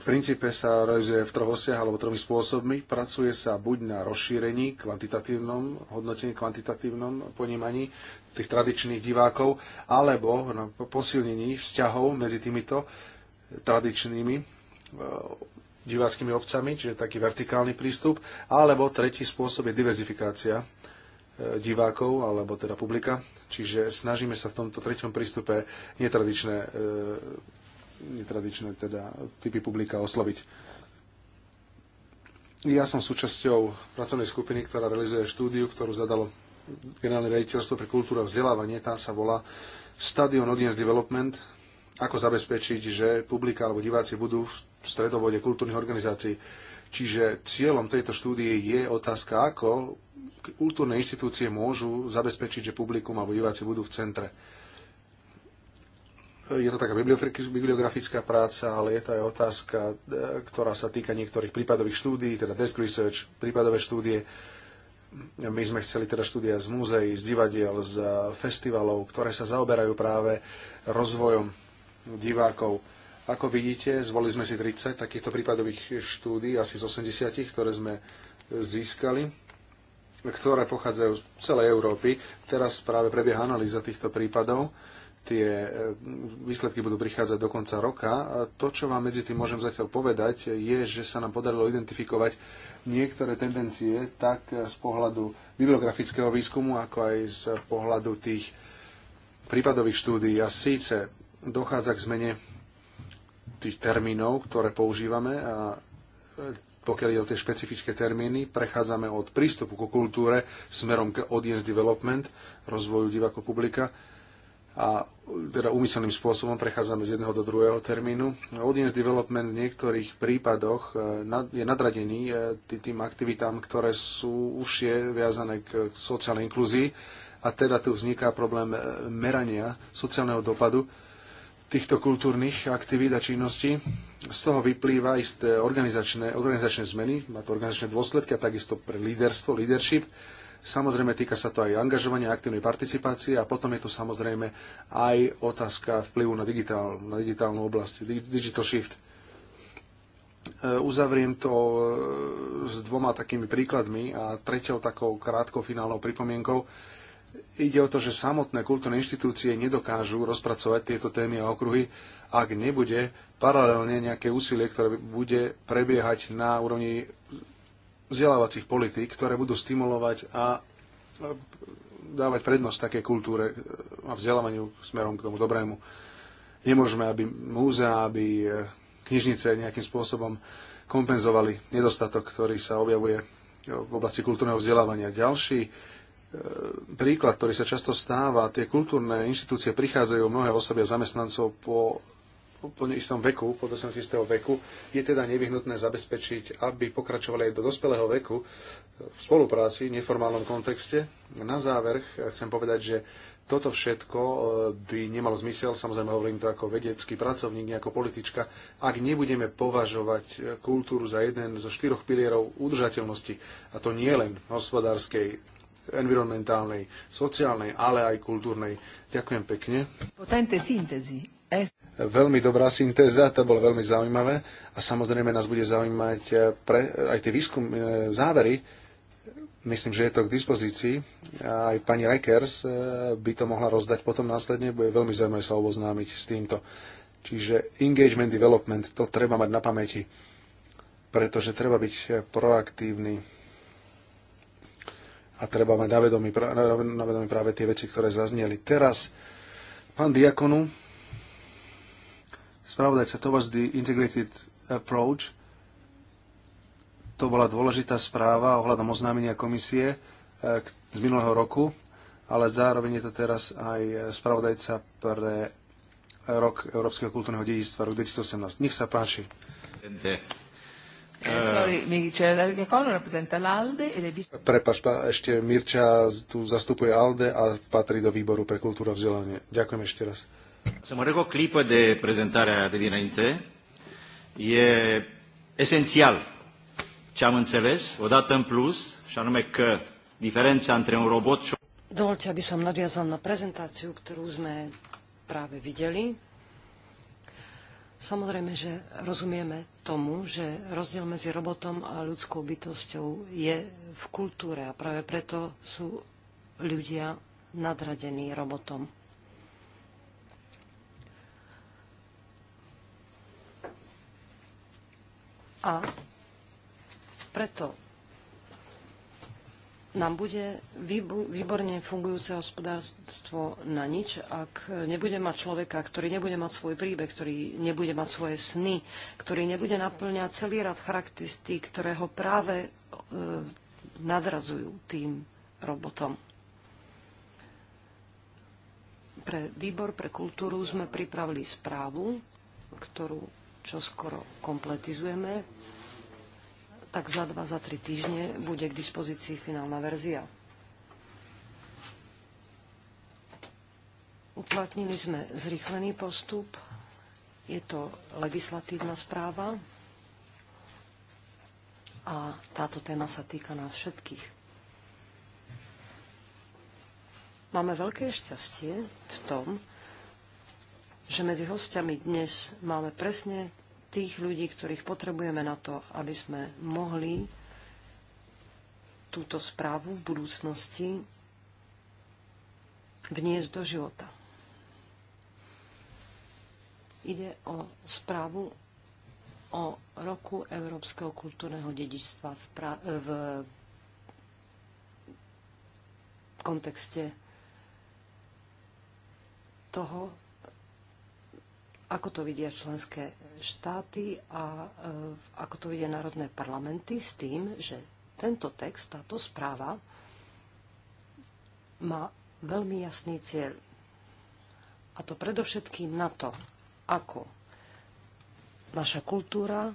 V princípe sa realizuje v troch osiach alebo tromi spôsobmi. Pracuje sa buď na rozšírení kvantitatívnom, hodnotení kvantitatívnom ponímaní tých tradičných divákov, alebo na posilnení vzťahov medzi týmito tradičnými e, diváckými obcami, čiže taký vertikálny prístup, alebo tretí spôsob je diverzifikácia e, divákov alebo teda publika. Čiže snažíme sa v tomto treťom prístupe netradičné, e, netradičné teda typy publika osloviť. Ja som súčasťou pracovnej skupiny, ktorá realizuje štúdiu, ktorú zadalo generálne riaditeľstvo pre kultúru a vzdelávanie. Tá sa volá Stadion Audience Development, ako zabezpečiť, že publika alebo diváci budú v stredovode kultúrnych organizácií. Čiže cieľom tejto štúdie je otázka, ako kultúrne inštitúcie môžu zabezpečiť, že publikum alebo diváci budú v centre. Je to taká bibliografická práca, ale je to aj otázka, e, ktorá sa týka niektorých prípadových štúdií, teda desk research, prípadové štúdie. My sme chceli teda štúdia z múzeí, z divadiel, z festivalov, ktoré sa zaoberajú práve rozvojom divákov. Ako vidíte, zvolili sme si 30 takýchto prípadových štúdí, asi z 80, ktoré sme e, získali, ktoré pochádzajú z celej Európy. Teraz práve prebieha analýza týchto prípadov. Tie e, výsledky budú prichádzať do konca roka. A to, čo vám medzi tým môžem zatiaľ povedať, je, že sa nám podarilo identifikovať niektoré tendencie tak z pohľadu bibliografického výskumu, ako aj z pohľadu tých prípadových štúdií. A síce dochádza k zmene tých termínov, ktoré používame a e, pokiaľ ide o tie špecifické termíny, prechádzame od prístupu ku kultúre smerom k audience development, rozvoju divákov publika a teda úmyselným spôsobom prechádzame z jedného do druhého termínu. Audience development v niektorých prípadoch e, je nadradený e, tým aktivitám, ktoré sú užšie viazané k sociálnej inklúzii a teda tu vzniká problém merania sociálneho dopadu týchto kultúrnych aktivít a činností. Z toho vyplýva isté organizačné, organizačné zmeny, má to organizačné dôsledky a takisto pre líderstvo, leadership. Samozrejme týka sa to aj angažovania, aktívnej participácie a potom je tu samozrejme aj otázka vplyvu na, digitál, na digitálnu oblasť, digital shift. E, uzavriem to e, s dvoma takými príkladmi a treťou takou krátkou finálnou pripomienkou Ide o to, že samotné kultúrne inštitúcie nedokážu rozpracovať tieto témy a okruhy, ak nebude paralelne nejaké úsilie, ktoré bude prebiehať na úrovni vzdelávacích politík, ktoré budú stimulovať a dávať prednosť také kultúre a vzdelávaniu smerom k tomu dobrému. Nemôžeme, aby múzea, aby e, knižnice nejakým spôsobom kompenzovali nedostatok, ktorý sa objavuje v oblasti kultúrneho vzdelávania. Ďalší príklad, ktorý sa často stáva, tie kultúrne inštitúcie prichádzajú mnohé osoby a zamestnancov po úplne istom veku, po dosiahnutí istého veku, je teda nevyhnutné zabezpečiť, aby pokračovali aj do dospelého veku v spolupráci, v neformálnom kontexte. Na záver chcem povedať, že toto všetko e, by nemalo zmysel, samozrejme hovorím to ako vedecký pracovník, nie ako politička, ak nebudeme považovať kultúru za jeden zo štyroch pilierov udržateľnosti, a to nie len hospodárskej, environmentálnej, sociálnej, ale aj kultúrnej. Ďakujem pekne. Potente syntezy. Veľmi dobrá syntéza, to bolo veľmi zaujímavé a samozrejme nás bude zaujímať eh, pre, eh, aj tie výskum eh, závery. Myslím, že je to k dispozícii. Aj pani Rekers by to mohla rozdať potom následne, bude veľmi zaujímavé sa oboznámiť s týmto. Čiže engagement development, to treba mať na pamäti, pretože treba byť proaktívny a treba mať na vedomí, na vedomí práve tie veci, ktoré zaznieli. Teraz pán Diakonu, spravodajca Towards the Integrated Approach, to bola dôležitá správa ohľadom oznámenia komisie e, z minulého roku, ale zároveň je to teraz aj spravodajca pre rok Európskeho kultúrneho dedičstva, rok 2018. Nech sa páči. Eh, Sorry, Prepač, ešte Mirča tu zastupuje ALDE a patrí do výboru pre kultúru a vzdelanie. Ďakujem ešte raz. Să mă rog o de prezentare de dinainte. je esențial ce am înțeles, odată în plus, și anume că diferența între un robot și... Dovolte, aby som nadviazal na prezentáciu, ktorú sme práve videli. Samozrejme, že rozumieme tomu, že rozdiel medzi robotom a ľudskou bytosťou je v kultúre a práve preto sú ľudia nadradení robotom. A preto nám bude výborne fungujúce hospodárstvo na nič, ak nebude mať človeka, ktorý nebude mať svoj príbeh, ktorý nebude mať svoje sny, ktorý nebude naplňať celý rad charakteristík, ktoré ho práve e, nadrazujú tým robotom. Pre výbor pre kultúru sme pripravili správu, ktorú čoskoro kompletizujeme tak za dva, za tri týždne bude k dispozícii finálna verzia. Uplatnili sme zrychlený postup. Je to legislatívna správa a táto téma sa týka nás všetkých. Máme veľké šťastie v tom, že medzi hostiami dnes máme presne tých ľudí, ktorých potrebujeme na to, aby sme mohli túto správu v budúcnosti vniesť do života. Ide o správu o roku Európskeho kultúrneho dedičstva v, pra- v kontexte toho, ako to vidia členské štáty a e, ako to vidia národné parlamenty s tým, že tento text, táto správa má veľmi jasný cieľ. A to predovšetkým na to, ako naša kultúra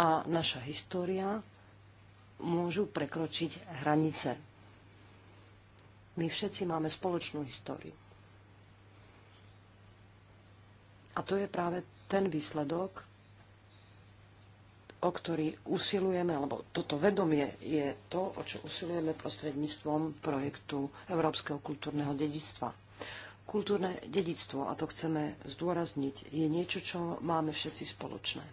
a naša história môžu prekročiť hranice. My všetci máme spoločnú históriu. A to je práve ten výsledok, o ktorý usilujeme, alebo toto vedomie je to, o čo usilujeme prostredníctvom projektu Európskeho kultúrneho dedictva. Kultúrne dedictvo, a to chceme zdôrazniť, je niečo, čo máme všetci spoločné.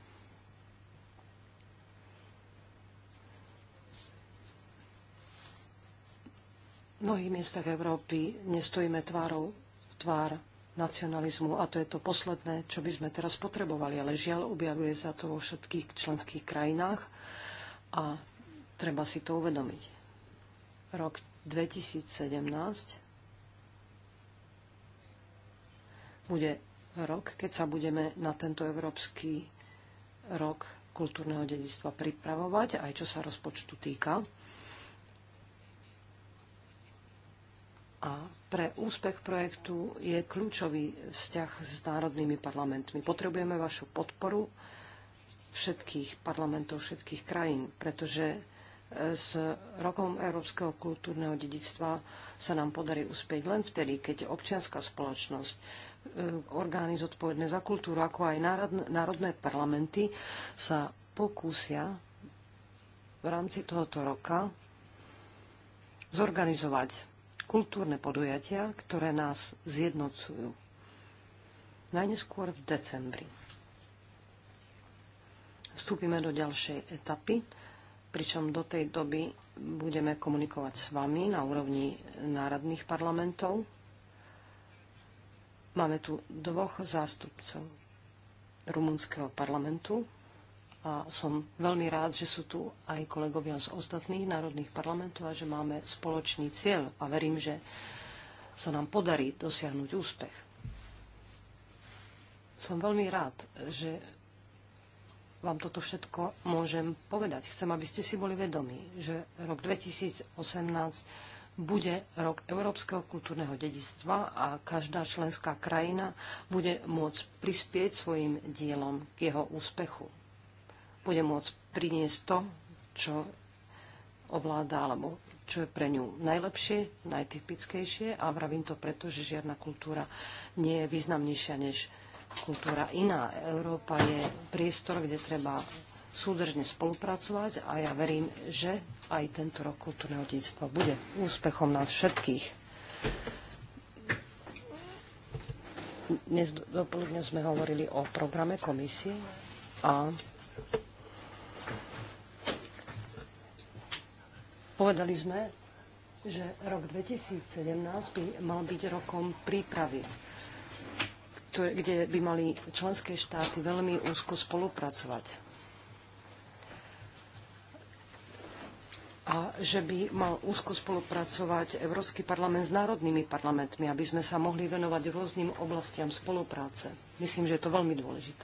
V mnohých miestach Európy nestojíme tvárou tvár nacionalizmu a to je to posledné, čo by sme teraz potrebovali, ale žiaľ objavuje sa to vo všetkých členských krajinách a treba si to uvedomiť. Rok 2017 bude rok, keď sa budeme na tento Európsky rok kultúrneho dedistva pripravovať, aj čo sa rozpočtu týka. A pre úspech projektu je kľúčový vzťah s národnými parlamentmi. Potrebujeme vašu podporu všetkých parlamentov, všetkých krajín, pretože e, s rokom európskeho kultúrneho dedictva sa nám podarí uspieť len vtedy, keď občianská spoločnosť, e, orgány zodpovedné za kultúru, ako aj národné parlamenty sa pokúsia v rámci tohoto roka zorganizovať kultúrne podujatia, ktoré nás zjednocujú. Najneskôr v decembri. Vstúpime do ďalšej etapy, pričom do tej doby budeme komunikovať s vami na úrovni národných parlamentov. Máme tu dvoch zástupcov rumunského parlamentu, a som veľmi rád, že sú tu aj kolegovia z ostatných národných parlamentov a že máme spoločný cieľ a verím, že sa nám podarí dosiahnuť úspech. Som veľmi rád, že vám toto všetko môžem povedať. Chcem, aby ste si boli vedomí, že rok 2018 bude rok Európskeho kultúrneho dedictva a každá členská krajina bude môcť prispieť svojim dielom k jeho úspechu bude môcť priniesť to, čo ovláda alebo čo je pre ňu najlepšie, najtypickejšie a vravím to preto, že žiadna kultúra nie je významnejšia než kultúra iná. Európa je priestor, kde treba súdržne spolupracovať a ja verím, že aj tento rok kultúrneho dedictva bude úspechom nás všetkých. Dnes dopoludne sme hovorili o programe komisie a Povedali sme, že rok 2017 by mal byť rokom prípravy, kde by mali členské štáty veľmi úzko spolupracovať. a že by mal úzko spolupracovať Európsky parlament s národnými parlamentmi, aby sme sa mohli venovať rôznym oblastiam spolupráce. Myslím, že je to veľmi dôležité.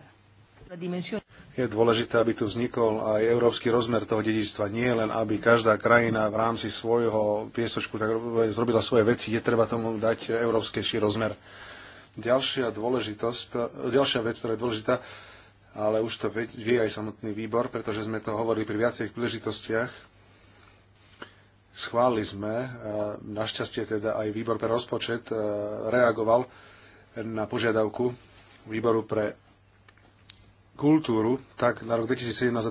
Je dôležité, aby tu vznikol aj európsky rozmer toho dedičstva. Nie len, aby každá krajina v rámci svojho piesočku tak zrobila svoje veci. Je treba tomu dať európskejší rozmer. Ďalšia dôležitosť, ďalšia vec, ktorá je dôležitá, ale už to vie aj samotný výbor, pretože sme to hovorili pri viacerých príležitostiach. Schválili sme, e, našťastie teda aj výbor pre rozpočet e, reagoval na požiadavku výboru pre kultúru, tak na rok 2017 a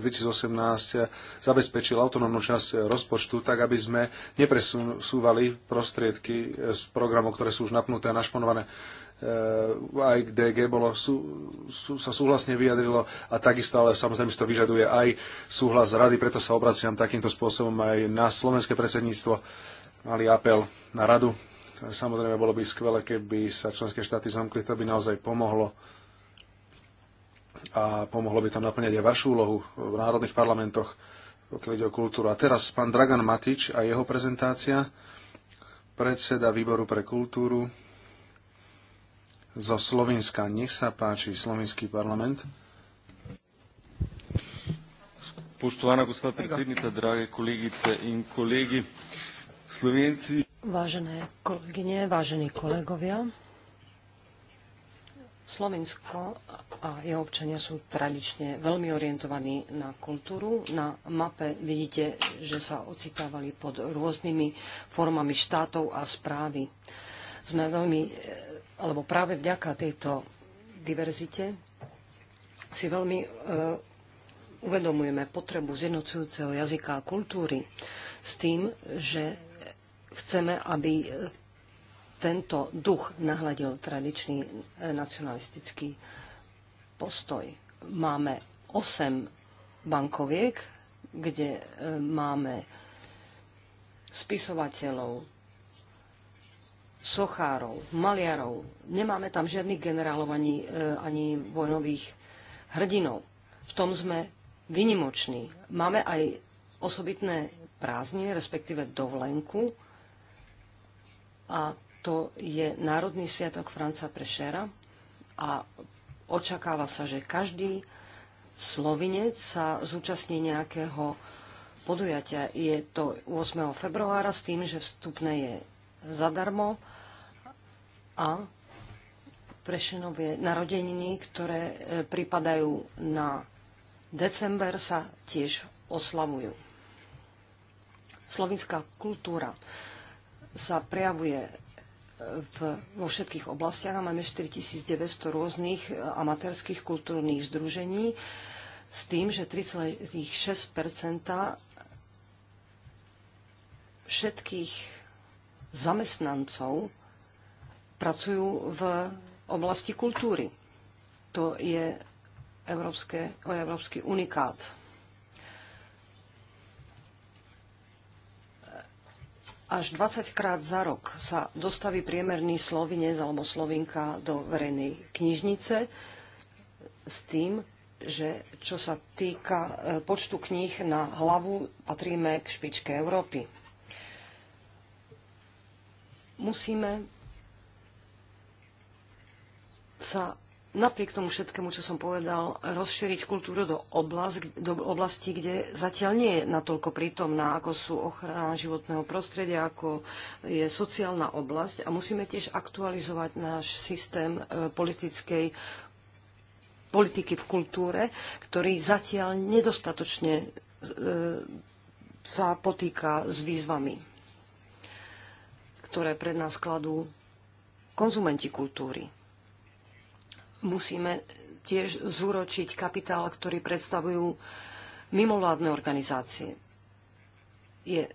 2018 zabezpečil autonómnu časť rozpočtu, tak aby sme nepresúvali prostriedky z programov, ktoré sú už napnuté a našponované e, aj k DG bolo, sú, sú, sa súhlasne vyjadrilo a takisto, ale samozrejme si to vyžaduje aj súhlas rady, preto sa obraciam takýmto spôsobom aj na slovenské predsedníctvo. Mali apel na radu. Samozrejme, bolo by skvelé, keby sa členské štáty zamkli, to by naozaj pomohlo a pomohlo by tam naplňať aj vašu úlohu v národných parlamentoch, pokiaľ ide o kultúru. A teraz pán Dragan Matič a jeho prezentácia, predseda výboru pre kultúru zo Slovenska. Nech sa páči, slovenský parlament. Poštovana gospod predsednica, drahé kolegice in kolegi, Slovenci... Vážené kolegyne, vážení kolegovia, Slovensko a jeho občania sú tradične veľmi orientovaní na kultúru. Na mape vidíte, že sa ocitávali pod rôznymi formami štátov a správy. Sme veľmi, e, alebo práve vďaka tejto diverzite si veľmi e, uvedomujeme potrebu zjednocujúceho jazyka a kultúry s tým, že chceme, aby tento duch nahladil tradičný e, nacionalistický postoj. Máme 8 bankoviek, kde e, máme spisovateľov, sochárov, maliarov. Nemáme tam žiadnych generálov ani, e, ani vojnových hrdinov. V tom sme vynimoční. Máme aj osobitné prázdniny, respektíve dovolenku. A to je Národný sviatok Franca Prešera a očakáva sa, že každý slovinec sa zúčastní nejakého podujatia. Je to 8. februára s tým, že vstupné je zadarmo a Prešenovie narodeniny, ktoré e, pripadajú na december, sa tiež oslavujú. Slovinská kultúra sa prejavuje v, vo všetkých oblastiach a máme 4900 rôznych e, amatérských kultúrnych združení s tým, že 3,6 všetkých zamestnancov pracujú v oblasti kultúry. To je európske, európsky unikát. Až 20 krát za rok sa dostaví priemerný slovinec alebo slovinka do verejnej knižnice s tým, že čo sa týka e, počtu kníh na hlavu, patríme k špičke Európy. Musíme sa napriek tomu všetkému, čo som povedal, rozšíriť kultúru do, oblast, do oblasti, kde zatiaľ nie je natoľko prítomná, ako sú ochrana životného prostredia, ako je sociálna oblasť. A musíme tiež aktualizovať náš systém e, politickej politiky v kultúre, ktorý zatiaľ nedostatočne e, sa potýka s výzvami, ktoré pred nás kladú konzumenti kultúry musíme tiež zúročiť kapitál, ktorý predstavujú mimovládne organizácie. Je,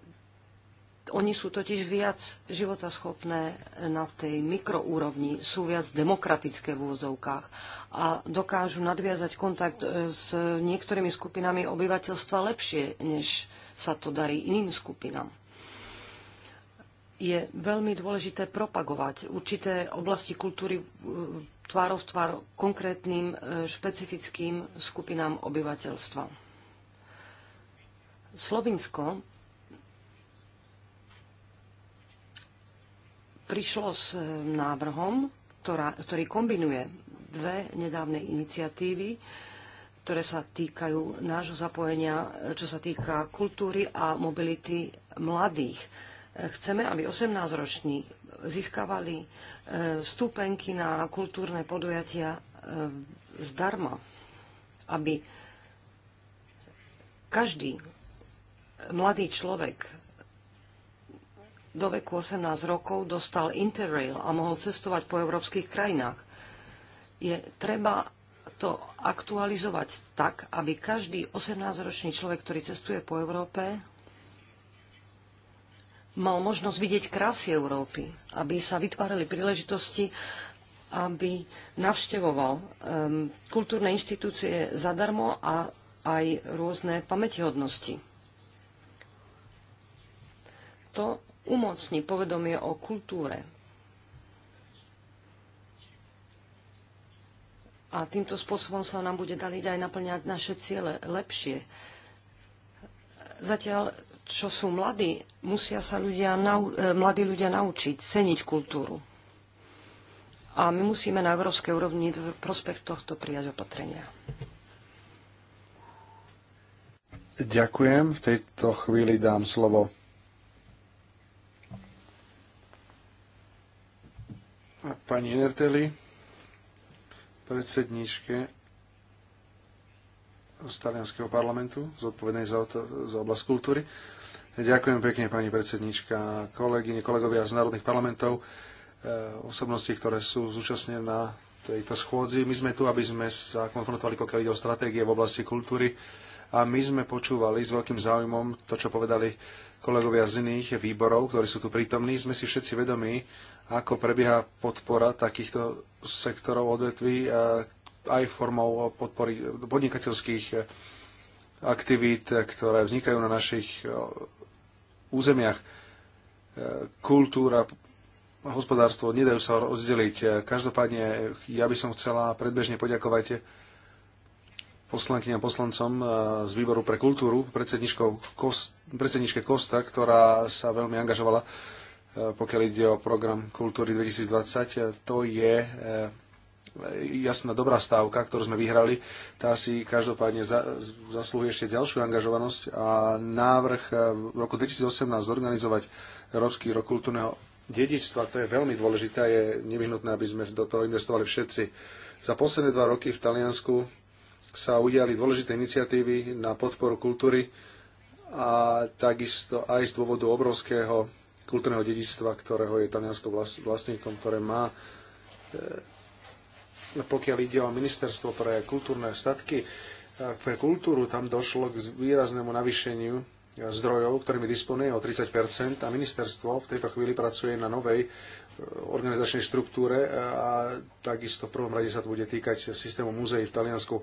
oni sú totiž viac životaschopné na tej mikroúrovni, sú viac demokratické v úvozovkách a dokážu nadviazať kontakt e, s niektorými skupinami obyvateľstva lepšie, než sa to darí iným skupinám je veľmi dôležité propagovať určité oblasti kultúry tvárov v tvár konkrétnym e, špecifickým skupinám obyvateľstva. Slovinsko prišlo s e, návrhom, ktorá, ktorý kombinuje dve nedávne iniciatívy, ktoré sa týkajú nášho zapojenia, e, čo sa týka kultúry a mobility mladých Chceme, aby 18-roční získavali e, vstupenky na kultúrne podujatia e, zdarma, aby každý mladý človek do veku 18 rokov dostal Interrail a mohol cestovať po európskych krajinách. Je treba to aktualizovať tak, aby každý 18-ročný človek, ktorý cestuje po Európe, mal možnosť vidieť krásy Európy, aby sa vytvárali príležitosti, aby navštevoval um, kultúrne inštitúcie zadarmo a aj rôzne pamätihodnosti. To umocní povedomie o kultúre. A týmto spôsobom sa nám bude daliť aj naplňať naše ciele lepšie. Zatiaľ čo sú mladí, musia sa ľudia, e, mladí ľudia naučiť ceniť kultúru. A my musíme na európskej úrovni v prospech tohto prijať opatrenia. Ďakujem. V tejto chvíli dám slovo a pani Nerteli, predsedníčke z talianského parlamentu, zodpovednej za, za oblasť kultúry. Ďakujem pekne, pani predsednička, kolegyne, kolegovia z národných parlamentov, eh, osobnosti, ktoré sú zúčastnené na tejto schôdzi. My sme tu, aby sme sa konfrontovali, pokiaľ ide o stratégie v oblasti kultúry. A my sme počúvali s veľkým záujmom to, čo povedali kolegovia z iných výborov, ktorí sú tu prítomní. Sme si všetci vedomí, ako prebieha podpora takýchto sektorov odvetví eh, aj formou podpory podnikateľských eh, aktivít, ktoré vznikajú na našich územiach. E, kultúra, hospodárstvo nedajú sa rozdeliť. E, každopádne e, ja by som chcela predbežne poďakovať poslankyňam poslancom z výboru pre kultúru, predsedničke Kosta, ktorá sa veľmi angažovala, pokiaľ ide o program kultúry 2020. To je Eh, jasná dobrá stávka, ktorú sme vyhrali, tá si každopádne za, zaslúhuje ešte ďalšiu angažovanosť a návrh eh, v roku 2018 zorganizovať Európsky rok kultúrneho dedičstva, to je veľmi dôležité, je nevyhnutné, aby sme do toho investovali všetci. Za posledné dva roky v Taliansku sa udiali dôležité iniciatívy na podporu kultúry a takisto aj z dôvodu obrovského kultúrneho dedičstva, ktorého je Taliansko vlastníkom, ktoré má eh, pokiaľ ide o ministerstvo pre kultúrne statky, pre kultúru tam došlo k výraznému navýšeniu zdrojov, ktorými disponuje o 30 a ministerstvo v tejto chvíli pracuje na novej e, organizačnej štruktúre a takisto v prvom rade sa to bude týkať systému múzeí v Taliansku.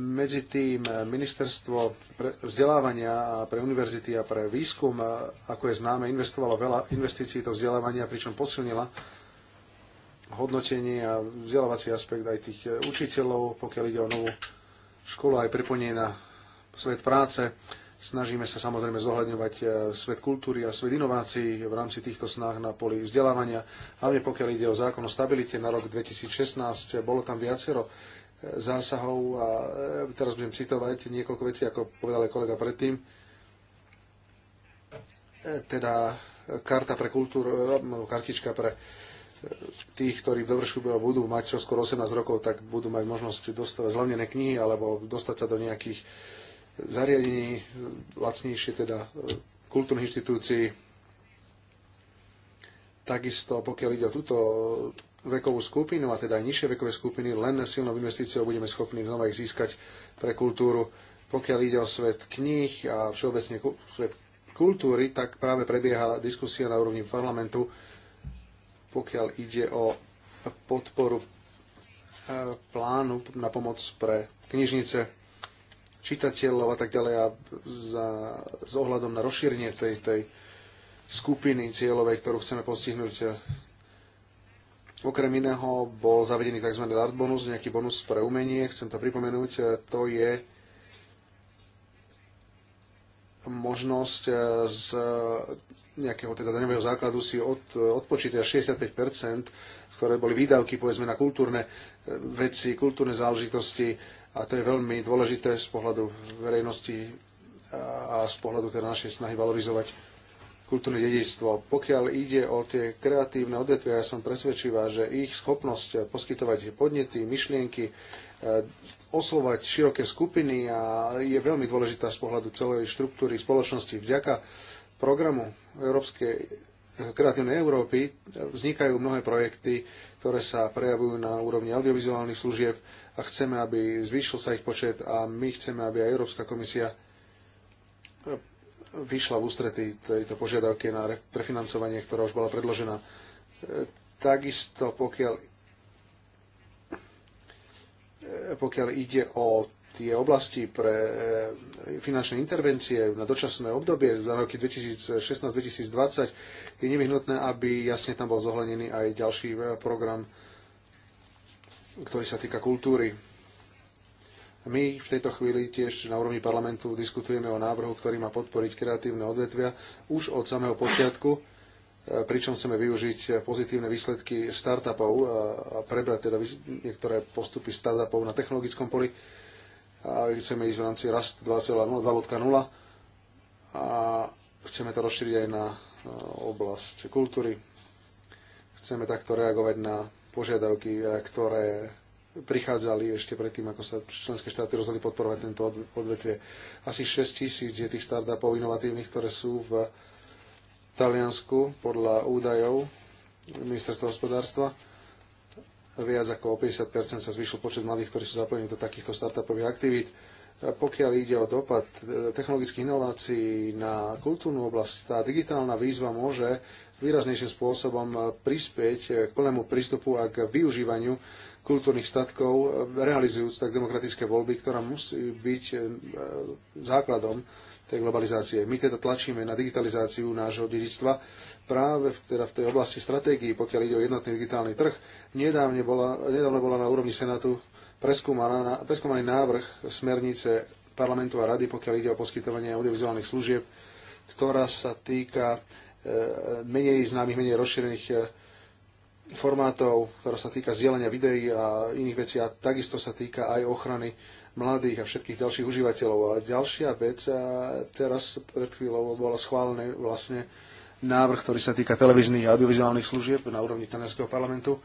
Medzi tým ministerstvo pre vzdelávania pre univerzity a pre výskum, ako je známe, investovalo veľa investícií do vzdelávania, pričom posilnila hodnotenie a vzdelávací aspekt aj tých eh, učiteľov, pokiaľ ide o novú školu, aj pripojenie na svet práce. Snažíme sa samozrejme zohľadňovať eh, svet kultúry a svet inovácií v rámci týchto snah na poli vzdelávania. Hlavne pokiaľ ide o zákon o stabilite na rok 2016, bolo tam viacero eh, zásahov a teraz budem citovať niekoľko vecí, ako povedal aj kolega predtým. Teda karta pre kultúru, no, kartička pre tých, ktorí dovršujú a budú mať skoro 18 rokov, tak budú mať možnosť dostať zlevnené knihy alebo dostať sa do nejakých zariadení lacnejšie, teda e, kultúrnych inštitúcií. Takisto, pokiaľ ide o túto vekovú skupinu, a teda aj nižšie vekové skupiny, len silnou investíciou budeme schopní znova ich získať pre kultúru. Pokiaľ ide o svet kníh a všeobecne svet kultúry, tak práve prebieha diskusia na úrovni parlamentu, pokiaľ ide o podporu e, plánu na pomoc pre knižnice, čitateľov a tak ďalej a za, s ohľadom na rozšírenie tej, tej skupiny cieľovej, ktorú chceme postihnúť. Okrem iného bol zavedený tzv. art bonus, nejaký bonus pre umenie, chcem to pripomenúť, e, to je možnosť e, z e, nejakého teda daňového základu si od, e, odpočítať 65 ktoré boli výdavky povedzme na kultúrne veci, kultúrne záležitosti a to je veľmi dôležité z pohľadu verejnosti a z pohľadu teda našej snahy valorizovať kultúrne dedičstvo. Pokiaľ ide o tie kreatívne odvetvia, ja som presvedčivá, že ich schopnosť poskytovať podnety, myšlienky, E, oslovať široké skupiny a je veľmi dôležitá z pohľadu celej štruktúry spoločnosti. Vďaka programu Európskej e, kreatívnej Európy e, vznikajú mnohé projekty, ktoré sa prejavujú na úrovni audiovizuálnych služieb a chceme, aby zvýšil sa ich počet a my chceme, aby aj Európska komisia vyšla v ústretí tejto požiadavke na prefinancovanie, ktorá už bola predložená. Takisto, pokiaľ pokiaľ ide o tie oblasti pre eh, finančné intervencie na dočasné obdobie za roky 2016-2020 je nevyhnutné, aby jasne tam bol zohlenený aj ďalší eh, program, ktorý sa týka kultúry. My v tejto chvíli tiež na úrovni parlamentu diskutujeme o návrhu, ktorý má podporiť kreatívne odvetvia už od samého počiatku pričom chceme využiť pozitívne výsledky startupov a prebrať teda niektoré postupy startupov na technologickom poli a chceme ísť v rámci rast 2.0, a chceme to rozšíriť aj na e, oblasť kultúry. Chceme takto reagovať na požiadavky, e, ktoré prichádzali ešte predtým, ako sa členské štáty rozhodli podporovať tento odvetvie. Asi 6 tisíc je tých startupov inovatívnych, ktoré sú v Taliansku podľa údajov ministerstva hospodárstva viac ako o 50% sa zvýšil počet mladých, ktorí sú zapojení do takýchto startupových aktivít. Pokiaľ ide o dopad e, technologických inovácií na kultúrnu oblasť, tá digitálna výzva môže výraznejším spôsobom e, prispieť e, k plnému prístupu a k využívaniu kultúrnych statkov, realizujúc tak demokratické voľby, ktorá musí byť základom tej globalizácie. My teda tlačíme na digitalizáciu nášho dedičstva práve v, teda v tej oblasti stratégií, pokiaľ ide o jednotný digitálny trh. Nedávne bola, nedávno bola na úrovni Senátu preskúmaný návrh smernice parlamentu a rady, pokiaľ ide o poskytovanie audiovizuálnych služieb, ktorá sa týka e, menej známych, menej rozšírených e, formátov, ktorá sa týka zdieľania videí a iných vecí a takisto sa týka aj ochrany mladých a všetkých ďalších užívateľov. A ďalšia vec, a teraz pred chvíľou bola schválený vlastne návrh, ktorý sa týka televíznych a audiovizuálnych služieb na úrovni Talianského parlamentu.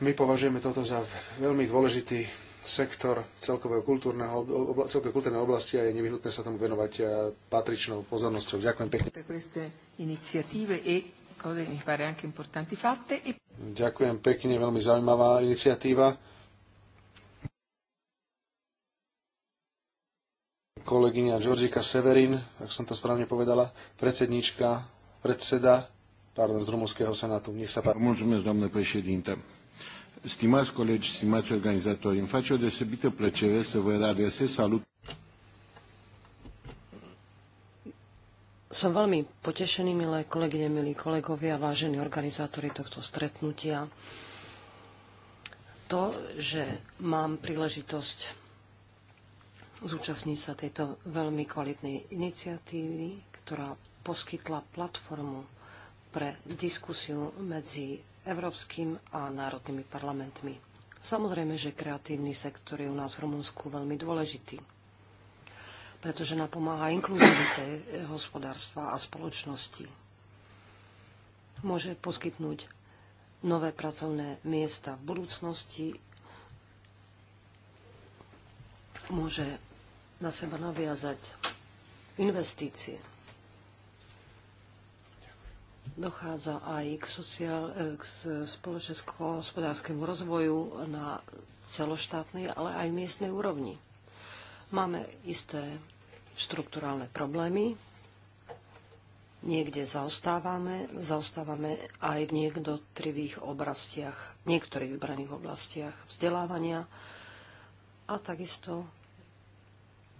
My považujeme toto za veľmi dôležitý sektor celkového kultúrneho, obla, celkové kultúrnej oblasti a je nevyhnutné sa tomu venovať patričnou pozornosťou. Ďakujem pekne. E, e- Ďakujem pekne, veľmi zaujímavá iniciatíva kolegyňa Georgika Severin, ak som to správne povedala, predsedníčka, predseda, pardon, z Rumunského senátu. Nech sa páči. Mulțumesc, doamnă prešedinte. Stimați colegi, stimați organizatori, îmi face o deosebită plăcere să vă adresez salut. Som veľmi potešený, milé kolegyne, milí kolegovia, vážení organizátori tohto stretnutia. To, že mám príležitosť zúčastniť sa tejto veľmi kvalitnej iniciatívy, ktorá poskytla platformu pre diskusiu medzi európskym a národnými parlamentmi. Samozrejme, že kreatívny sektor je u nás v Rumunsku veľmi dôležitý, pretože napomáha inkluzivite hospodárstva a spoločnosti. Môže poskytnúť nové pracovné miesta v budúcnosti, môže na seba naviazať investície. Dochádza aj k, sociál, e, k spoločensko-hospodárskému rozvoju na celoštátnej, ale aj miestnej úrovni. Máme isté štruktúrálne problémy, niekde zaostávame, zaostávame aj v niektorých oblastiach, niektorých vybraných oblastiach vzdelávania a takisto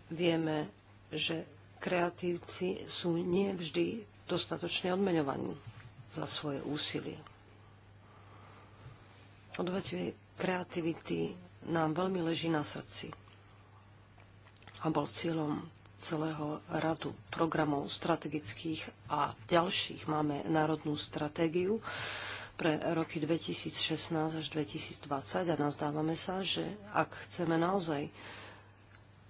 Vieme, že kreatívci sú nevždy dostatočne odmeňovaní za svoje úsilie. Odvetvie kreativity nám veľmi leží na srdci a bol cieľom celého radu programov strategických a ďalších. Máme národnú stratégiu pre roky 2016 až 2020 a nazdávame sa, že ak chceme naozaj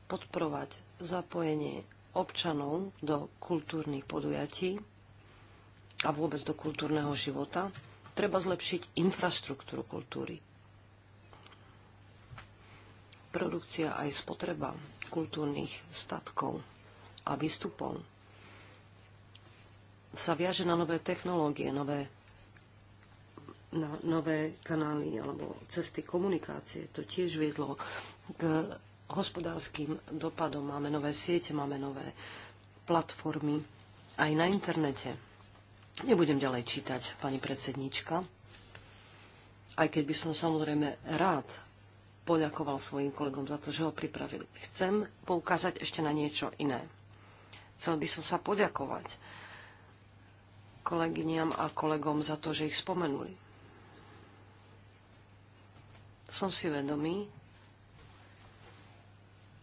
podporovať zapojenie občanov do kultúrnych podujatí a vôbec do kultúrneho života, treba zlepšiť infraštruktúru kultúry. Produkcia aj spotreba kultúrnych statkov a výstupov sa viaže na nové technológie, nové, na nové kanály alebo cesty komunikácie. To tiež viedlo k hospodárským dopadom. Máme nové siete, máme nové platformy aj na internete. Nebudem ďalej čítať, pani predsednička, aj keď by som samozrejme rád poďakoval svojim kolegom za to, že ho pripravili. Chcem poukázať ešte na niečo iné. Chcel by som sa poďakovať kolegyniam a kolegom za to, že ich spomenuli. Som si vedomý,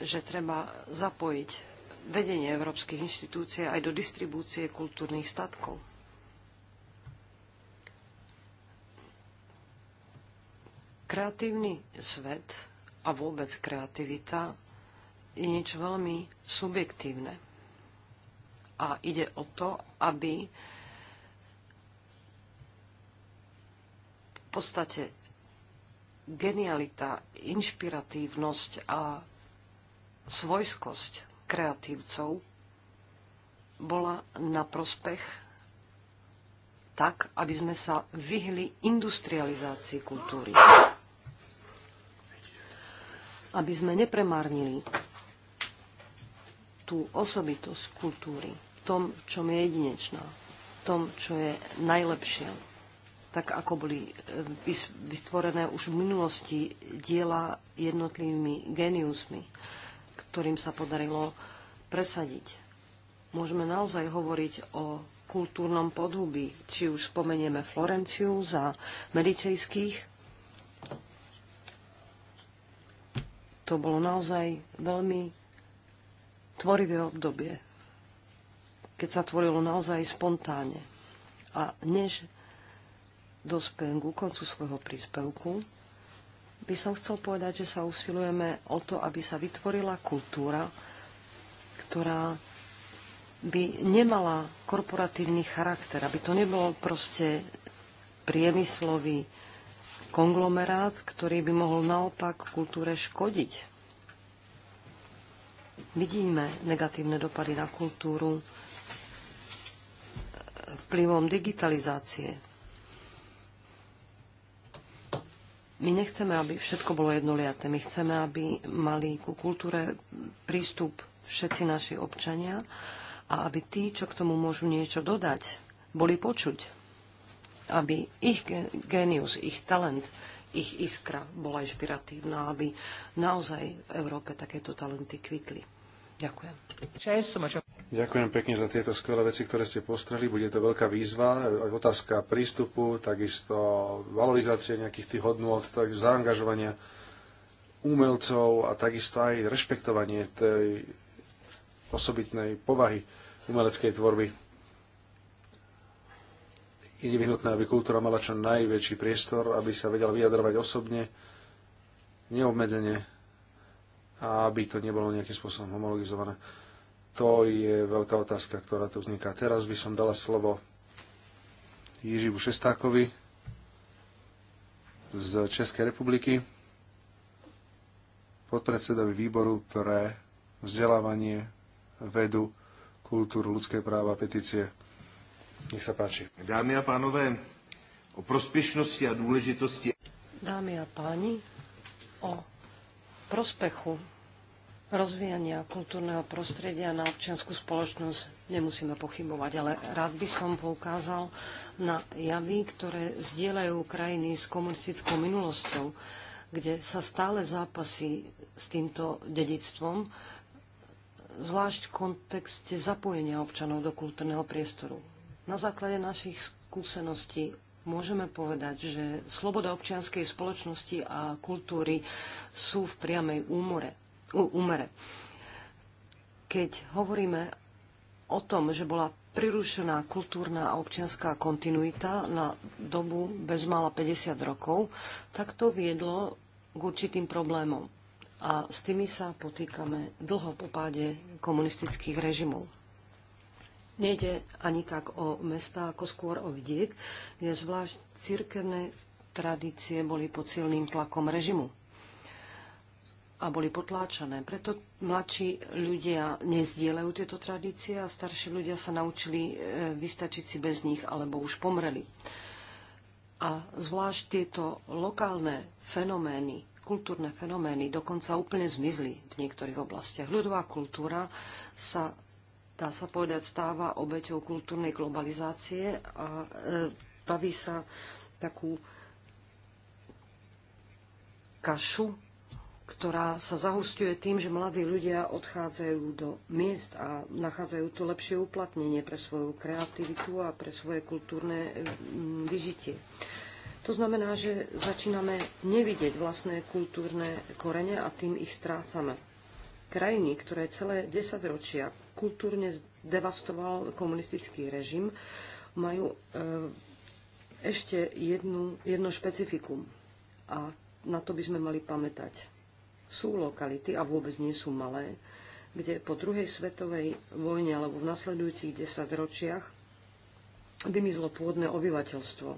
že treba zapojiť vedenie európskych inštitúcií aj do distribúcie kultúrnych statkov. Kreatívny svet a vôbec kreativita je niečo veľmi subjektívne. A ide o to, aby v podstate genialita, inšpiratívnosť a svojskosť kreatívcov bola na prospech tak, aby sme sa vyhli industrializácii kultúry. Aby sme nepremárnili tú osobitosť kultúry v tom, čo je jedinečná, v tom, čo je najlepšie, tak ako boli e, vytvorené už v minulosti diela jednotlivými geniusmi ktorým sa podarilo presadiť. Môžeme naozaj hovoriť o kultúrnom podhubí, či už spomenieme Florenciu za medicejských. To bolo naozaj veľmi tvorivé obdobie, keď sa tvorilo naozaj spontáne. A než dospejem ku koncu svojho príspevku, by som chcel povedať, že sa usilujeme o to, aby sa vytvorila kultúra, ktorá by nemala korporatívny charakter, aby to nebol proste priemyslový konglomerát, ktorý by mohol naopak kultúre škodiť. Vidíme negatívne dopady na kultúru vplyvom digitalizácie, My nechceme, aby všetko bolo jednoliaté. My chceme, aby mali ku kultúre prístup všetci naši občania a aby tí, čo k tomu môžu niečo dodať, boli počuť. Aby ich génius, ich talent, ich iskra bola inšpiratívna, aby naozaj v Európe takéto talenty kvitli. Ďakujem. Ďakujem pekne za tieto skvelé veci, ktoré ste postreli. Bude to veľká výzva, otázka prístupu, takisto valorizácie nejakých tých hodnôt, tak zaangažovania umelcov a takisto aj rešpektovanie tej osobitnej povahy umeleckej tvorby. Je nevyhnutné, aby kultúra mala čo najväčší priestor, aby sa vedela vyjadrovať osobne, neobmedzenie a aby to nebolo nejakým spôsobom homologizované to je veľká otázka, ktorá tu vzniká. Teraz by som dala slovo Jiřivu Šestákovi z Českej republiky, podpredsedovi výboru pre vzdelávanie, vedu, kultúru, ľudské práva, a petície. Nech sa páči. Dámy a pánové, o prospešnosti a dôležitosti. Dámy a páni, o prospechu rozvíjania kultúrneho prostredia na občianskú spoločnosť nemusíme pochybovať, ale rád by som poukázal na javy, ktoré zdieľajú krajiny s komunistickou minulosťou, kde sa stále zápasí s týmto dedictvom, zvlášť v kontexte zapojenia občanov do kultúrneho priestoru. Na základe našich skúseností môžeme povedať, že sloboda občianskej spoločnosti a kultúry sú v priamej úmore umere. Keď hovoríme o tom, že bola prirušená kultúrna a občianská kontinuita na dobu bezmála 50 rokov, tak to viedlo k určitým problémom. A s tými sa potýkame dlho po páde komunistických režimov. Nejde ani tak o mesta, ako skôr o vidiek, kde zvlášť cirkevné tradície boli pod silným tlakom režimu a boli potláčané. Preto mladší ľudia nezdielajú tieto tradície a starší ľudia sa naučili e, vystačiť si bez nich alebo už pomreli. A zvlášť tieto lokálne fenomény, kultúrne fenomény dokonca úplne zmizli v niektorých oblastiach. Ľudová kultúra sa, dá sa povedať, stáva obeťou kultúrnej globalizácie a e, baví sa takú kašu ktorá sa zahusťuje tým, že mladí ľudia odchádzajú do miest a nachádzajú tu lepšie uplatnenie pre svoju kreativitu a pre svoje kultúrne mm, vyžitie. To znamená, že začíname nevidieť vlastné kultúrne korene a tým ich strácame. Krajiny, ktoré celé desaťročia kultúrne devastoval komunistický režim, majú e, ešte jednu, jedno špecifikum. A na to by sme mali pamätať sú lokality, a vôbec nie sú malé, kde po druhej svetovej vojne alebo v nasledujúcich desaťročiach vymizlo pôvodné obyvateľstvo.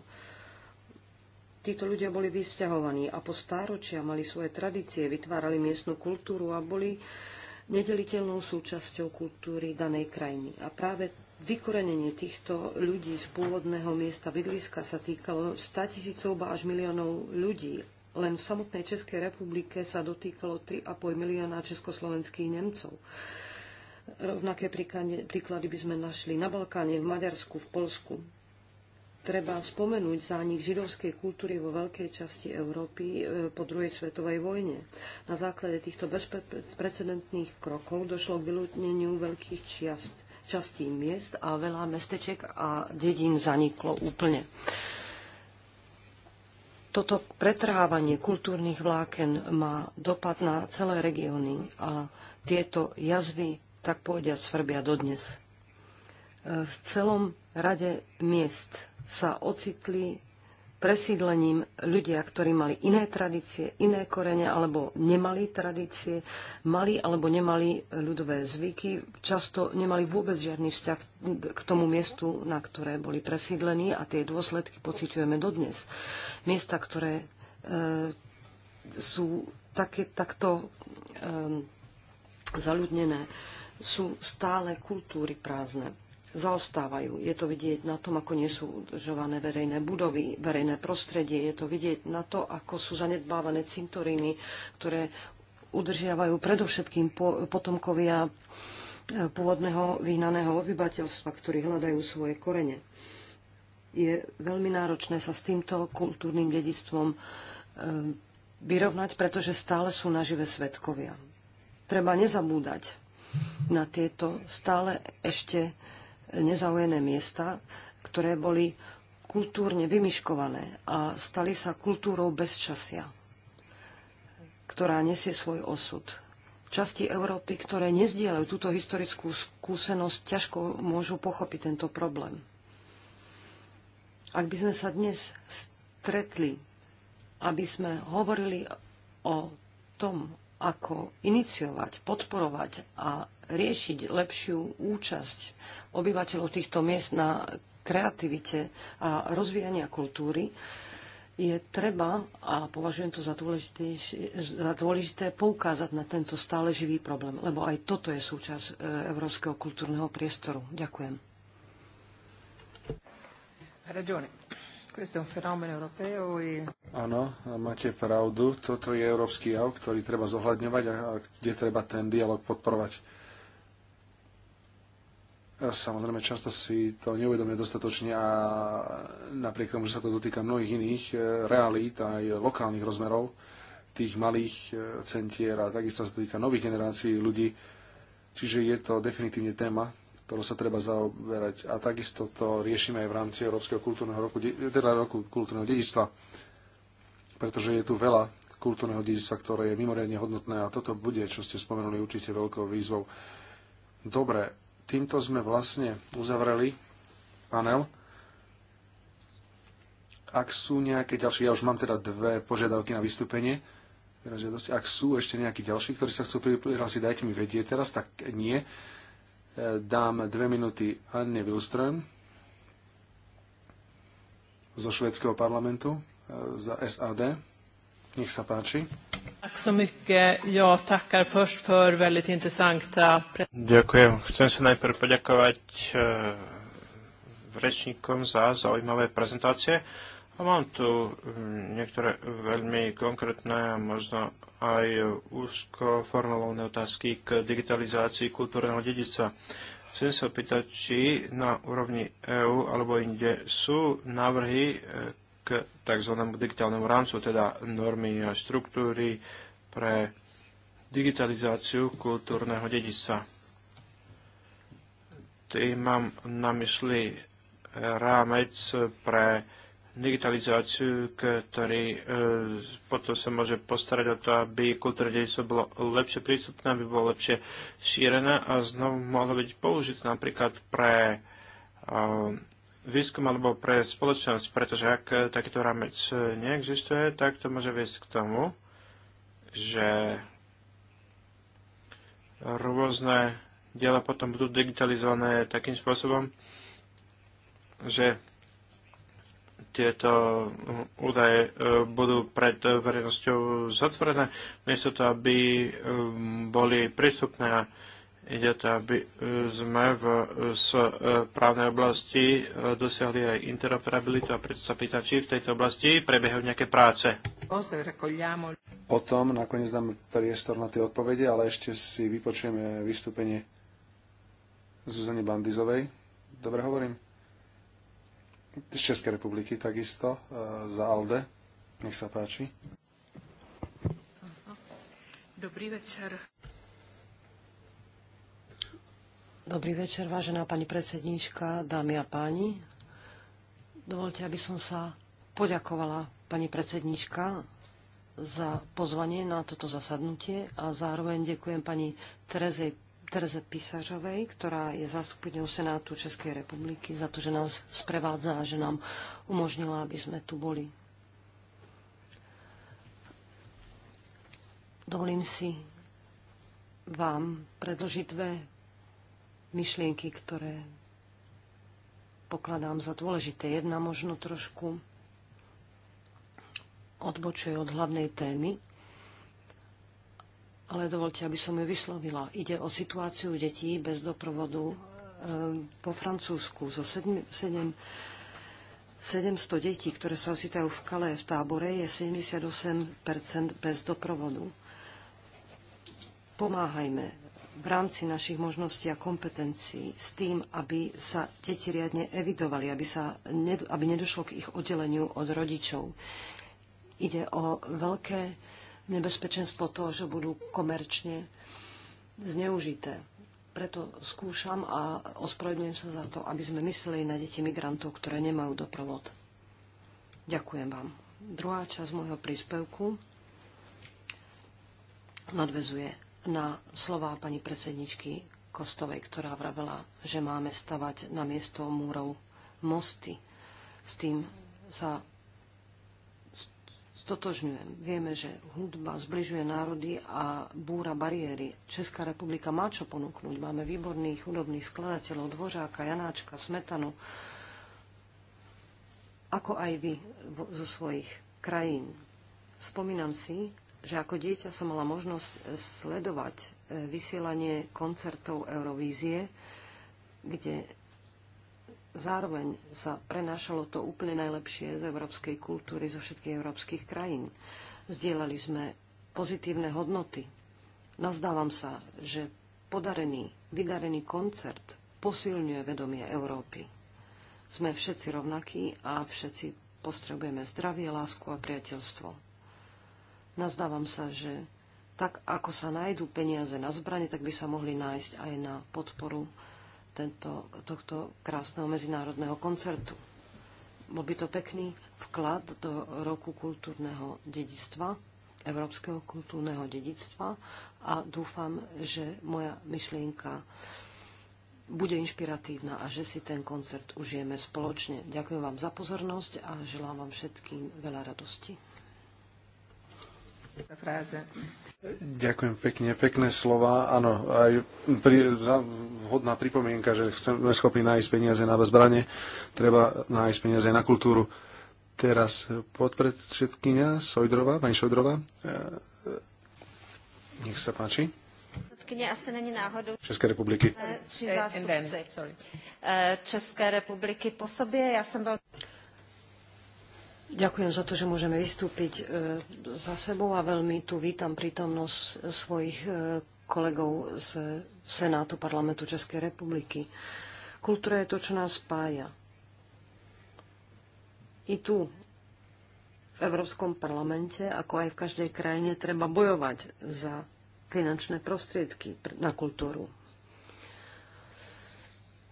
Títo ľudia boli vysťahovaní a po stáročia mali svoje tradície, vytvárali miestnu kultúru a boli nedeliteľnou súčasťou kultúry danej krajiny. A práve vykorenenie týchto ľudí z pôvodného miesta bydliska sa týkalo 100 tisícov až miliónov ľudí len v samotnej Českej republike sa dotýkalo 3,5 milióna československých Nemcov. Rovnaké príklady by sme našli na Balkáne, v Maďarsku, v Polsku. Treba spomenúť zánik židovskej kultúry vo veľkej časti Európy e, po druhej svetovej vojne. Na základe týchto bezprecedentných krokov došlo k vylútneniu veľkých čiast, častí miest a veľa mestečiek a dedín zaniklo úplne toto pretrhávanie kultúrnych vláken má dopad na celé regióny a tieto jazvy, tak povedia svrbia dodnes. E, v celom rade miest sa ocitli presídlením ľudia, ktorí mali iné tradície, iné korene alebo nemali tradície, mali alebo nemali ľudové zvyky, často nemali vôbec žiadny vzťah k tomu miestu, na ktoré boli presídlení a tie dôsledky pociťujeme dodnes. Miesta, ktoré e, sú také, takto e, zaludnené, sú stále kultúry prázdne zaostávajú. Je to vidieť na tom, ako nie sú udržované verejné budovy, verejné prostredie. Je to vidieť na to, ako sú zanedbávané cintoríny, ktoré udržiavajú predovšetkým potomkovia e, pôvodného vyhnaného obyvateľstva, ktorí hľadajú svoje korene. Je veľmi náročné sa s týmto kultúrnym dedictvom e, vyrovnať, pretože stále sú nažive svetkovia. Treba nezabúdať na tieto stále ešte nezaujené miesta, ktoré boli kultúrne vymyškované a stali sa kultúrou bezčasia, ktorá nesie svoj osud. Časti Európy, ktoré nezdielajú túto historickú skúsenosť, ťažko môžu pochopiť tento problém. Ak by sme sa dnes stretli, aby sme hovorili o tom, ako iniciovať, podporovať a riešiť lepšiu účasť obyvateľov týchto miest na kreativite a rozvíjania kultúry, je treba, a považujem to za dôležité, za dôležité poukázať na tento stále živý problém, lebo aj toto je súčasť e, európskeho kultúrneho priestoru. Ďakujem. E- Áno, máte pravdu. Toto je európsky jav, ktorý treba zohľadňovať a, kde treba ten dialog podporovať. samozrejme, často si to neuvedomuje dostatočne a napriek tomu, že sa to dotýka mnohých iných e, realít, aj lokálnych rozmerov, tých malých e, centier a takisto sa to týka nových generácií ľudí. Čiže je to definitívne téma, ktorou sa treba zaoberať. A takisto to riešime aj v rámci Európskeho kultúrneho roku, teda roku kultúrneho dedičstva, pretože je tu veľa kultúrneho dedičstva, ktoré je mimoriadne hodnotné a toto bude, čo ste spomenuli, určite veľkou výzvou. Dobre, týmto sme vlastne uzavreli panel. Ak sú nejaké ďalšie, ja už mám teda dve požiadavky na vystúpenie, teda Ak sú ešte nejakí ďalší, ktorí sa chcú prihlásiť, dajte mi vedieť teraz, tak nie dám dve minúty Anne Wilström zo švedského parlamentu e, za SAD. Nech sa páči. Ďakujem. Chcem sa najprv poďakovať e, rečníkom za zaujímavé prezentácie a mám tu mm, niektoré veľmi konkrétne a možno aj úzko formulované otázky k digitalizácii kultúrneho dedica. Chcem sa pýtať, či na úrovni EÚ alebo inde sú návrhy e, k tzv. digitálnemu rámcu, teda normy a štruktúry pre digitalizáciu kultúrneho dedičstva. Tým mám na mysli rámec pre digitalizáciu, ktorý e, potom sa môže postarať o to, aby kultúra dedičstva bolo lepšie prístupné, aby bolo lepšie šírené a znovu mohlo byť použité napríklad pre e, výskum alebo pre spoločnosť, pretože ak takýto rámec neexistuje, tak to môže viesť k tomu, že rôzne diela potom budú digitalizované takým spôsobom, že tieto údaje e, budú pred verejnosťou zatvorené, miesto to, aby e, boli prístupné. Ide to, aby e, sme v právnej oblasti dosiahli aj interoperabilitu a preto sa pýtam, či v tejto oblasti prebiehajú nejaké práce. O tom nakoniec dám priestor na tie odpovede, ale ešte si vypočujeme vystúpenie Zuzany Bandizovej. Dobre hovorím? z Českej republiky takisto, e, za ALDE. Nech sa páči. Dobrý večer. Dobrý večer, vážená pani predsedníčka, dámy a páni. Dovolte, aby som sa poďakovala pani predsedníčka za pozvanie na toto zasadnutie a zároveň ďakujem pani Terezej Terze Pisařovej, ktorá je zástupňou Senátu Českej republiky, za to, že nás sprevádza a že nám umožnila, aby sme tu boli. Dovolím si vám predložiť dve myšlienky, ktoré pokladám za dôležité. Jedna možno trošku odbočuje od hlavnej témy, ale dovolte, aby som ju vyslovila. Ide o situáciu detí bez doprovodu e, po Francúzsku. Zo 7, 7, 700 detí, ktoré sa ocitajú v Kale v tábore, je 78 bez doprovodu. Pomáhajme v rámci našich možností a kompetencií s tým, aby sa deti riadne evidovali, aby, sa, aby nedošlo k ich oddeleniu od rodičov. Ide o veľké nebezpečenstvo toho, že budú komerčne zneužité. Preto skúšam a ospravedlňujem sa za to, aby sme mysleli na deti migrantov, ktoré nemajú doprovod. Ďakujem vám. Druhá časť môjho príspevku nadvezuje na slová pani predsedničky Kostovej, ktorá vravela, že máme stavať na miesto múrov mosty. S tým sa stotožňujem. Vieme, že hudba zbližuje národy a búra bariéry. Česká republika má čo ponúknuť. Máme výborných hudobných skladateľov, Dvořáka, Janáčka, Smetanu, ako aj vy zo svojich krajín. Spomínam si, že ako dieťa som mala možnosť eh, sledovať eh, vysielanie koncertov Eurovízie, kde zároveň sa prenášalo to úplne najlepšie z európskej kultúry, zo všetkých európskych krajín. Zdieľali sme pozitívne hodnoty. Nazdávam sa, že podarený, vydarený koncert posilňuje vedomie Európy. Sme všetci rovnakí a všetci postrebujeme zdravie, lásku a priateľstvo. Nazdávam sa, že tak ako sa nájdú peniaze na zbranie, tak by sa mohli nájsť aj na podporu tento, tohto krásneho medzinárodného koncertu. Bol by to pekný vklad do roku kultúrneho dedictva, európskeho kultúrneho dedictva a dúfam, že moja myšlienka bude inšpiratívna a že si ten koncert užijeme spoločne. Ďakujem vám za pozornosť a želám vám všetkým veľa radosti. Fráze. Ďakujem pekne, pekné slova. Áno, aj pri, za, vhodná pripomienka, že chceme schopní nájsť peniaze na zbranie, treba nájsť peniaze na kultúru. Teraz podpredsedkynia Sojdrova, pani Sojdrova, e, e, nech sa páči. asi není náhodou. České republiky. Tři e, zástupci České republiky po sobě. Já jsem byl... Ďakujem za to, že môžeme vystúpiť e, za sebou a veľmi tu vítam prítomnosť svojich e, kolegov z Senátu parlamentu Českej republiky. Kultúra je to, čo nás spája. I tu, v Európskom parlamente, ako aj v každej krajine, treba bojovať za finančné prostriedky na kultúru.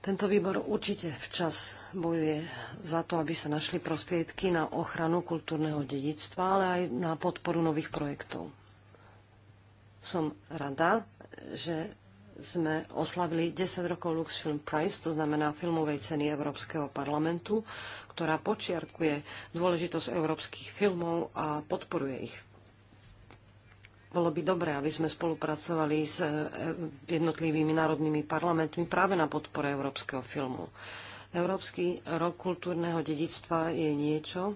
Tento výbor určite včas bojuje za to, aby sa našli prostriedky na ochranu kultúrneho dedictva, ale aj na podporu nových projektov. Som rada, že sme oslavili 10 rokov Lux Film Prize, to znamená filmovej ceny Európskeho parlamentu, ktorá počiarkuje dôležitosť európskych filmov a podporuje ich. Bolo by dobré, aby sme spolupracovali s e, jednotlivými národnými parlamentmi práve na podpore európskeho filmu. Európsky rok kultúrneho dedictva je niečo,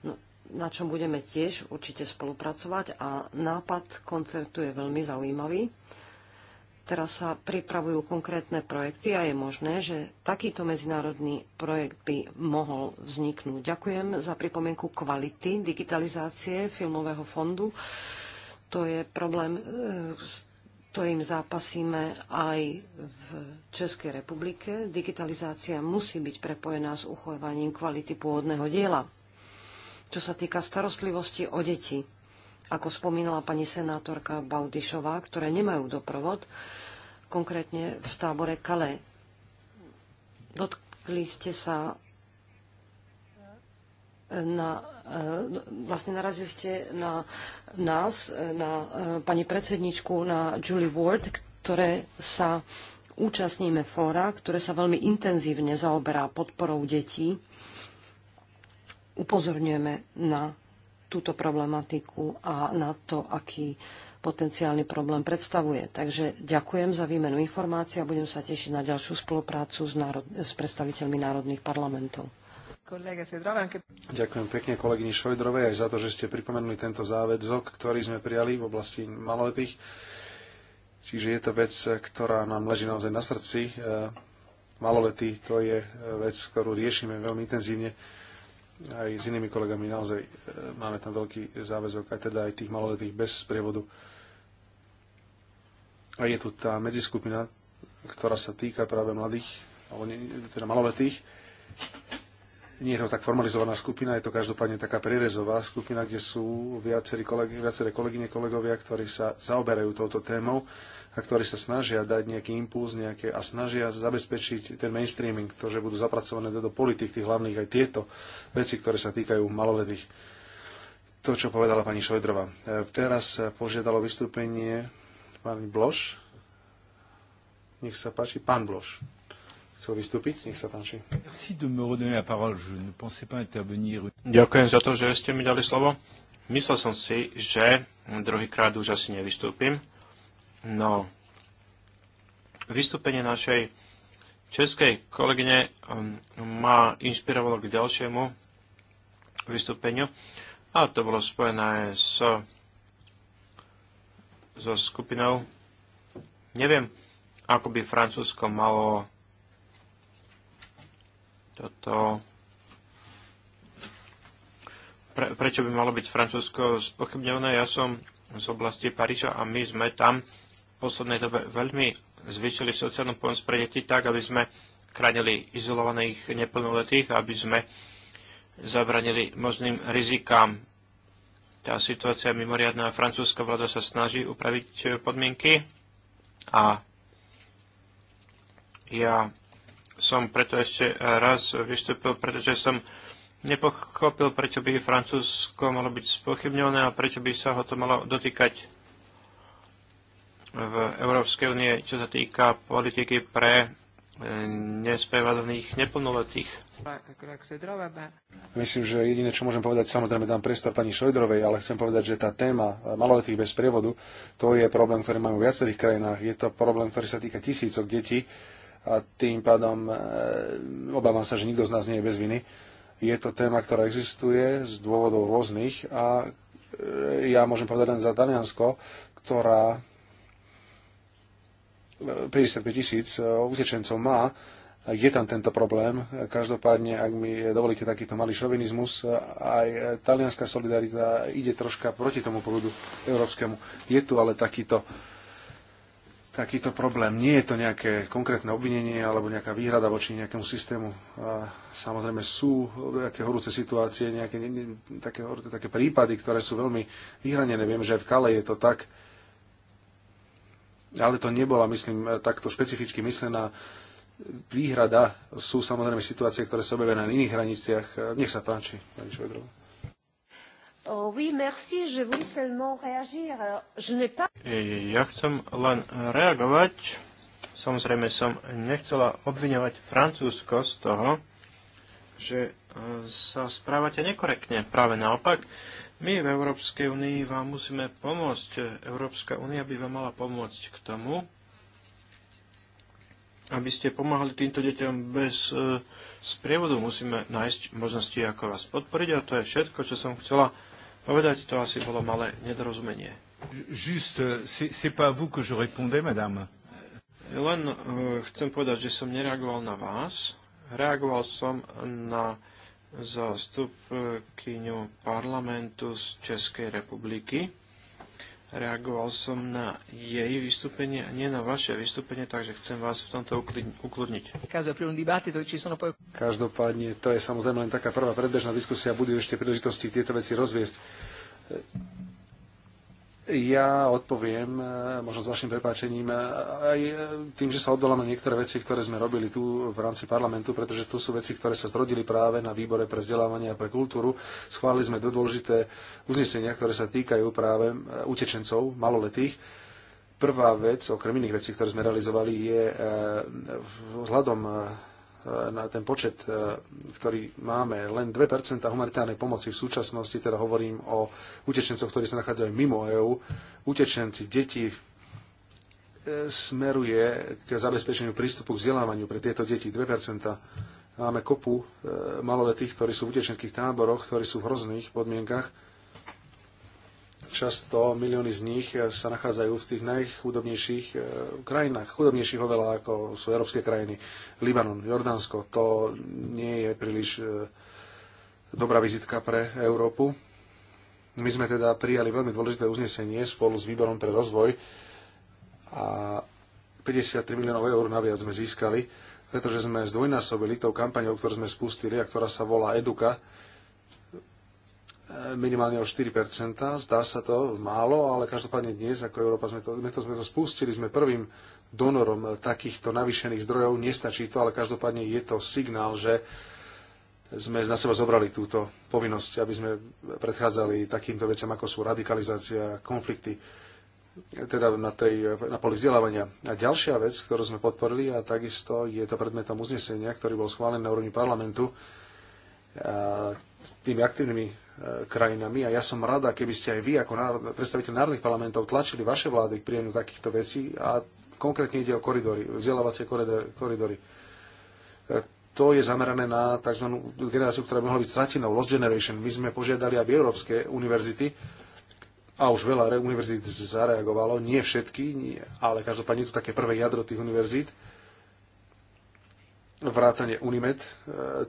no, na čom budeme tiež určite spolupracovať a nápad koncertu je veľmi zaujímavý. Teraz sa pripravujú konkrétne projekty a je možné, že takýto medzinárodný projekt by mohol vzniknúť. Ďakujem za pripomienku kvality digitalizácie filmového fondu. To je problém, e, s ktorým zápasíme aj v Českej republike. Digitalizácia musí byť prepojená s uchovaním kvality pôvodného diela. Čo sa týka starostlivosti o deti, ako spomínala pani senátorka Baudišová, ktoré nemajú doprovod, konkrétne v tábore Kale. Dotkli ste sa na, e, vlastne narazili ste na nás, e, na e, pani predsedničku, na Julie Ward, ktoré sa účastníme fóra, ktoré sa veľmi intenzívne zaoberá podporou detí. Upozorňujeme na túto problematiku a na to, aký potenciálny problém predstavuje. Takže ďakujem za výmenu informácií a budem sa tešiť na ďalšiu spoluprácu s, národ- s predstaviteľmi národných parlamentov. Ďakujem pekne kolegyni Šojdrovej aj za to, že ste pripomenuli tento záväzok, ktorý sme prijali v oblasti maloletých. Čiže je to vec, ktorá nám leží naozaj na srdci. E, maloletí to je e, vec, ktorú riešime veľmi intenzívne aj s inými kolegami. Naozaj e, máme tam veľký záväzok, aj teda aj tých maloletých bez sprievodu. A je tu tá medziskupina, ktorá sa týka práve mladých, alebo teda maloletých nie je to tak formalizovaná skupina, je to každopádne taká prierezová skupina, kde sú viacerí kolegy, viaceré kolegyne, kolegovia, ktorí sa zaoberajú touto témou a ktorí sa snažia dať nejaký impuls nejaké, a snažia zabezpečiť ten mainstreaming, to, že budú zapracované do politik tých hlavných aj tieto veci, ktoré sa týkajú maloletých. To, čo povedala pani Šojdrova. E, teraz požiadalo vystúpenie Pani Bloš. Nech sa páči, pán Bloš chcel vystúpiť. Nech sa páči. Ďakujem za to, že ste mi dali slovo. Myslel som si, že druhýkrát už asi nevystúpim. No, vystúpenie našej českej kolegyne um, ma inšpirovalo k ďalšiemu vystúpeniu a to bolo spojené s, so skupinou. Neviem, ako by Francúzsko malo toto Pre, prečo by malo byť Francúzsko spochybňované? Ja som z oblasti Paríža a my sme tam v poslednej dobe veľmi zvýšili sociálnu pomoc pre deti tak, aby sme chránili izolovaných neplnoletých, aby sme zabranili možným rizikám. Tá situácia je mimoriadná. Francúzska vláda sa snaží upraviť podmienky a ja som preto ešte raz vystúpil, pretože som nepochopil, prečo by Francúzsko malo byť spochybňované a prečo by sa ho to malo dotýkať v Európskej únie, čo sa týka politiky pre e, nesprevádzaných neplnoletých. Myslím, že jediné, čo môžem povedať, samozrejme dám priestor pani Šojdrovej, ale chcem povedať, že tá téma maloletých bez prievodu, to je problém, ktorý majú v viacerých krajinách. Je to problém, ktorý sa týka tisícok detí, a tým pádom e, obávam sa, že nikto z nás nie je bez viny. Je to téma, ktorá existuje z dôvodov rôznych a e, ja môžem povedať len za Taliansko, ktorá 55 e, tisíc utečencov má, je tam tento problém. Každopádne, ak mi dovolíte takýto malý šovinizmus, aj talianská solidarita ide troška proti tomu prúdu európskemu. Je tu ale takýto takýto problém. Nie je to nejaké konkrétne obvinenie alebo nejaká výhrada voči nejakému systému. A samozrejme sú nejaké horúce situácie, nejaké také, také prípady, ktoré sú veľmi vyhranené. Viem, že aj v Kale je to tak. Ale to nebola, myslím, takto špecificky myslená výhrada. Sú samozrejme situácie, ktoré sa objavia na iných hraniciach. Nech sa páči, pani Švedrova. Oh, ja chcem len reagovať. Samozrejme som nechcela obviňovať Francúzsko z toho, že eh, sa správate nekorektne. Práve naopak, my v Európskej únii vám musíme pomôcť. Európska únia by vám mala pomôcť k tomu, aby ste pomáhali týmto deťom bez eh, sprievodu. Musíme nájsť možnosti, ako vás podporiť a to je všetko, čo som chcela povedať. To asi bolo malé nedorozumenie. Juste, c'est pas vous que je répondais, madame. Len uh, chcem povedať, že som nereagoval na vás. Reagoval som na zástupkyňu parlamentu z Českej republiky reagoval som na jej vystúpenie a nie na vaše vystúpenie, takže chcem vás v tomto ukludniť. Každopádne, to je samozrejme len taká prvá predbežná diskusia, budú ešte príležitosti tieto veci rozviesť. Ja odpoviem, e, možno s vašim prepáčením, e, aj e, tým, že sa odvolám niektoré veci, ktoré sme robili tu v rámci parlamentu, pretože tu sú veci, ktoré sa zrodili práve na výbore pre vzdelávanie a pre kultúru. Schválili sme dve dôležité uznesenia, ktoré sa týkajú práve utečencov, maloletých. Prvá vec, okrem iných vecí, ktoré sme realizovali, je vzhľadom na ten počet, e, ktorý máme, len 2% humanitárnej pomoci v súčasnosti, teda hovorím o utečencoch, ktorí sa nachádzajú mimo EÚ, utečenci, deti, e, smeruje k zabezpečeniu prístupu k vzdelávaniu pre tieto deti 2%. Máme kopu e, maloletých, ktorí sú v utečenských táboroch, ktorí sú v hrozných podmienkach často milióny z nich eh, sa nachádzajú v tých najchudobnejších eh, krajinách, chudobnejších oveľa ako sú európske krajiny, Libanon, Jordánsko. To nie je príliš eh, dobrá vizitka pre Európu. My sme teda prijali veľmi dôležité uznesenie spolu s Výborom pre rozvoj a 53 miliónov eur naviac sme získali, pretože sme zdvojnásobili tou kampaňou, ktorú sme spustili a ktorá sa volá Eduka, minimálne o 4%. Zdá sa to málo, ale každopádne dnes ako Európa sme to, my to, sme to spustili, sme prvým donorom takýchto navýšených zdrojov. Nestačí to, ale každopádne je to signál, že sme na seba zobrali túto povinnosť, aby sme predchádzali takýmto veciam, ako sú radikalizácia, konflikty, teda na, tej, na poli vzdelávania. A ďalšia vec, ktorú sme podporili, a takisto je to predmetom uznesenia, ktorý bol schválený na úrovni parlamentu, E, tými aktívnymi e, krajinami a ja som rada, keby ste aj vy ako predstaviteľ národných parlamentov tlačili vaše vlády k príjemu takýchto vecí a konkrétne ide o koridory, vzdelávacie koridory. E, to je zamerané na tzv. generáciu, ktorá by mohla byť Stratinou, lost generation. My sme požiadali, aby európske univerzity a už veľa univerzít zareagovalo, nie všetky, ale každopádne je to také prvé jadro tých univerzít, vrátane UNIMED, e,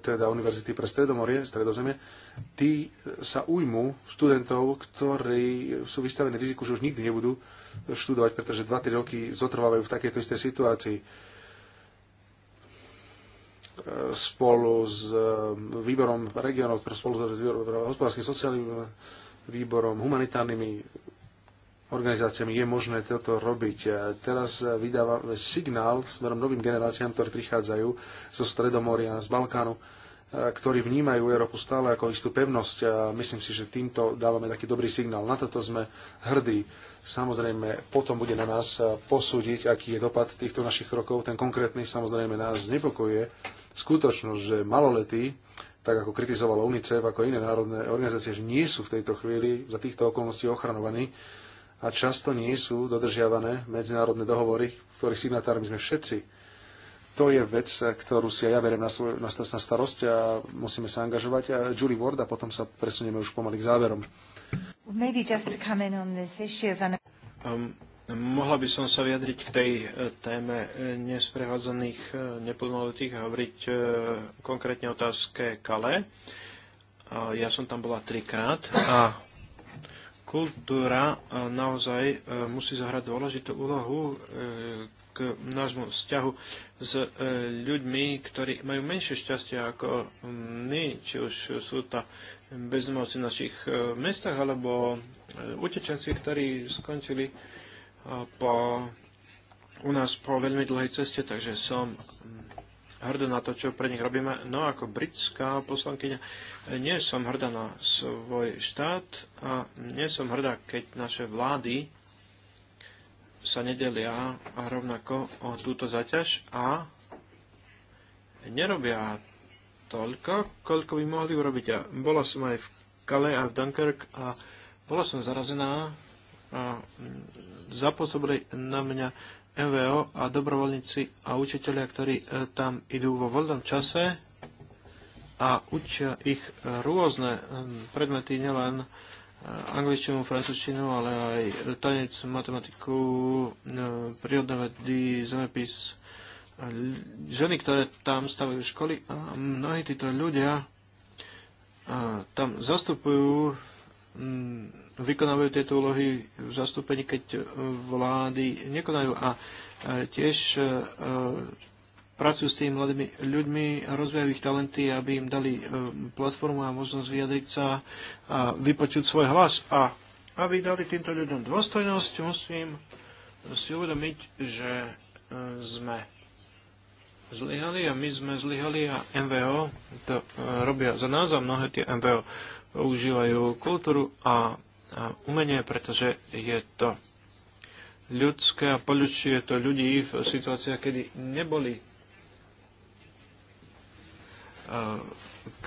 teda Univerzity pre Stredomorie, Stredozemie, tí sa ujmú študentov, ktorí sú vystavení riziku, že už nikdy nebudú študovať, pretože 2-3 roky zotrvávajú v takejto istej situácii e, spolu s e, výborom regionov, spolu s hospodárskym sociálnym výborom, humanitárnymi organizáciami je možné toto robiť. Teraz vydávame signál smerom novým generáciám, ktorí prichádzajú zo Stredomoria, z Balkánu, ktorí vnímajú Európu stále ako istú pevnosť a myslím si, že týmto dávame taký dobrý signál. Na toto sme hrdí. Samozrejme, potom bude na nás posúdiť, aký je dopad týchto našich krokov. Ten konkrétny samozrejme nás znepokojuje. Skutočnosť, že maloletí, tak ako kritizovala UNICEF, ako iné národné organizácie, že nie sú v tejto chvíli za týchto okolností ochranovaní, a často nie sú dodržiavané medzinárodné dohovory, ktorých signatármi sme všetci. To je vec, ktorú si aj ja verím na, svoj, na, starosť a musíme sa angažovať. A Julie Ward a potom sa presunieme už pomaly k záverom. Um, mohla by som sa vyjadriť k tej eh, téme eh, nesprevádzaných eh, neplnoletých a hovoriť konkrétne otázke Kale. ja som tam bola trikrát a kultúra naozaj e, musí zahrať dôležitú úlohu e, k nášmu vzťahu s e, ľuďmi, ktorí majú menšie šťastie ako my, či už sú to bezdomovci v našich mestách alebo utečenci, ktorí skončili po, u nás po veľmi dlhej ceste, takže som hrdá na to, čo pre nich robíme. No ako britská poslankyňa nie som hrdá na svoj štát a nie som hrdá, keď naše vlády sa nedelia a rovnako o túto zaťaž a nerobia toľko, koľko by mohli urobiť. Ja bola som aj v Kale a v Dunkirk a bola som zarazená a zapôsobili na mňa MVO a dobrovoľníci a učiteľia, ktorí e, tam idú vo voľnom čase a učia ich e, rôzne e, predmety, nielen angličtinu, francúzštinu, ale aj tanec, matematiku, prírodné vedy, zemepis. Ženy, ktoré tam stavajú školy a mnohí títo ľudia tam zastupujú Mm, vykonávajú tieto úlohy v zastúpení, keď e, vlády nekonajú. A e, tiež e, pracujú s tými mladými ľuďmi, rozvíjajú ich talenty, aby im dali platformu a možnosť vyjadriť sa a vypočuť svoj hlas. A aby dali týmto ľuďom dôstojnosť, musím si uvedomiť, že sme zlyhali a my sme zlyhali a MVO to robia za nás a mnohé tie MVO užívajú kultúru a umenie, pretože je to ľudské a poľučuje to ľudí v situáciách, kedy neboli e,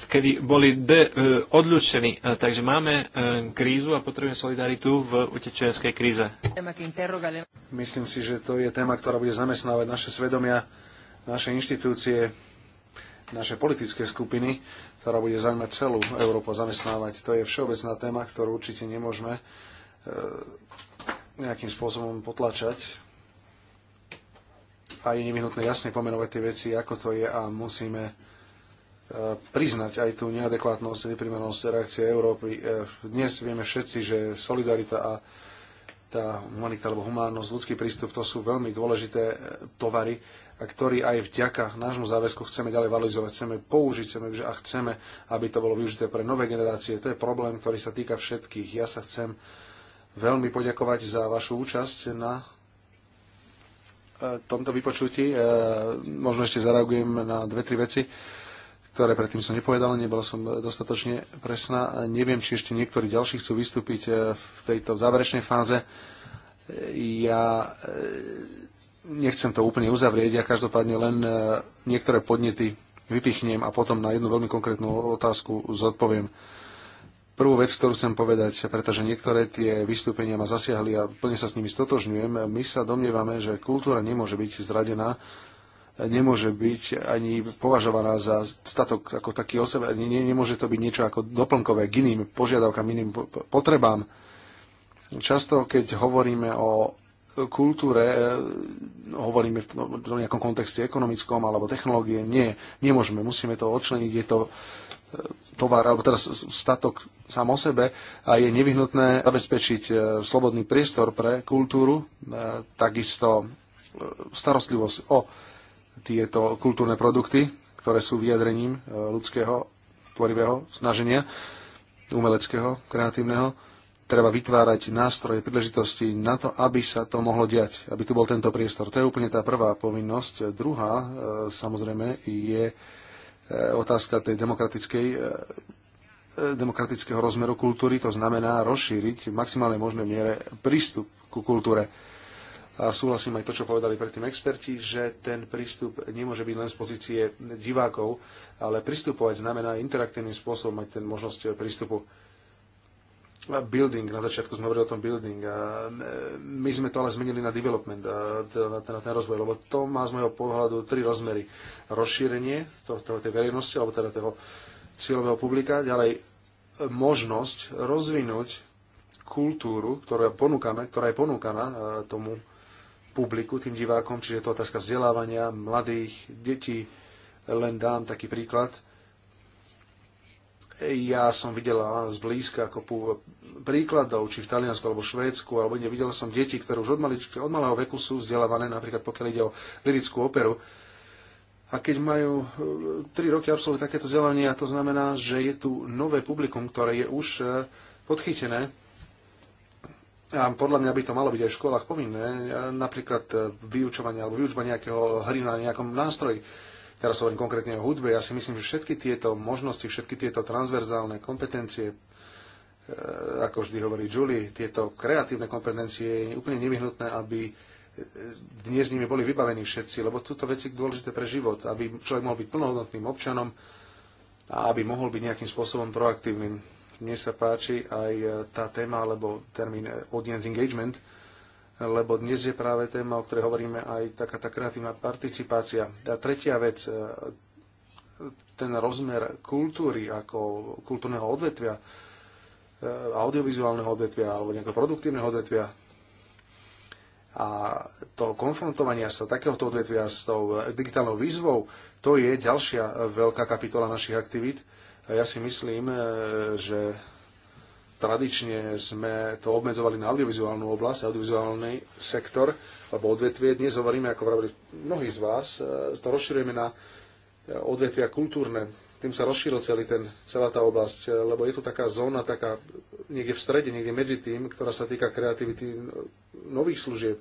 kedy boli de, e, odľúčení. E, takže máme krízu a potrebujeme solidaritu v utečenskej kríze. Myslím si, že to je téma, ktorá bude zamestnávať naše svedomia, naše inštitúcie, naše politické skupiny ktorá bude zaujímať celú Európu zamestnávať. To je všeobecná téma, ktorú určite nemôžeme e, nejakým spôsobom potlačať a je nevyhnutné jasne pomenovať tie veci, ako to je a musíme e, priznať aj tú neadekvátnosť, neprimernosť reakcie Európy. E, dnes vieme všetci, že solidarita a tá humanita alebo humánnosť, ľudský prístup, to sú veľmi dôležité tovary a ktorý aj vďaka nášmu záväzku chceme ďalej valorizovať, chceme použiť, chceme, a chceme, aby to bolo využité pre nové generácie. To je problém, ktorý sa týka všetkých. Ja sa chcem veľmi poďakovať za vašu účasť na e, tomto vypočutí. E, možno ešte zareagujem na dve, tri veci, ktoré predtým som nepovedal, nebola som dostatočne presná. Neviem, či ešte niektorí ďalší chcú vystúpiť e, v tejto záverečnej fáze. Ja nechcem to úplne uzavrieť, ja každopádne len e, niektoré podnety vypichnem a potom na jednu veľmi konkrétnu otázku zodpoviem. Prvú vec, ktorú chcem povedať, pretože niektoré tie vystúpenia ma zasiahli a plne sa s nimi stotožňujem, my sa domnievame, že kultúra nemôže byť zradená, nemôže byť ani považovaná za statok ako taký osob, nemôže to byť niečo ako doplnkové k iným požiadavkám, iným potrebám. Často, keď hovoríme o kultúre e, hovoríme v nejakom kontexte ekonomickom alebo technológie. Nie, nemôžeme, musíme to odčleniť. Je to e, tovar, alebo teraz statok sám o sebe a je nevyhnutné zabezpečiť e, slobodný priestor pre kultúru, takisto starostlivosť o tieto kultúrne produkty, ktoré sú vyjadrením ľudského tvorivého snaženia, umeleckého, kreatívneho treba vytvárať nástroje, príležitosti na to, aby sa to mohlo diať, aby tu bol tento priestor. To je úplne tá prvá povinnosť. Druhá, e, samozrejme, je e, otázka tej demokratickej e, demokratického rozmeru kultúry, to znamená rozšíriť v maximálnej možnej miere prístup ku kultúre. A súhlasím aj to, čo povedali predtým experti, že ten prístup nemôže byť len z pozície divákov, ale pristupovať znamená interaktívnym spôsobom mať ten možnosť prístupu building, na začiatku sme hovorili o tom building a e, my sme to ale zmenili na development, a teda na, ten, na ten rozvoj, lebo to má z môjho pohľadu tri rozmery. Rozšírenie to, to, tej verejnosti, alebo teda toho cieľového publika, ďalej e, možnosť rozvinúť kultúru, ktorú ponúkame, ktorá je ponúkaná e, tomu publiku, tým divákom, čiže je to otázka vzdelávania mladých detí. Len dám taký príklad ja som videla zblízka ako príkladov, či v Taliansku alebo Švédsku, alebo nie, videla som deti, ktoré už od, mali, od malého veku sú vzdelávané, napríklad pokiaľ ide o lirickú operu. A keď majú e, tri roky absolútne takéto a to znamená, že je tu nové publikum, ktoré je už e, podchytené a podľa mňa by to malo byť aj v školách povinné, e, napríklad vyučovanie alebo vyučba nejakého hry na nejakom nástroji. Teraz hovorím konkrétne o hudbe. Ja si myslím, že všetky tieto možnosti, všetky tieto transverzálne kompetencie, e, ako vždy hovorí Julie, tieto kreatívne kompetencie je úplne nevyhnutné, aby e, dnes s nimi boli vybavení všetci, lebo sú to veci dôležité pre život, aby človek mohol byť plnohodnotným občanom a aby mohol byť nejakým spôsobom proaktívnym. Mne sa páči aj e, tá téma, alebo termín audience engagement, lebo dnes je práve téma, o ktorej hovoríme aj taká tá kreatívna participácia. A tretia vec, e, ten rozmer kultúry ako kultúrneho odvetvia, e, audiovizuálneho odvetvia alebo nejakého produktívneho odvetvia, a to konfrontovania sa takéhoto odvetvia s tou digitálnou výzvou, to je ďalšia veľká kapitola našich aktivít. A ja si myslím, e, že Tradične sme to obmedzovali na audiovizuálnu oblasť, audiovizuálny sektor alebo odvetvie. Dnes hovoríme, ako hovorili mnohí z vás, e, to rozširujeme na e, odvetvia kultúrne. Tým sa rozšíril celý ten, celá tá oblasť, e, lebo je tu taká zóna, taká niekde v strede, niekde medzi tým, ktorá sa týka kreativity nových služieb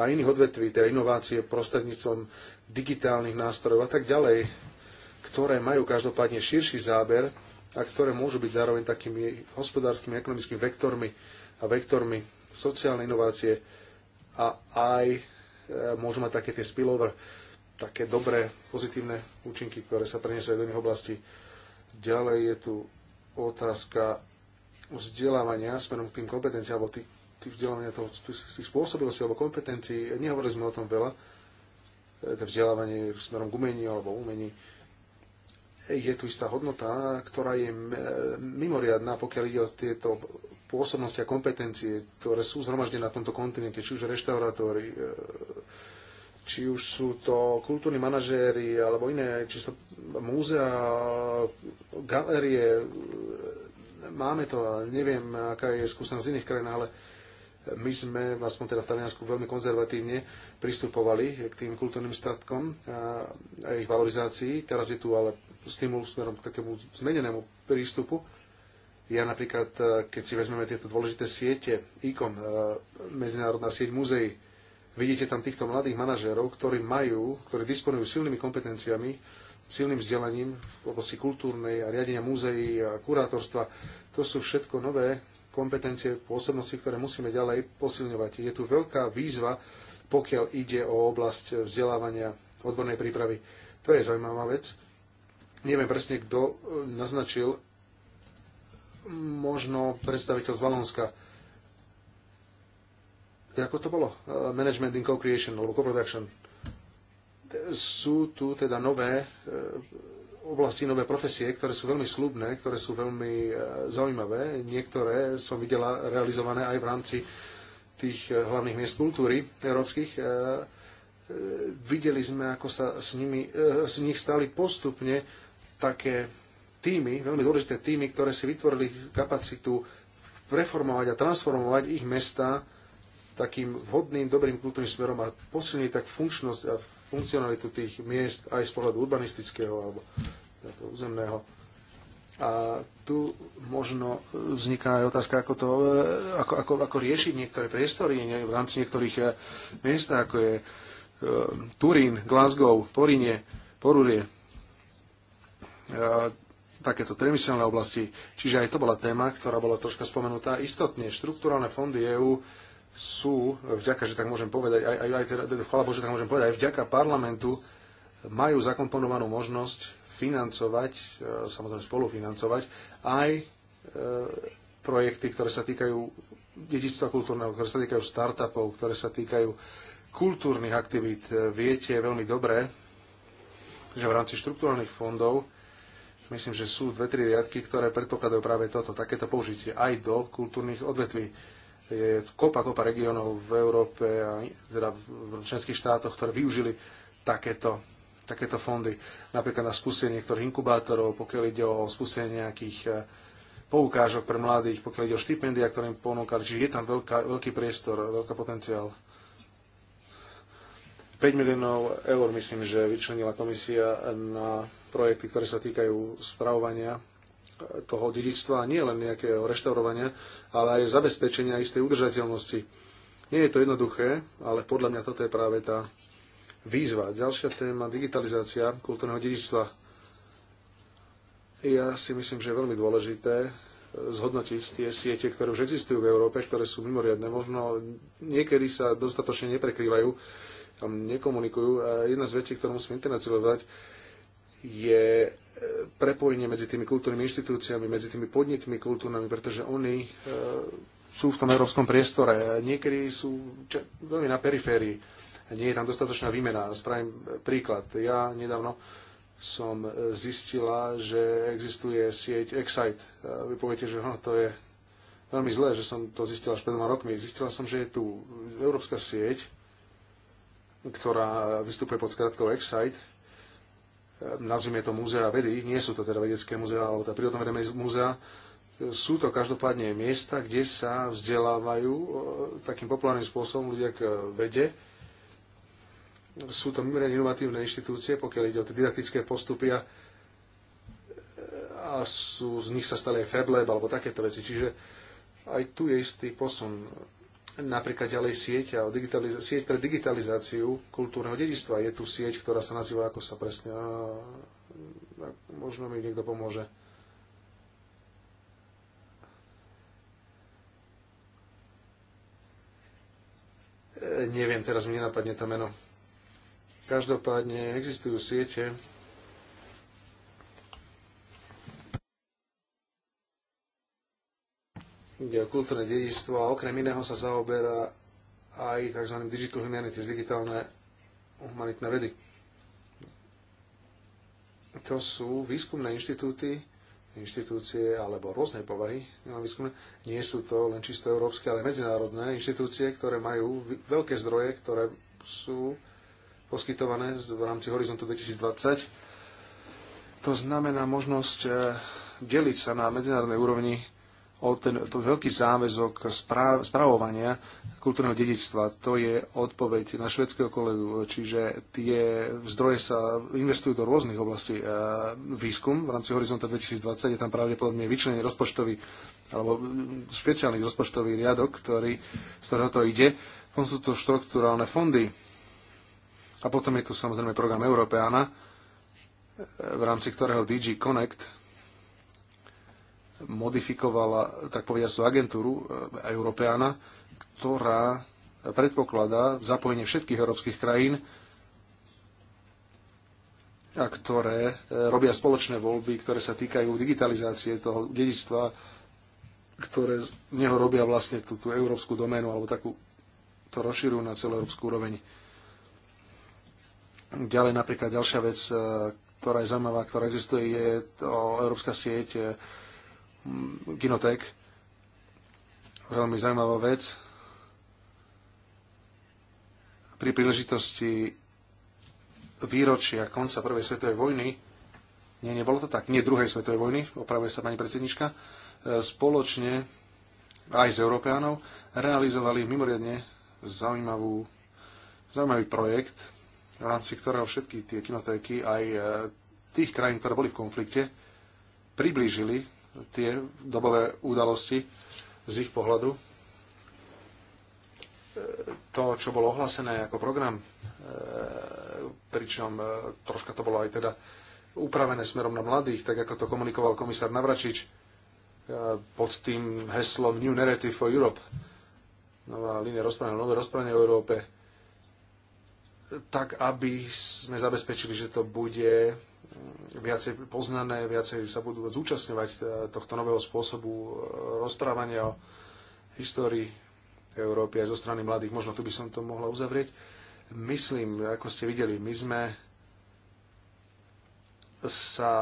a iných odvetví, teda inovácie prostredníctvom digitálnych nástrojov a tak ďalej, ktoré majú každopádne širší záber a ktoré môžu byť zároveň takými hospodárskymi, ekonomickými vektormi a vektormi sociálnej inovácie a aj e, môžu mať také tie spillover, také dobré, pozitívne účinky, ktoré sa prenesú aj do iných oblastí. Ďalej je tu otázka vzdelávania smerom k tým kompetenciám, alebo tých, tých vzdelávania toho, tých spôsobilostí alebo kompetencií. Nehovorili sme o tom veľa. E, to vzdelávanie smerom k umeniu alebo umení je tu istá hodnota, ktorá je e, mimoriadná, pokiaľ ide o tieto pôsobnosti a kompetencie, ktoré sú zhromaždené na tomto kontinente, či už reštaurátori, e, či už sú to kultúrni manažéri alebo iné, či sú to múzea, galerie. E, máme to, ale neviem, aká je skúsenosť z iných krajín, ale my sme, aspoň teda v Taliansku, veľmi konzervatívne pristupovali k tým kultúrnym statkom a ich valorizácii. Teraz je tu ale stimul smerom k takému zmenenému prístupu. Ja napríklad, e, keď si vezmeme tieto dôležité siete, ICON, e, medzinárodná sieť muzeí, vidíte tam týchto mladých manažérov, ktorí majú, ktorí disponujú silnými kompetenciami, silným vzdelaním v oblasti kultúrnej a riadenia múzeí a kurátorstva. To sú všetko nové kompetencie, pôsobnosti, ktoré musíme ďalej posilňovať. Je tu veľká výzva, pokiaľ ide o oblasť vzdelávania odbornej prípravy. To je zaujímavá vec. Neviem presne, kto e, naznačil, možno predstaviteľ z Valonska. Ako to bolo? E, Management in co-creation alebo co-production. Sú tu teda nové e, oblasti, nové profesie, ktoré sú veľmi slubné, ktoré sú veľmi zaujímavé. Niektoré som videla realizované aj v rámci tých hlavných miest kultúry európskych. Videli sme, ako sa s, nimi, z nich stali postupne také týmy, veľmi dôležité týmy, ktoré si vytvorili kapacitu preformovať a transformovať ich mesta takým vhodným, dobrým kultúrnym smerom a posilniť tak funkčnosť a funkcionalitu tých miest aj z pohľadu urbanistického alebo územného. A tu možno vzniká aj otázka, ako, to, eh, ako, ako, ako riešiť niektoré priestory nie, v rámci niektorých eh, miest, ako je eh, Turín, Glasgow, Porinie, Porurie. E, takéto priemyselné oblasti. Čiže aj to bola téma, ktorá bola troška spomenutá. Istotne, štruktúrálne fondy EÚ sú, e, vďaka, že tak môžem povedať, aj, aj, aj teda, teda chvala Bože, tak môžem povedať, aj vďaka parlamentu majú zakomponovanú možnosť financovať, e, samozrejme spolufinancovať, aj e, projekty, ktoré sa týkajú dedičstva kultúrneho, ktoré sa týkajú startupov, ktoré sa týkajú kultúrnych aktivít. Viete veľmi dobre, že v rámci štruktúrnych fondov Myslím, že sú dve, tri riadky, ktoré predpokladajú práve toto, takéto použitie aj do kultúrnych odvetví. Je kopa, kopa regiónov v Európe a teda v členských štátoch, ktoré využili takéto, takéto fondy. Napríklad na skúsenie niektorých inkubátorov, pokiaľ ide o skúsenie nejakých eh, poukážok pre mladých, pokiaľ ide o štipendia, ktoré im ponúkali. Čiže je tam veľká, veľký priestor, veľký potenciál. 5 miliónov eur, myslím, že vyčlenila komisia na projekty, ktoré sa týkajú spravovania e, toho dedičstva, nie len nejakého reštaurovania, ale aj zabezpečenia istej udržateľnosti. Nie je to jednoduché, ale podľa mňa toto je práve tá výzva. Ďalšia téma, digitalizácia kultúrneho dedičstva. Ja si myslím, že je veľmi dôležité e, zhodnotiť tie siete, ktoré už existujú v Európe, ktoré sú mimoriadne. Možno niekedy sa dostatočne neprekrývajú, tam nekomunikujú. A jedna z vecí, ktorú musíme internacionalizovať, je e, prepojenie medzi tými kultúrnymi inštitúciami, medzi tými podnikmi kultúrnymi, pretože oni e, sú v tom európskom priestore. Niekedy sú veľmi na periférii. Nie je tam dostatočná výmena. Spravím e, príklad. Ja nedávno som e, zistila, že existuje sieť Excite. Vy poviete, že no, to je veľmi zlé, že som to zistila až pred dvoma rokmi. Zistila som, že je tu európska sieť, ktorá vystupuje pod skratkou Excite, E, nazvime to múzea vedy, nie sú to teda vedecké múzea alebo tá prírodnovedné múzea, sú to každopádne miesta, kde sa vzdelávajú e, takým populárnym spôsobom ľudia k vede. Sú to mimoriadne inovatívne inštitúcie, pokiaľ ide o tie didaktické postupy a, e, a sú, z nich sa stali aj FabLab alebo takéto veci. Čiže aj tu je istý posun Napríklad ďalej sieť, a sieť pre digitalizáciu kultúrneho dedistva. Je tu sieť, ktorá sa nazýva, ako sa presne... A, a, možno mi niekto pomôže. E, neviem, teraz mi nenapadne to meno. Každopádne existujú siete, ide o kultúrne dedičstvo a okrem iného sa zaoberá aj tzv. digital humanities, digitálne humanitné vedy. To sú výskumné inštitúty, inštitúcie alebo rôznej povahy, výskumné. nie sú to len čisto európske, ale medzinárodné inštitúcie, ktoré majú veľké zdroje, ktoré sú poskytované v rámci Horizontu 2020. To znamená možnosť eh, deliť sa na medzinárodnej úrovni o ten to veľký záväzok správ, správovania kultúrneho dedictva. To je odpoveď na švedského kolegu, čiže tie zdroje sa investujú do rôznych oblastí. E, výskum v rámci Horizonta 2020 je tam pravdepodobne vyčlenený rozpočtový alebo špeciálny rozpočtový riadok, ktorý, z ktorého to ide. Potom sú to štruktúrálne fondy. A potom je tu samozrejme program Europeana, v rámci ktorého DG Connect modifikovala, tak povedať, tú agentúru eh, Európeána, ktorá predpokladá zapojenie všetkých európskych krajín a ktoré eh, robia spoločné voľby, ktoré sa týkajú digitalizácie toho dedičstva, ktoré z neho robia vlastne tú, tú európsku doménu alebo takú, to rozširujú na celú európsku úroveň. Ďalej napríklad ďalšia vec, eh, ktorá je zaujímavá, ktorá existuje, je to európska sieť kinotek. Veľmi zaujímavá vec. Pri príležitosti výročia konca Prvej svetovej vojny, nie, nebolo to tak, nie druhej svetovej vojny, opravuje sa pani predsednička, e, spoločne aj s Európeánov realizovali mimoriadne zaujímavú, zaujímavý projekt, v rámci ktorého všetky tie kinotéky aj e, tých krajín, ktoré boli v konflikte, priblížili tie dobové udalosti z ich pohľadu. E, to, čo bolo ohlásené ako program, e, pričom e, troška to bolo aj teda upravené smerom na mladých, tak ako to komunikoval komisár Navračič pod tým heslom New Narrative for Europe. Nová línia rozprávania, nové rozprávanie o Európe. Tak, aby sme zabezpečili, že to bude viacej poznané, viacej sa budú zúčastňovať e, tohto nového spôsobu e, rozprávania o histórii Európy aj zo strany mladých. Možno tu by som to mohla uzavrieť. Myslím, ako ste videli, my sme sa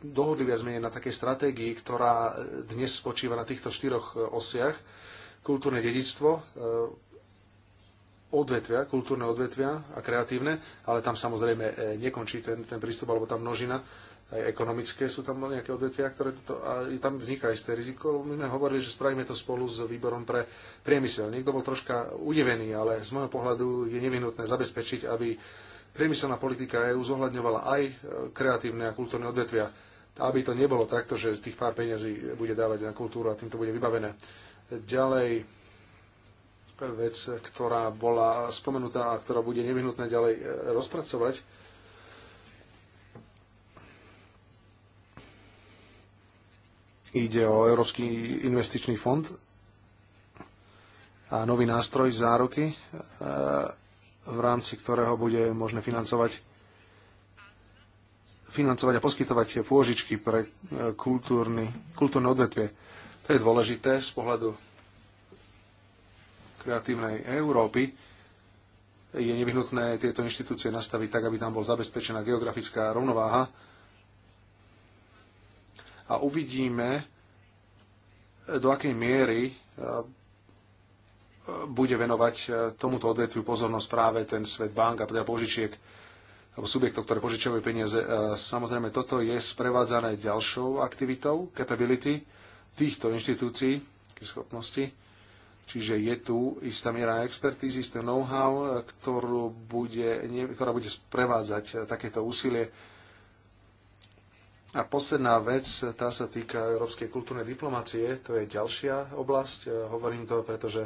dohodli viac menej na takej stratégii, ktorá dnes spočíva na týchto štyroch osiach. Kultúrne dedictvo, e, odvetvia, kultúrne odvetvia a kreatívne, ale tam samozrejme e, nekončí ten, ten prístup, alebo tam množina, aj ekonomické sú tam nejaké odvetvia, ktoré toto, a tam vzniká isté riziko. My sme hovorili, že spravíme to spolu s výborom pre priemysel. Niekto bol troška udevený, ale z môjho pohľadu je nevyhnutné zabezpečiť, aby priemyselná politika EÚ zohľadňovala aj e, kreatívne a kultúrne odvetvia. Aby to nebolo takto, že tých pár peňazí bude dávať na kultúru a týmto bude vybavené. Ďalej, vec, ktorá bola spomenutá a ktorá bude nevyhnutné ďalej e, rozpracovať. Ide o Európsky investičný fond a nový nástroj záruky, e, v rámci ktorého bude možné financovať financovať a poskytovať pôžičky pre e, kultúrny, kultúrne odvetvie. To je dôležité z pohľadu kreatívnej Európy, je nevyhnutné tieto inštitúcie nastaviť tak, aby tam bol zabezpečená geografická rovnováha. A uvidíme, do akej miery e, bude venovať e, tomuto odvetviu pozornosť práve ten svet bank a teda požičiek alebo subjektov, ktoré požičiavajú peniaze. E, samozrejme, toto je sprevádzané ďalšou aktivitou, capability týchto inštitúcií, schopnosti Čiže je tu istá miera expertízy, istý know-how, bude, ktorá bude sprevádzať takéto úsilie. A posledná vec, tá sa týka európskej kultúrnej diplomácie, to je ďalšia oblasť. Hovorím to, pretože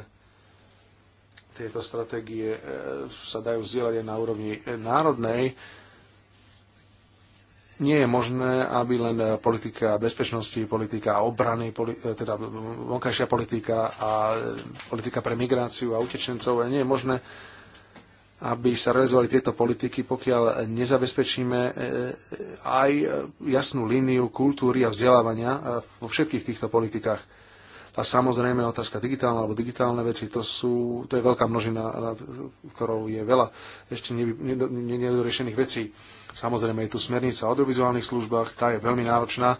tieto stratégie eh, sa dajú vzdielať aj na úrovni eh, národnej nie je možné, aby len eh, politika bezpečnosti, politika obrany, poli, eh, teda eh, vonkajšia politika a politika pre migráciu a utečencov, nie je možné, aby sa realizovali tieto politiky, pokiaľ nezabezpečíme aj jasnú líniu kultúry a vzdelávania vo všetkých týchto politikách. A samozrejme otázka digitálna alebo digitálne veci, to, sú, to je veľká množina, ktorou je veľa ešte nedorešených vecí Samozrejme je tu smernica o audiovizuálnych službách, tá je veľmi náročná.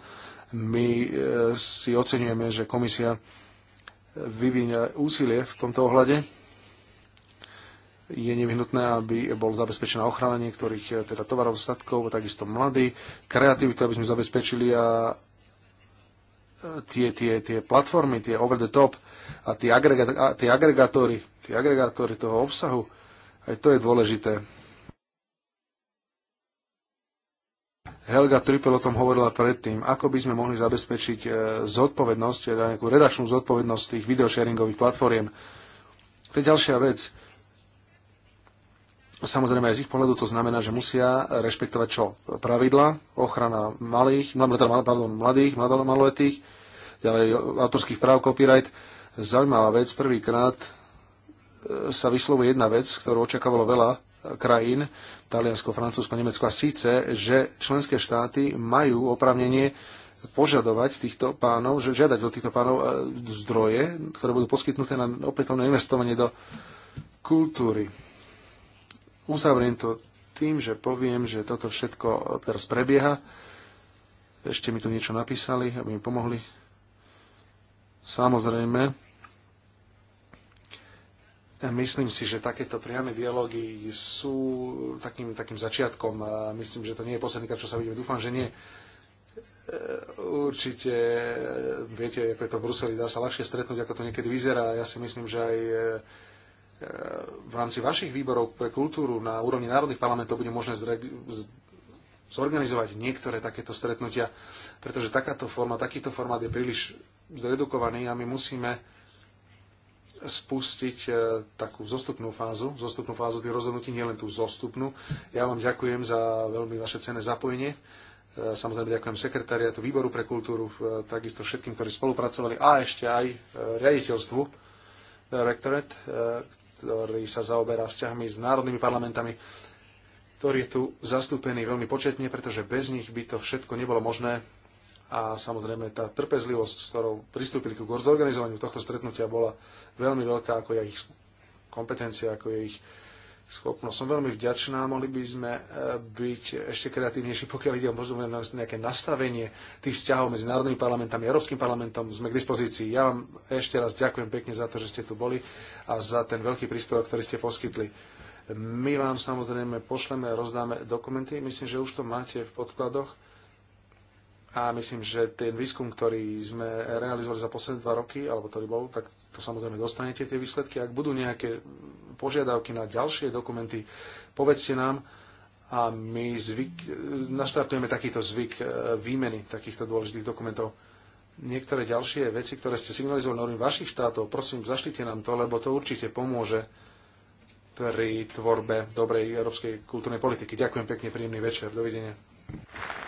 My e, si oceňujeme, že komisia vyvíja úsilie v tomto ohľade. Je nevyhnutné, aby bol zabezpečená ochrana niektorých e, teda tovarov, statkov, takisto mladí, kreativitu, aby sme zabezpečili a e, tie, tie, tie platformy, tie over the top a tie, agregat, a tie agregátory, tie agregátory toho obsahu, aj to je dôležité. Helga Trippel o tom hovorila predtým, ako by sme mohli zabezpečiť e, zodpovednosť, teda nejakú redakčnú zodpovednosť tých videosharingových platformiem. To je ďalšia vec. Samozrejme, aj z ich pohľadu to znamená, že musia rešpektovať čo? Pravidla, ochrana malých, teda pardon, mladých, maloletých, ďalej autorských práv, copyright. Zaujímavá vec, prvýkrát e, sa vyslovuje jedna vec, ktorú očakávalo veľa krajín, Taliansko, Francúzsko, Nemecko a síce, že členské štáty majú oprávnenie požadovať týchto pánov, že žiadať od týchto pánov e, zdroje, ktoré budú poskytnuté na opätovné investovanie do kultúry. Uzavriem to tým, že poviem, že toto všetko teraz prebieha. Ešte mi tu niečo napísali, aby mi pomohli. Samozrejme, Myslím si, že takéto priame dialógy sú takým, takým začiatkom. Myslím, že to nie je posledný čo sa vidíme. Dúfam, že nie. E, určite, e, viete, ako je to v Bruseli, dá sa ľahšie stretnúť, ako to niekedy vyzerá. Ja si myslím, že aj e, v rámci vašich výborov pre kultúru na úrovni národných parlamentov bude možné zorganizovať niektoré takéto stretnutia, pretože takáto forma, takýto formát je príliš zredukovaný a my musíme spustiť e, takú zostupnú fázu, zostupnú fázu tých rozhodnutí, nielen tú zostupnú. Ja vám ďakujem za veľmi vaše cenné zapojenie. E, samozrejme ďakujem sekretariatu Výboru pre kultúru, e, takisto všetkým, ktorí spolupracovali a ešte aj riaditeľstvu Rectorate, ktorý sa zaoberá vzťahmi s národnými parlamentami, ktorý je tu zastúpený veľmi početne, pretože bez nich by to všetko nebolo možné a samozrejme tá trpezlivosť, s ktorou pristúpili ku zorganizovaniu tohto stretnutia, bola veľmi veľká, ako je ich kompetencia, ako je ich schopnosť. Som veľmi vďačná, mohli by sme e, byť ešte kreatívnejší, pokiaľ ide o možno nejaké nastavenie tých vzťahov medzi národnými parlamentami a Európskym parlamentom. Sme k dispozícii. Ja vám ešte raz ďakujem pekne za to, že ste tu boli a za ten veľký príspevok, ktorý ste poskytli. My vám samozrejme pošleme, rozdáme dokumenty. Myslím, že už to máte v podkladoch a myslím, že ten výskum, ktorý sme realizovali za posledné dva roky, alebo ktorý bol, tak to samozrejme dostanete tie výsledky. Ak budú nejaké požiadavky na ďalšie dokumenty, povedzte nám a my zvyk, naštartujeme takýto zvyk e, výmeny takýchto dôležitých dokumentov. Niektoré ďalšie veci, ktoré ste signalizovali normy vašich štátov, prosím, zaštite nám to, lebo to určite pomôže pri tvorbe dobrej európskej kultúrnej politiky. Ďakujem pekne, príjemný večer. Dovidenia.